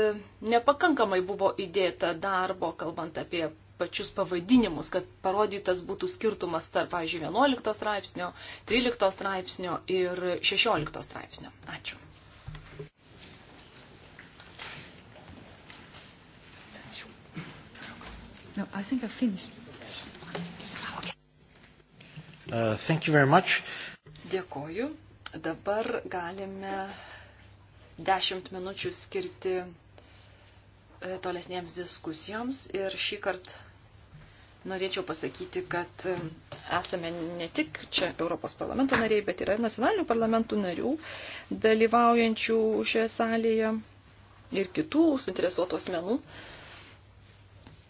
Speaker 2: nepakankamai buvo įdėta darbo, kalbant apie pačius pavadinimus, kad parodytas būtų skirtumas tarp, pavyzdžiui, 11 straipsnio, 13 straipsnio ir 16 straipsnio. Ačiū. No, I think I finished. Uh, thank you very much. Dėkoju. Dabar galime 10 minučių skirti e, tolesniems diskusijoms ir šį kartą norėčiau pasakyti, kad e, esame ne tik čia Europos parlamento nariai, bet yra ir nacionalinių parlamentų narių dalyvaujančių šioje salėje ir kitų suinteresuotų asmenų.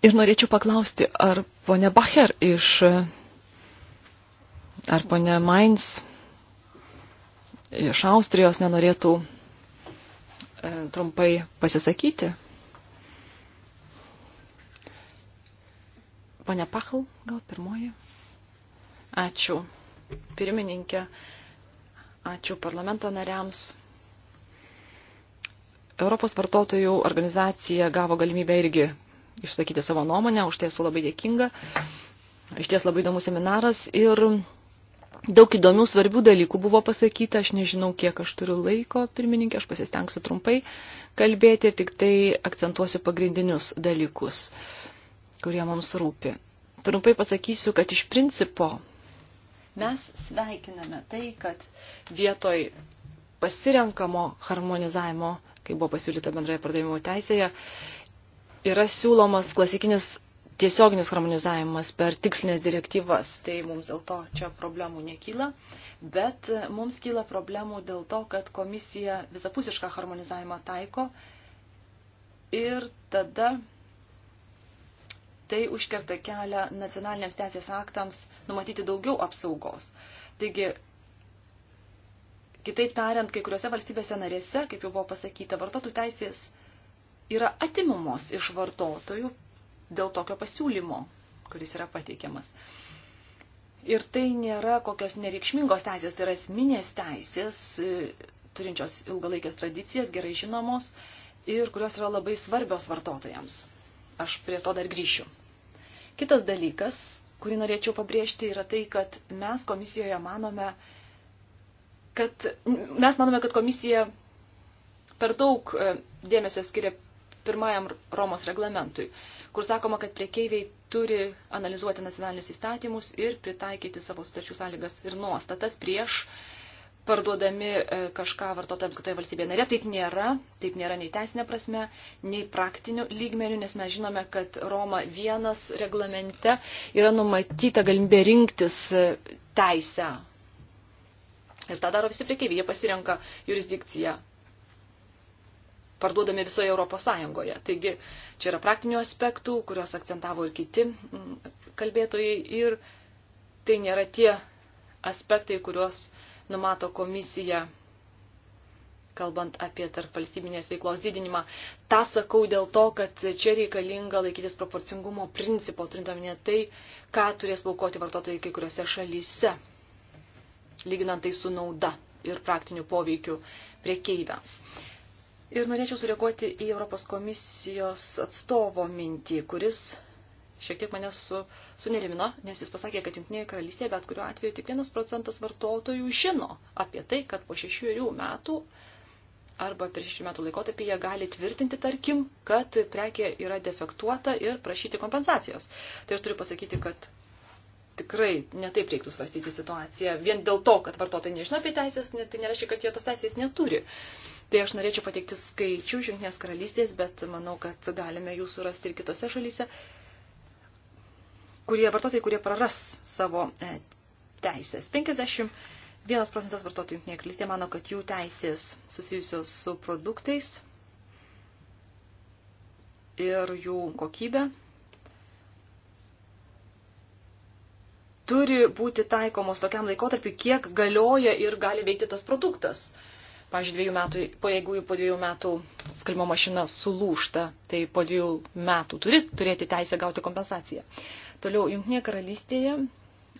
Speaker 2: Ir norėčiau paklausti, ar ponia Bacher iš, ar ponia Mainz iš Austrijos nenorėtų e, trumpai pasisakyti Pone Pachl, gal pirmoji. Ačiū pirmininkė, ačiū parlamento nariams. Europos vartotojų organizacija gavo galimybę irgi išsakyti savo nuomonę, už tai esu labai dėkinga. Iš ties labai įdomus seminaras ir daug įdomių svarbių dalykų buvo pasakyta. Aš nežinau, kiek aš turiu laiko, pirmininkė, aš pasistengsiu trumpai kalbėti ir tik tai akcentuosiu pagrindinius dalykus kurie mums rūpi. Trumpai pasakysiu, kad iš principo mes sveikiname tai, kad vietoj pasirenkamo harmonizavimo, kai buvo pasiūlyta bendroje pardavimo teisėje, yra siūlomas klasikinis tiesioginis harmonizavimas per tikslinės direktyvas. Tai mums dėl to čia problemų nekyla, bet mums kyla problemų dėl to, kad komisija visapusišką harmonizavimą taiko ir tada tai užkerta kelią nacionaliniams teisės aktams numatyti daugiau apsaugos. Taigi, kitaip tariant, kai kuriuose valstybėse narėse, kaip jau buvo pasakyta, vartotojų teisės yra atimamos iš vartotojų dėl tokio pasiūlymo, kuris yra pateikiamas. Ir tai nėra kokios nereikšmingos teisės, tai yra esminės teisės, e, turinčios ilgalaikės tradicijas, gerai žinomos ir kurios yra labai svarbios vartotojams. Aš prie to dar grįšiu. Kitas dalykas, kurį norėčiau pabrėžti, yra tai, kad mes komisijoje manome, kad, mes manome, kad komisija per daug e, dėmesio skiria pirmajam Romos reglamentui, kur sakoma, kad priekeiviai turi analizuoti nacionalinius įstatymus ir pritaikyti savo sutarčių sąlygas ir nuostatas prieš uh, parduodami e, kažką vartotojams kitoje valstybėje narė. Taip nėra, taip nėra nei teisinė prasme, nei praktinių lygmenių, nes mes žinome, kad Roma vienas reglamente yra numatyta galimybė rinktis e, teisę. Ir tą daro visi priekeiviai, jie pasirenka jurisdikciją parduodami visoje Europos Sąjungoje. Taigi čia yra praktinių aspektų, kuriuos akcentavo ir kiti mm, kalbėtojai ir tai nėra tie aspektai, kuriuos uh, numato komisija, kalbant apie tarp valstybinės veiklos didinimą. Ta sakau dėl to, kad čia reikalinga laikytis proporcingumo principo, turintaminė tai, ką turės paukoti vartotojai kai kuriuose šalyse, lyginant tai su nauda ir praktiniu poveikiu priekeiviams. Ir norėčiau sureaguoti į Europos komisijos atstovo mintį, kuris šiek tiek mane su, sunerimino, nes jis pasakė, kad Junktinėje karalystėje bet kuriuo atveju tik vienas procentas vartotojų žino apie tai, kad po šešių metų arba per šešių metų laikotarpį jie gali tvirtinti, tarkim, kad prekė yra defektuota ir prašyti kompensacijos. Tai aš turiu pasakyti, kad tikrai netaip reiktų svastyti situaciją. Vien dėl to, kad vartotojai nežino apie teisės, tai nereiškia, kad jie tos teisės neturi. Tai aš norėčiau pateikti skaičių iš Junktinės karalystės, bet manau, kad galime jų surasti ir kitose šalyse kurie vartotojai, kurie praras savo e, teisės. 51 procentas vartotojų jungtinėje karalystėje mano, kad jų teisės susijusios su produktais ir jų kokybė turi būti taikomos tokiam laikotarpiu, kiek galioja ir gali veikti tas produktas. Pavyzdžiui, dviejų metų, po, jeigu po dviejų metų skalbimo mašina sulūšta, tai po dviejų metų turi turėti teisę gauti kompensaciją. Toliau, Junktinėje karalystėje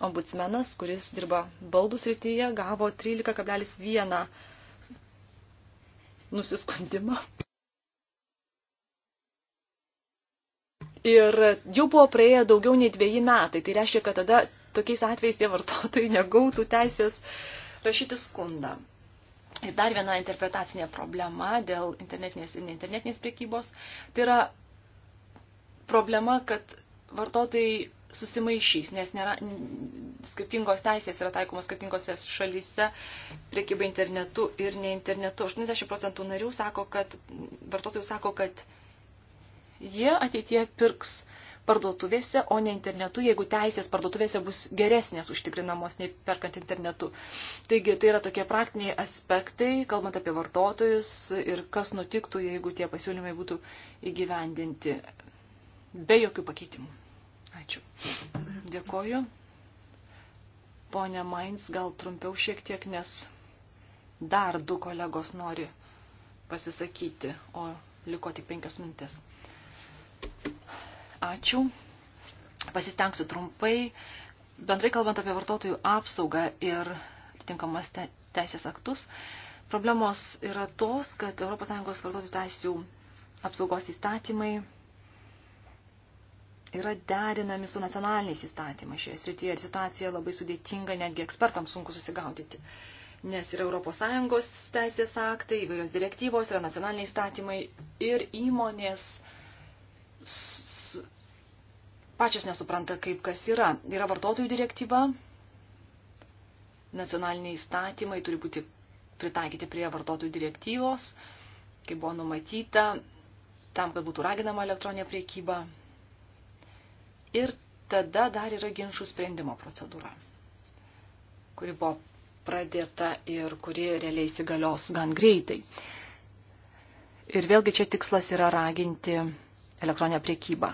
Speaker 2: ombudsmenas, kuris dirba baldų srityje, gavo 13,1 nusiskundimą. Ir jau buvo praėję daugiau nei dviejį metai. Tai reiškia, kad tada tokiais atvejais tie vartotojai negautų teisės rašyti skundą. Ir dar viena interpretacinė problema dėl internetinės ir neinternetinės priekybos. Tai yra problema, kad vartotojai susimaišys, nes nėra, skirtingos teisės yra taikomos skirtingose šalyse, priekyba internetu ir ne internetu. 80 procentų narių sako, kad vartotojų sako, kad jie ateitie pirks parduotuvėse, o ne internetu, jeigu teisės parduotuvėse bus geresnės užtikrinamos nei perkant internetu. Taigi tai yra tokie praktiniai aspektai, kalbant apie vartotojus ir kas nutiktų, jeigu tie pasiūlymai būtų įgyvendinti be jokių pakeitimų. Ačiū. Dėkoju. Pone Mainz, gal trumpiau šiek tiek, nes dar du kolegos nori pasisakyti, o liko tik penkios minutės. Ačiū. Pasistengsiu trumpai. Bendrai kalbant apie vartotojų apsaugą ir atitinkamas te, teisės aktus, problemos yra tos, kad ES vartotojų teisų apsaugos įstatymai yra derinami su nacionaliniais įstatymais šioje srityje ir situacija labai sudėtinga, netgi ekspertams sunku susigaudyti. Nes yra ES teisės aktai, įvairios direktyvos, yra nacionaliniai įstatymai ir įmonės pačios nesupranta, kaip kas yra. Yra vartotojų direktyva, nacionaliniai įstatymai turi būti pritaikyti prie vartotojų direktyvos, kaip buvo numatyta, tam, kad būtų raginama elektroninė priekyba Ir tada dar yra ginčių sprendimo procedūra, kuri buvo pradėta ir kuri realiai įsigalios gan greitai. Ir vėlgi čia tikslas yra raginti elektroninę priekybą.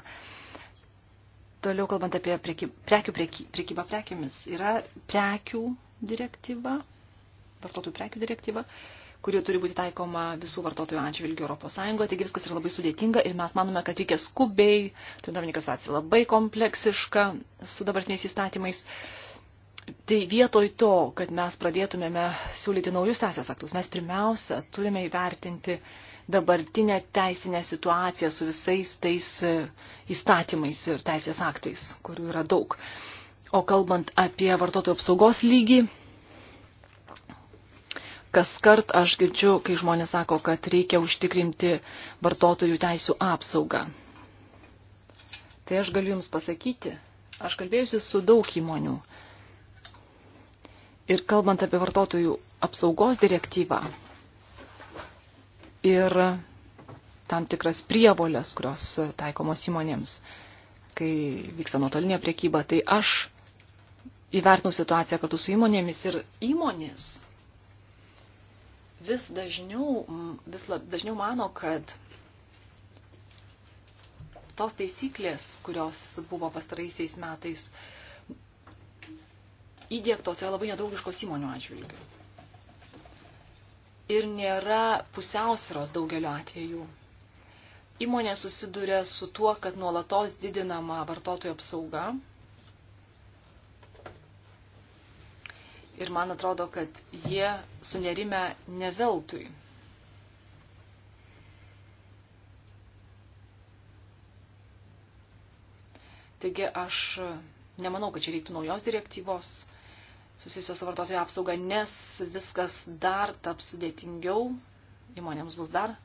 Speaker 2: Toliau kalbant apie preky, prekių preky, priekybą prekiamis, yra prekių direktyva, vartotojų prekių direktyva, kuri turi būti taikoma visų vartotojų atžvilgių Europos Sąjungoje. Taigi viskas yra labai sudėtinga ir mes manome, kad reikia skubiai, turintame situacija labai kompleksiška su dabartiniais įstatymais. Tai vietoj to, kad mes pradėtumėme siūlyti naujus teisės aktus, mes pirmiausia turime įvertinti dabartinę teisinę situaciją su visais tais e, įstatymais ir teisės aktais, kurių yra daug. O kalbant apie vartotojų apsaugos lygį, kas kart aš girdžiu, kai žmonės sako, kad reikia užtikrinti vartotojų teisų apsaugą. Tai aš galiu Jums pasakyti, aš kalbėjusi su daug įmonių. Ir kalbant apie vartotojų apsaugos direktyvą ir tam tikras prievolės, kurios taikomos įmonėms, kai vyksta nuotolinė priekyba, tai aš įvertinau situaciją kartu su įmonėmis ir įmonės vis dažniau, vis lab, dažniau mano, kad tos taisyklės, kurios buvo pastaraisiais metais įdėktos, yra labai nedraugiškos įmonių atžvilgių. Ir nėra pusiausvėros daugeliu atveju. Įmonė susiduria su tuo, kad nuolatos didinama vartotojų apsauga Ir man atrodo, kad jie sunerime ne veltui. Taigi aš nemanau, kad čia reiktų naujos direktyvos susijusios su vartotojų apsauga, nes viskas dar taps sudėtingiau, įmonėms bus dar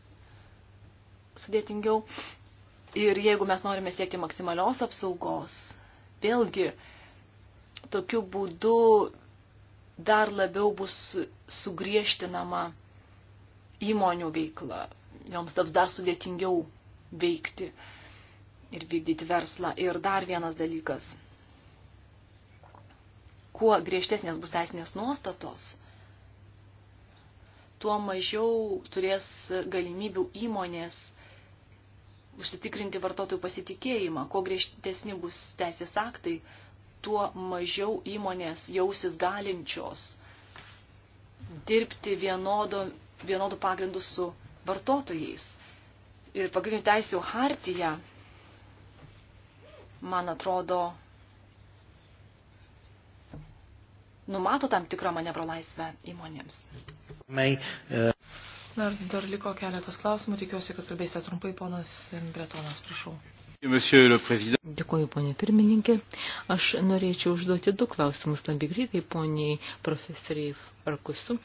Speaker 2: sudėtingiau. Ir jeigu mes norime siekti maksimalios apsaugos, vėlgi tokiu būdu dar labiau bus sugriežtinama įmonių veikla, joms taps dar sudėtingiau veikti ir vykdyti verslą. Ir dar vienas dalykas. Kuo griežtesnės bus teisinės nuostatos, tuo mažiau turės galimybių įmonės užsitikrinti vartotojų pasitikėjimą. Kuo griežtesni bus teisės aktai, tuo mažiau įmonės jausis galinčios dirbti vienodo, vienodų pagrindų su vartotojais. Ir pagrindinių teisų hartija, man atrodo, numato tam tikrą manevro laisvę įmonėms.
Speaker 1: Uh,
Speaker 3: dar, dar liko keletas klausimų, tikiuosi, kad kalbėsite trumpai, ponas Bretonas, prašau.
Speaker 1: Dėkuoju, ponė pirmininkė. Aš norėčiau užduoti du klausimus labai greitai, poniai profesoriai Arkusu.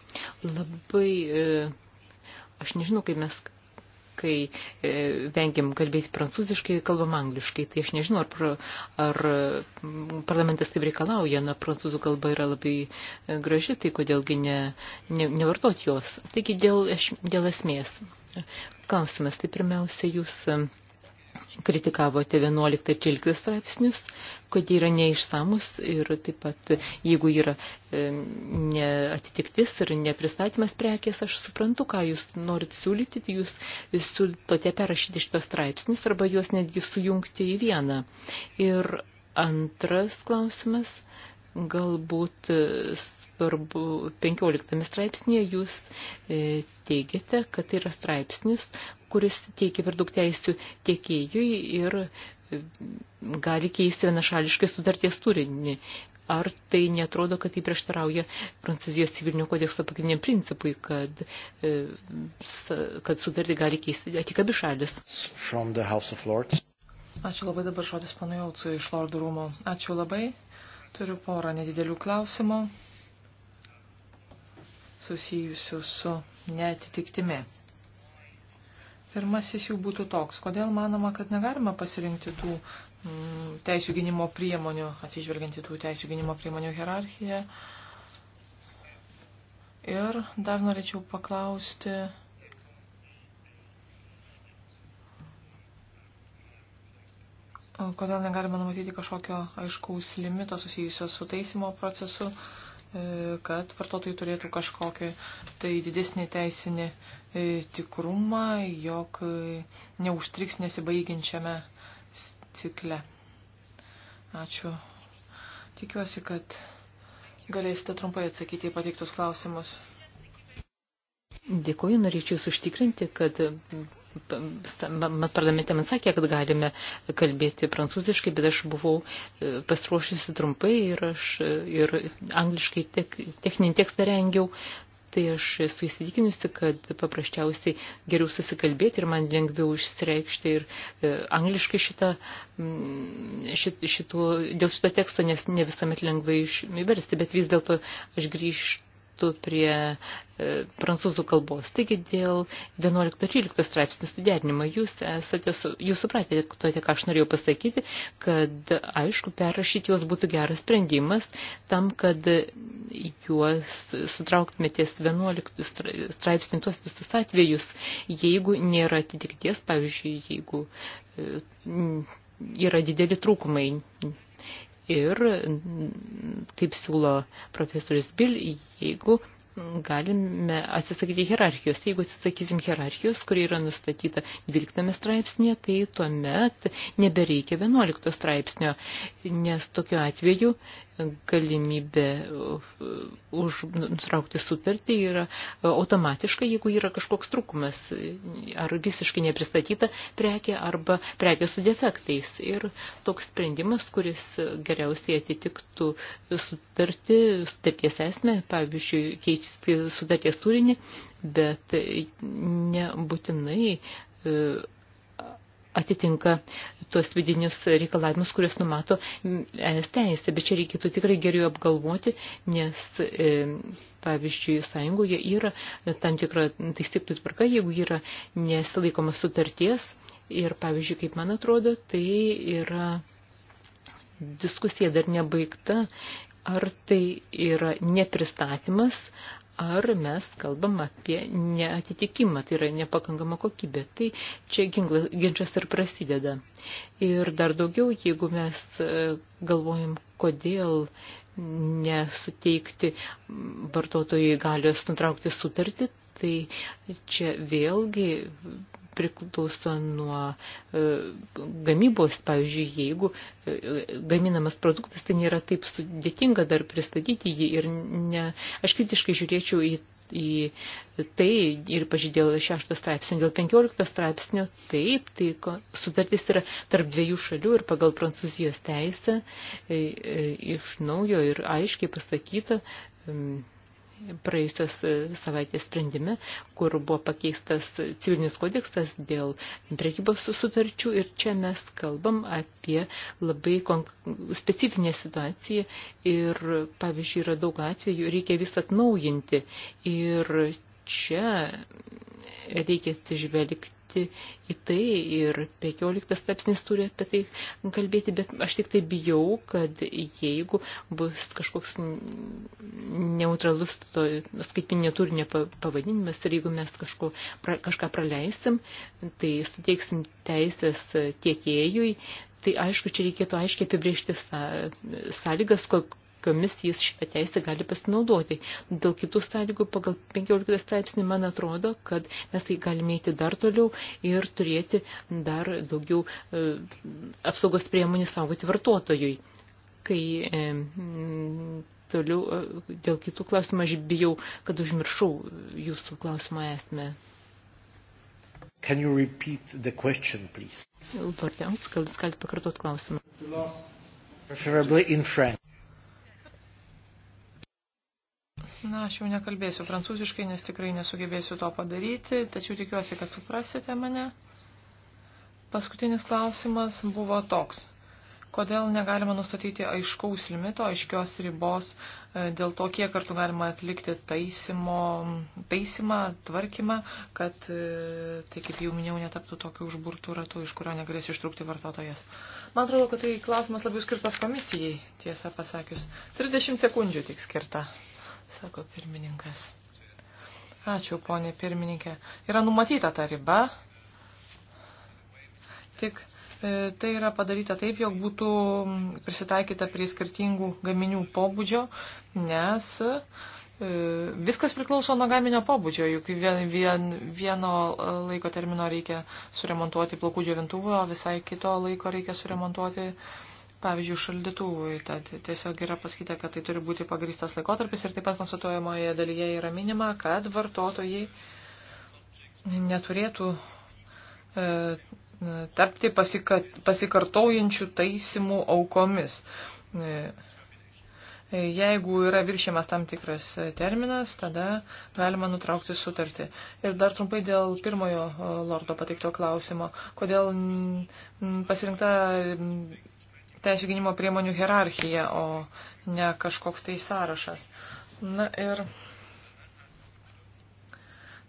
Speaker 1: Labai, e, aš nežinau, kaip mes kai e, vengiam kalbėti prancūziškai, kalbam angliškai. Tai aš nežinau, ar, pra, ar parlamentas taip reikalauja, na, prancūzų kalba yra labai e, graži, tai kodėlgi ne, ne, nevartoti jos. Taigi dėl, dėl esmės. Klausimas, tai pirmiausia, jūs kritikavote 11 ir 13 straipsnius, kad jie yra neišsamus ir taip pat, jeigu yra e, atitiktis ir nepristatymas prekės, aš suprantu, ką jūs norit siūlyti, tai jūs siūlote perrašyti šitos straipsnius arba juos netgi sujungti į vieną. Ir antras klausimas, galbūt e, svarbu 15 straipsnėje jūs e, teigiate, kad tai yra straipsnis, kuris teikia per daug teisių tiekėjui ir e, gali keisti vienašališkai sutarties turinį. Ar tai netrodo, kad tai prieštarauja Prancūzijos civilinio kodekso pagrindiniam principui, kad, e, kad sutartį gali keisti tik abi šalis?
Speaker 3: Ačiū labai dabar žodis panujaucu iš Lordų rūmų. Ačiū labai. Turiu porą nedidelių klausimų susijusių su neatitiktimi. Pirmasis jų būtų toks, kodėl manoma, kad negalima pasirinkti tų mm, teisų gynimo priemonių, atsižvelgianti tų teisų gynimo priemonių hierarchiją. Ir dar norėčiau paklausti, kodėl negalima numatyti kažkokio aiškaus limito susijusio su taisymo procesu, E, kad vartotojai turėtų kažkokį tai didesnį teisinį e, tikrumą, jog e, neužstriks nesibaigiančiame cikle. Ačiū. Tikiuosi, kad galėsite trumpai atsakyti į pateiktus klausimus.
Speaker 1: Dėkuoju, norėčiau užtikrinti, kad parlamente man sakė, kad galime kalbėti prancūziškai, bet aš buvau e, pasiruošusi trumpai ir aš e, ir angliškai tek, techninį tekstą rengiau. Tai aš esu įsitikinusi, kad paprasčiausiai geriau susikalbėti ir man lengviau išsireikšti ir e, angliškai šitą, šit, šitų, dėl šito teksto, nes ne visuomet lengvai išversti, bet vis dėlto aš grįžtu grįžtų prie e, prancūzų kalbos. Taigi dėl 11-13 straipsnių suderinimo jūs, esate, jūs supratėte, tote, ką aš norėjau pasakyti, kad aišku, perrašyti juos būtų geras sprendimas tam, kad juos sutrauktume ties 11 straipsnių tuos visus atvejus, jeigu nėra atitikties, pavyzdžiui, jeigu e, yra dideli trūkumai ir, kaip siūlo profesorius Bil, jeigu galime atsisakyti hierarchijos. Jeigu atsisakysim hierarchijos, kuri yra nustatyta 12 straipsnėje, tai tuomet nebereikia 11 straipsnio, nes tokiu atveju galimybė uh, už nutraukti sutartį yra automatiška, jeigu yra kažkoks trūkumas, ar visiškai nepristatyta prekė, arba prekė su defektais. Ir toks sprendimas, kuris geriausiai atitiktų sutartį, sutarties esmę, pavyzdžiui, keičia sudaties turinį, bet nebūtinai e, atitinka tuos vidinius reikalavimus, kuriuos numato ES teisė. Bet čia reikėtų tikrai geriau apgalvoti, nes, e, pavyzdžiui, sąjungoje yra tam tikra taisyklių tvarka, jeigu yra nesilaikoma sutarties. Ir, pavyzdžiui, kaip man atrodo, tai yra diskusija dar nebaigta, ar tai yra nepristatymas, ar mes kalbam apie neatitikimą, tai yra nepakankama kokybė. Tai čia ginčas ir prasideda. Ir dar daugiau, jeigu mes e, galvojam, kodėl nesuteikti vartotojai galios nutraukti sutartį, tai čia vėlgi priklauso nuo e, gamybos. Pavyzdžiui, jeigu e, gaminamas produktas, tai nėra taip sudėtinga dar pristatyti jį ir ne, aš kritiškai žiūrėčiau į, į tai ir pažydėl 6 straipsnio, dėl 15 straipsnio, taip, tai ko, sutartis yra tarp dviejų šalių ir pagal prancūzijos teisę e, e, iš naujo ir aiškiai pasakyta. E, praėjusios e, savaitės sprendime, kur buvo pakeistas civilinis kodeksas dėl prekybos sutarčių ir čia mes kalbam apie labai specifinę situaciją ir, pavyzdžiui, yra daug atvejų, reikia vis atnaujinti ir čia reikia atsižvelgti atsižvelgti į tai ir 15 straipsnis turi apie tai kalbėti, bet aš tik tai bijau, kad jeigu bus kažkoks neutralus to skaitminio turinio pavadinimas ir jeigu mes kažko, pra, kažką praleisim, tai suteiksim teisės tiekėjui, tai aišku, čia reikėtų aiškiai apibriežti sąlygas, komis jis šitą teisę gali pasinaudoti. Dėl kitų sąlygų pagal 15 straipsnį man atrodo, kad mes tai galime eiti dar toliau ir turėti dar daugiau e, apsaugos priemonį saugoti vartotojui. Kai e, toliau e, dėl kitų klausimų aš bijau, kad užmiršau jūsų klausimą esmę. Can you repeat the question, please? Lord Janskalis, galite pakartot klausimą. Preferably in French.
Speaker 3: Na, aš jau nekalbėsiu prancūziškai, nes tikrai nesugebėsiu to padaryti, tačiau tikiuosi, kad suprasite mane. Paskutinis klausimas buvo toks. Kodėl negalima nustatyti aiškaus limito, aiškios ribos e, dėl to, kiek kartų galima atlikti taisymo, taisymą, tvarkymą, kad, e, tai kaip jau minėjau, netaptų tokiu užburtų ratu, iš kurio negalės ištrūkti vartotojas. Man atrodo, kad tai klausimas labiau skirtas komisijai, tiesą pasakius. 30 sekundžių tik skirta sako pirmininkas. Ačiū, ponė pirmininkė. Yra numatyta ta riba, tik e, tai yra padaryta taip, jog būtų prisitaikyta prie skirtingų gaminių pobūdžio, nes e, viskas priklauso nuo gaminio pobūdžio, juk vien, vien, vieno laiko termino reikia suremontuoti plaukų džiovintuvą, o visai kito laiko reikia suremontuoti pavyzdžiui, šaldytuvui. Tad tiesiog yra pasakyta, kad tai turi būti pagristas laikotarpis ir taip pat konstatuojamoje dalyje yra minima, kad vartotojai neturėtų e, tapti pasika, pasikartojančių taisimų aukomis. E, e Jeigu yra viršimas tam tikras terminas, tada galima nutraukti sutartį. Ir dar trumpai dėl pirmojo e, lordo pateikto klausimo. Kodėl pasirinkta teisų gynimo priemonių hierarchija, o ne kažkoks tai sąrašas. Na ir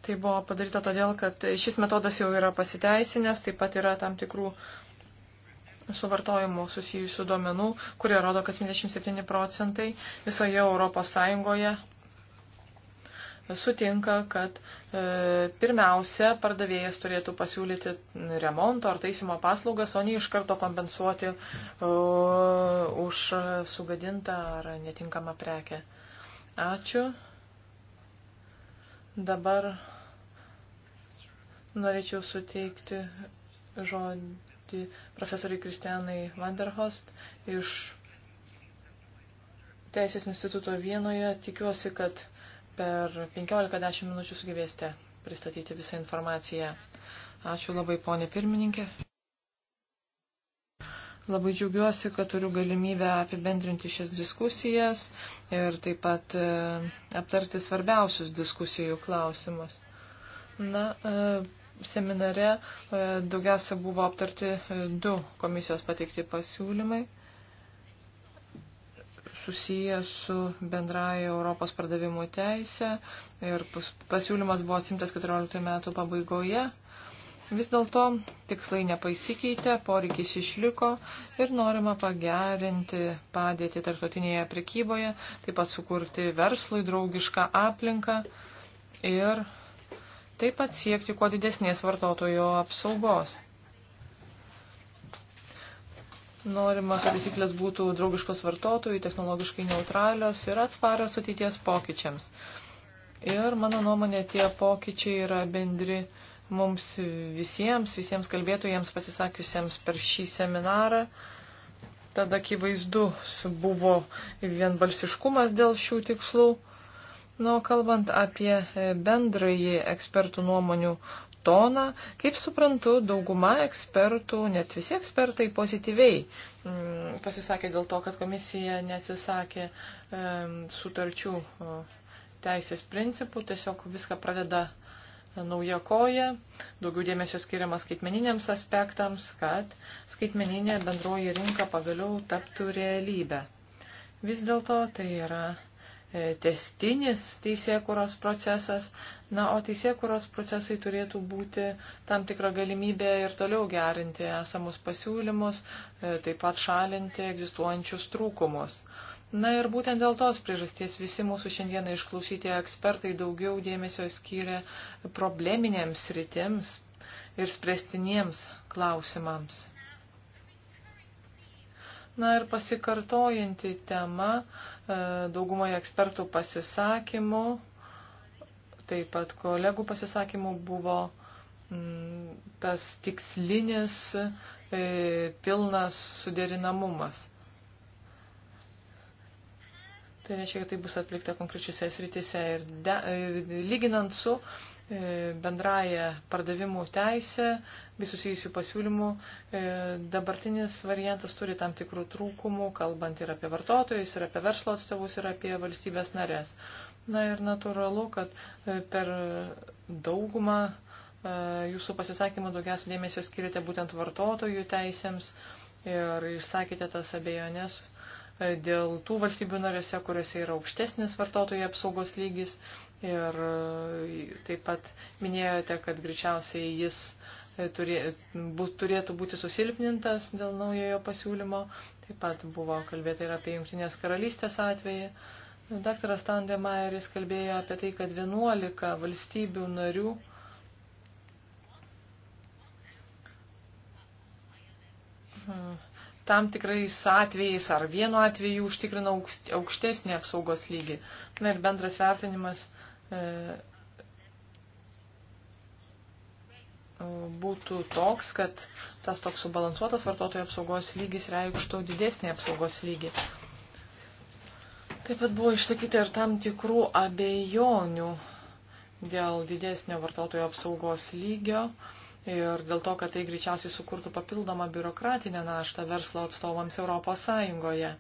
Speaker 3: tai buvo padaryta todėl, kad šis metodas jau yra pasiteisinęs, taip pat yra tam tikrų su vartojimu susijusių duomenų, kurie rodo, kad 77 procentai visoje Europos Sąjungoje sutinka, kad e, pirmiausia pardavėjas turėtų pasiūlyti remonto ar taisimo paslaugas, o ne iš karto kompensuoti e, už sugadintą ar netinkamą prekę. Ačiū. Dabar norėčiau suteikti žodį profesoriai Kristianai Vanderhost iš Teisės instituto vienoje. Tikiuosi, kad per 15-10 minučių sugebėsite pristatyti visą informaciją. Ačiū labai, ponė pirmininkė. Labai džiaugiuosi, kad turiu galimybę apibendrinti šias diskusijas ir taip pat e, aptarti svarbiausius diskusijų klausimus. Na, e, seminare e, daugiausia buvo aptarti e, du komisijos pateikti pasiūlymai susijęs su bendraja Europos pardavimų teisė ir pasiūlymas buvo atsimtas 14 metų pabaigoje. Vis dėlto tikslai nepaisikeitė, poreikis išliko ir norima pagerinti padėtį tarptautinėje prekyboje, taip pat sukurti verslui draugišką aplinką ir taip pat siekti kuo didesnės vartotojo apsaugos. Norima, kad taisyklės būtų draugiškos vartotojų, technologiškai neutralios ir atsparios ateities pokyčiams. Ir mano nuomonė, tie pokyčiai yra bendri mums visiems, visiems kalbėtojams pasisakiusiems per šį seminarą. Tada akivaizdus buvo vienbalsiškumas dėl šių tikslų. Na, nu, kalbant apie bendrąjį ekspertų nuomonių toną. Kaip suprantu, dauguma ekspertų, net visi ekspertai pozityviai mm, pasisakė dėl to, kad komisija neatsisakė mm, sutarčių teisės principų, tiesiog viską pradeda nauja koja, daugiau dėmesio skiriama skaitmeniniams aspektams, kad skaitmeninė bendroji rinka pagaliau taptų realybę. Vis dėlto tai yra E, testinis teisėkuros procesas, na, o teisėkuros procesai turėtų būti tam tikra galimybė ir toliau gerinti esamus pasiūlymus, e, taip pat šalinti egzistuojančius trūkumus. Na ir būtent dėl tos priežasties visi mūsų šiandieną išklausyti ekspertai daugiau dėmesio skyrė probleminėms rytims ir spręstiniems klausimams. Na ir pasikartojanti tema E, daugumoje ekspertų pasisakymų, taip pat kolegų pasisakymų buvo mm, tas tikslinis e, pilnas suderinamumas. Tai reiškia, kad tai bus atlikta konkrečiose srityse ir de, e, lyginant su E, bendraja pardavimų teisė, visusijusių pasiūlymų. E, dabartinis variantas turi tam tikrų trūkumų, kalbant ir apie vartotojus, ir apie verslo atstovus, ir apie valstybės narės. Na ir natūralu, kad e, per daugumą jūsų pasisakymų daugiausia dėmesio skiriate būtent vartotojų teisėms ir išsakėte tas abejonės. Nes dėl tų valstybių narėse, kuriuose yra aukštesnis vartotojų apsaugos lygis. Ir e, taip pat minėjote, kad greičiausiai jis e, turė, būt, turėtų būti susilpnintas dėl naujojo pasiūlymo. Taip pat buvo kalbėta ir apie Junktinės karalystės atvejį. Daktaras Tandemajeris kalbėjo apie tai, kad 11 valstybių narių hmm tam tikrais atvejais ar vienu atveju užtikrina aukštesnį apsaugos lygį. Na ir bendras vertinimas e, e, būtų toks, kad tas toks subalansuotas vartotojų apsaugos lygis reikštų didesnį apsaugos lygį. Taip pat buvo išsakyti ir tam tikrų abejonių dėl didesnio vartotojų apsaugos lygio. E, ir dėl to, kad tai greičiausiai sukurtų papildomą biurokratinę naštą verslo atstovams Europos Sąjungoje.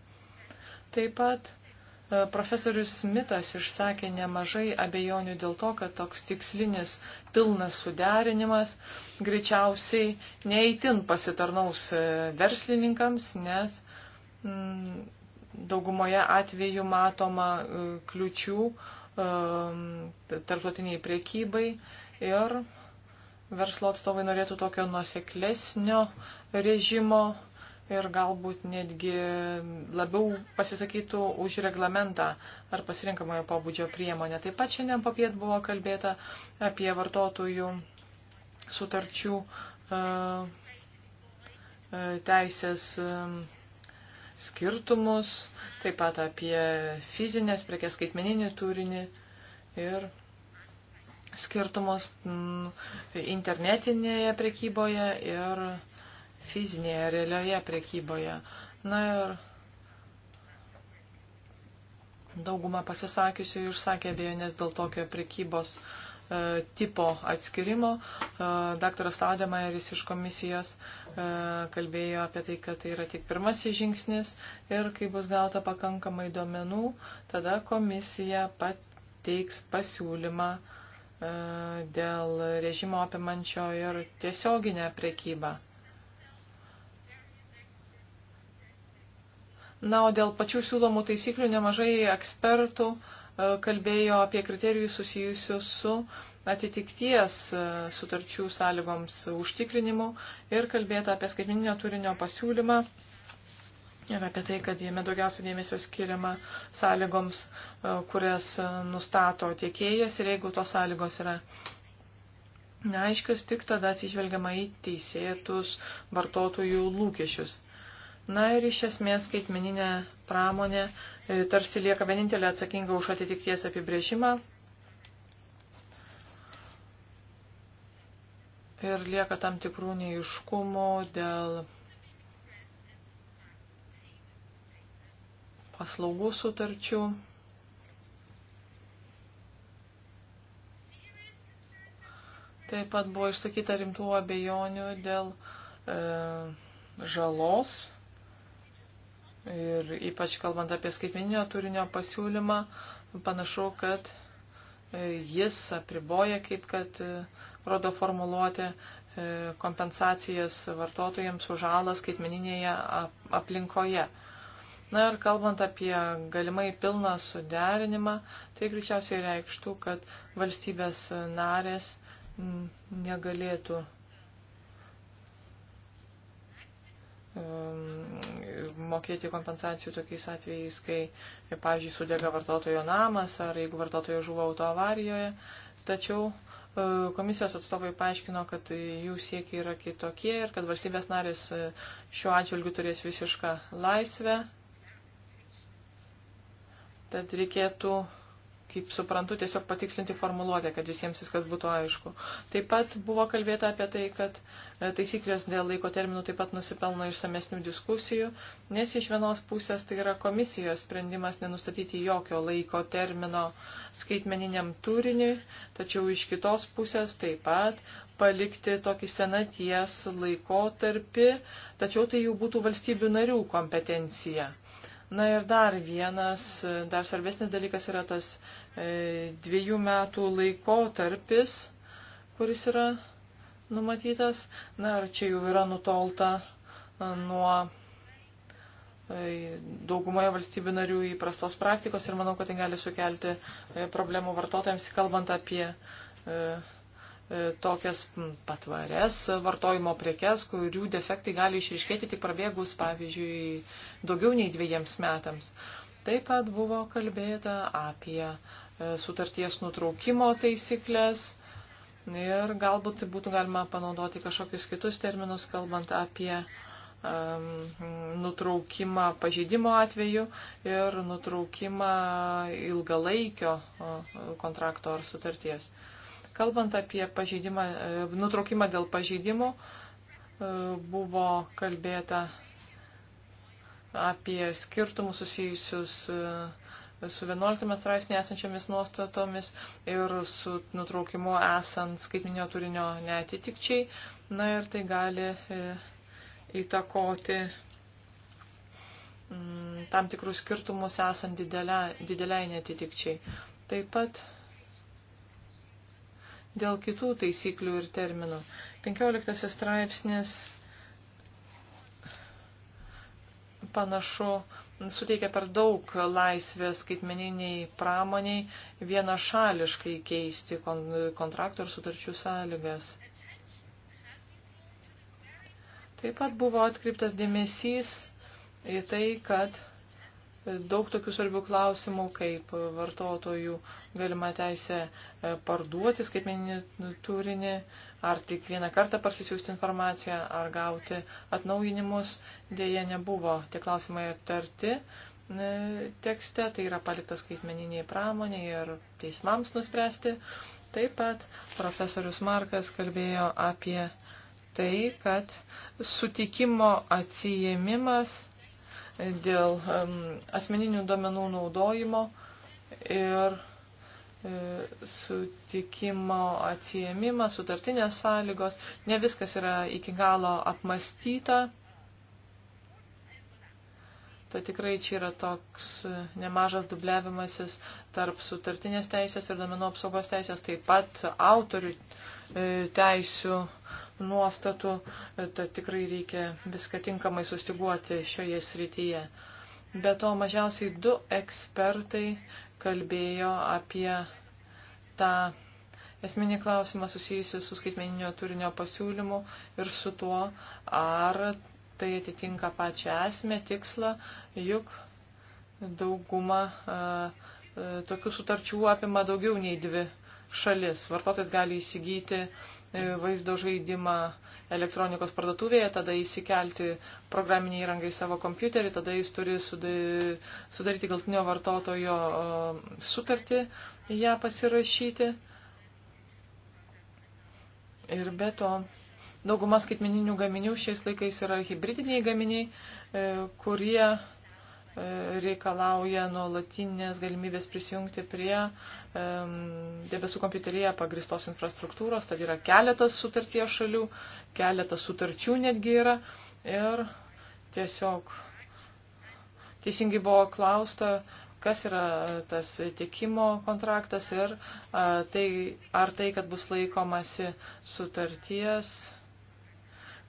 Speaker 3: Taip pat e, profesorius Smithas išsakė nemažai abejonių dėl to, kad toks tikslinis pilnas suderinimas greičiausiai neįtin pasitarnaus e, verslininkams, nes m, mm, daugumoje atveju matoma e, kliučių tarptautiniai priekybai ir verslo atstovai norėtų tokio nuoseklesnio režimo ir galbūt netgi labiau pasisakytų už reglamentą ar pasirinkamojo pobūdžio priemonę. Taip pat šiandien papiet buvo kalbėta apie vartotojų sutarčių e, e, teisės e, skirtumus, taip pat apie fizinės prekės skaitmeninį turinį ir skirtumus internetinėje prekyboje ir fizinėje, realioje prekyboje. Na ir dauguma pasisakiusių išsakė abejonės dėl tokio prekybos e, tipo atskirimo. E, Daktaras Ademeris iš komisijos e, kalbėjo apie tai, kad tai yra tik pirmasis žingsnis ir kai bus gauta pakankamai duomenų, tada komisija pateiks pasiūlymą e, E, dėl režimo apimančio ir tiesioginę prekybą. Na, o dėl pačių siūlomų taisyklių nemažai ekspertų e, kalbėjo apie kriterijus susijusius su atitikties e, sutarčių sąlygoms užtikrinimu ir kalbėta apie skaitmininio turinio pasiūlymą ir apie tai, kad jame daugiausia dėmesio skiriama sąlygoms, e, kurias e, nustato tiekėjas ir jeigu tos sąlygos yra neaiškios, tik tada atsižvelgiama į teisėtus vartotojų lūkesčius. Na ir iš esmės skaitmeninė pramonė e, tarsi lieka vienintelė atsakinga už atitikties apibrėžimą. Ir lieka tam tikrų neiškumų dėl paslaugų sutarčių. Taip pat buvo išsakyta rimtų abejonių dėl e, žalos ir ypač kalbant apie skaitmeninio turinio pasiūlymą, panašu, kad e, jis apriboja, kaip kad e, rodo formuluoti e, kompensacijas vartotojams už žalą skaitmeninėje aplinkoje. Na ir kalbant apie galimai pilną suderinimą, tai greičiausiai reikštų, kad valstybės narės negalėtų mokėti kompensacijų tokiais atvejais, kai, pavyzdžiui, sudega vartotojo namas ar jeigu vartotojo žuvo autoavarijoje. Tačiau e, komisijos atstovai paaiškino, kad jų siekiai yra kitokie ir kad valstybės narės e, šiuo atžvilgiu turės visišką laisvę Tad reikėtų, kaip suprantu, tiesiog patikslinti formuluotę, kad visiems viskas būtų aišku. Taip pat buvo kalbėta apie tai, kad e, taisyklės dėl laiko terminų taip pat nusipelno išsamesnių diskusijų, nes iš vienos pusės tai yra komisijos sprendimas nenustatyti jokio laiko termino skaitmeniniam turiniui, tačiau iš kitos pusės taip pat palikti tokį senaties laikotarpį, tačiau tai jau būtų valstybių narių kompetencija. Na ir dar vienas, dar svarbesnis dalykas yra tas e, dviejų metų laikotarpis, kuris yra numatytas. Na ir čia jau yra nutolta e, nuo e, daugumoje valstybių narių įprastos praktikos ir manau, kad tai gali sukelti e, problemų vartotojams, kalbant apie E, tokias patvarias vartojimo prekes, kurių defektai gali išriškėti tik prabėgus, pavyzdžiui, daugiau nei dviejams metams. Taip pat buvo kalbėta apie e, sutarties nutraukimo taisyklės ir galbūt būtų galima panaudoti kažkokius kitus terminus, kalbant apie nutraukimą pažeidimo atveju ir nutraukimą ilgalaikio kontrakto ar sutarties. Uh, Kalbant apie pažeidimą, e, nutraukimą dėl pažeidimų, e, buvo kalbėta apie skirtumus susijusius e, su 11 straipsnė esančiamis nuostatomis ir su nutraukimu esant skaitminio turinio netitikčiai. Na ir tai gali įtakoti mm, tam tikrus skirtumus esant dideliai, dideliai netitikčiai. Taip pat dėl kitų taisyklių ir terminų. 15 straipsnis panašu suteikia per daug laisvės skaitmeniniai pramoniai vienašališkai keisti kontraktų ir sutarčių sąlygas. Taip pat buvo atkriptas dėmesys į tai, kad daug tokių svarbių klausimų, kaip vartotojų galima teisė e, parduoti skaitmeninį turinį, ar tik vieną kartą parsisiųsti informaciją, ar gauti atnaujinimus. Dėje nebuvo tie klausimai aptarti e, tekste, tai yra palikta skaitmeniniai pramonė ir teismams nuspręsti. Taip pat profesorius Markas kalbėjo apie tai, kad sutikimo atsijėmimas dėl um, asmeninių duomenų naudojimo ir e, sutikimo atsijėmimas, sutartinės sąlygos. Ne viskas yra iki galo apmastyta. Tai tikrai čia yra toks e, nemažas dubliavimasis tarp sutartinės teisės ir domenų apsaugos teisės, taip pat autorių e, teisių nuostatų, tad tikrai reikia viską tinkamai sustiguoti šioje srityje. Be to, mažiausiai du ekspertai kalbėjo apie tą esminį klausimą susijusi su skaitmeninio turinio pasiūlymu ir su tuo, ar tai atitinka pačią esmę, tikslą, juk dauguma a, a, tokių sutarčių apima daugiau nei dvi šalis. Vartotojas gali įsigyti E, vaizdo žaidimą elektronikos parduotuvėje, tada įsikelti programinį įrangą į savo kompiuterį, tada jis turi sudaryti galtinio vartotojo sutartį, ją pasirašyti. Ir be to, dauguma skaitmeninių gaminių šiais laikais yra hybridiniai gaminiai, e, kurie E, reikalauja nuolatinės galimybės prisijungti prie debesų kompiuterėje pagristos infrastruktūros, tad yra keletas sutarties šalių, keletas sutarčių netgi yra ir tiesiog teisingai buvo klausta, kas yra tas tiekimo kontraktas ir a, e, tai, ar tai, kad bus laikomasi sutarties,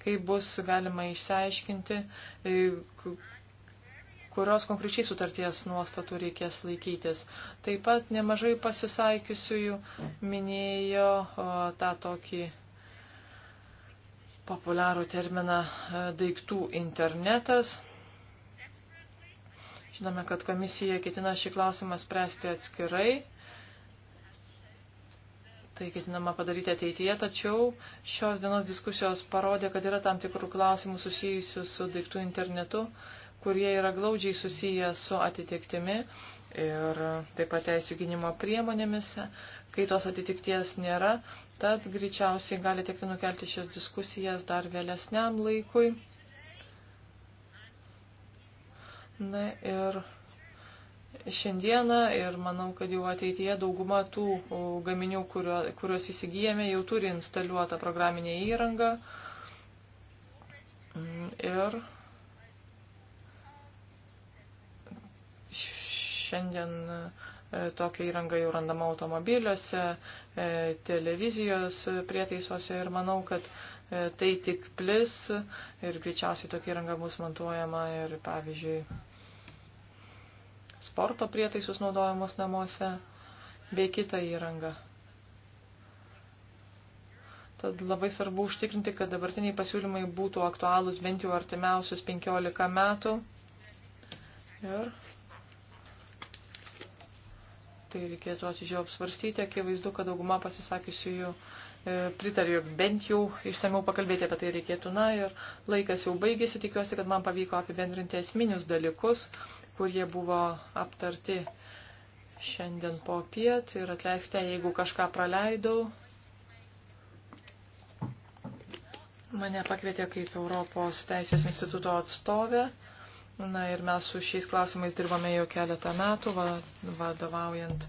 Speaker 3: kai bus galima išsiaiškinti, e, kurios konkrečiai sutarties nuostatų reikės laikytis. Taip pat nemažai pasisaikiusiųjų minėjo o, tą tokį populiarų terminą e, daiktų internetas. Žinome, kad komisija ketina šį klausimą spręsti atskirai. Tai ketinama padaryti ateityje, tačiau šios dienos diskusijos parodė, kad yra tam tikrų klausimų susijusių su daiktų internetu, uh, kurie yra glaudžiai susiję su atitiktimi ir taip pat teisų gynimo priemonėmis. Kai tos atitikties nėra, tad greičiausiai gali tekti nukelti šias diskusijas dar vėlesniam laikui. Na ir šiandieną ir manau, kad jau ateityje dauguma tų gaminių, kurio, kuriuos įsigijame, jau turi instaliuotą programinę įrangą. Mm, ir Šiandien e, tokia įranga jau randama automobiliuose, e, televizijos e, prietaisuose ir manau, kad tai tik plis ir greičiausiai tokia įranga bus montuojama ir, pavyzdžiui, sporto prietaisus naudojamos namuose bei kitą įrangą. Tad labai svarbu užtikrinti, kad dabartiniai pasiūlymai būtų aktualūs bent jau artimiausius 15 metų. Ir tai reikėtų atidžiau apsvarstyti. Akivaizdu, kad dauguma pasisakysiu jų e, pritariu, jog bent jau išsamiau pakalbėti apie tai reikėtų. Na ir laikas jau baigėsi, tikiuosi, kad man pavyko apibendrinti esminius dalykus, kurie buvo aptarti šiandien po piet ir atleiskite, jeigu kažką praleidau. Mane pakvietė kaip Europos Teisės instituto atstovė Na ir mes su šiais klausimais dirbame jau keletą metų, va, vadovaujant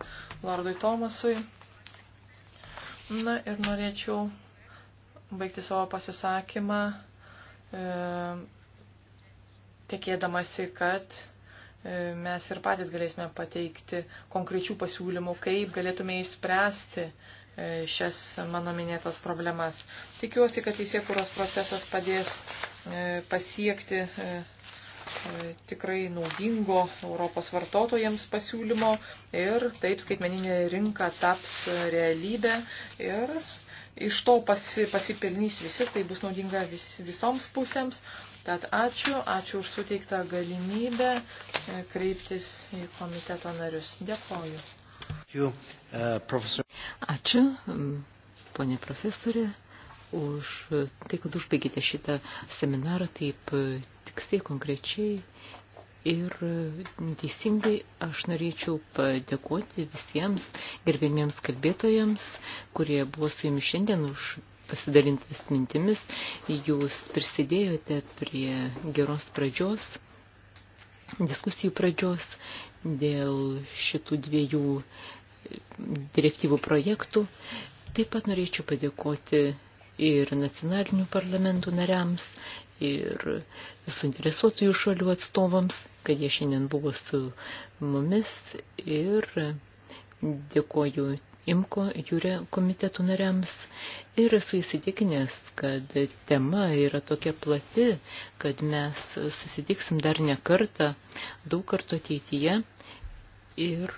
Speaker 3: Lordui Tomasui. Na ir norėčiau baigti savo pasisakymą, e, tikėdamasi, kad e, mes ir patys galėsime pateikti konkrečių pasiūlymų, kaip galėtume išspręsti e, šias mano minėtas problemas. Tikiuosi, kad teisėkūros procesas padės e, pasiekti. E, E, tikrai naudingo Europos vartotojams pasiūlymo ir taip skaitmeninė rinka taps realybė ir iš to pasi, pasipelnys visi, tai bus naudinga vis, visoms pusėms. Tad ačiū, ačiū už suteiktą galimybę e, kreiptis į komiteto narius. Dėkoju.
Speaker 1: Ačiū, uh, profesor. Ačiū, ponė profesorė, už tai, kad užbaigėte šitą seminarą taip tiksliai, konkrečiai ir teisingai aš norėčiau padėkoti visiems gerbėmiems kalbėtojams, kurie buvo su jumis šiandien už pasidalintas mintimis. Jūs prisidėjote prie geros pradžios, diskusijų pradžios dėl šitų dviejų direktyvų projektų. Taip pat norėčiau padėkoti ir nacionalinių parlamentų nariams, ir suinteresuotųjų šalių atstovams, kad jie šiandien buvo su mumis ir dėkoju Imko Jūrė komitetų nariams ir esu įsitikinęs, kad tema yra tokia plati, kad mes susitiksim dar ne kartą, daug kartų ateityje Ir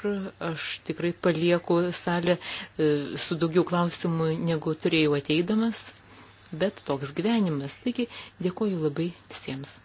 Speaker 1: aš tikrai palieku salę e, su daugiau klausimų, negu turėjau ateidamas, bet toks gyvenimas. Taigi dėkoju labai visiems.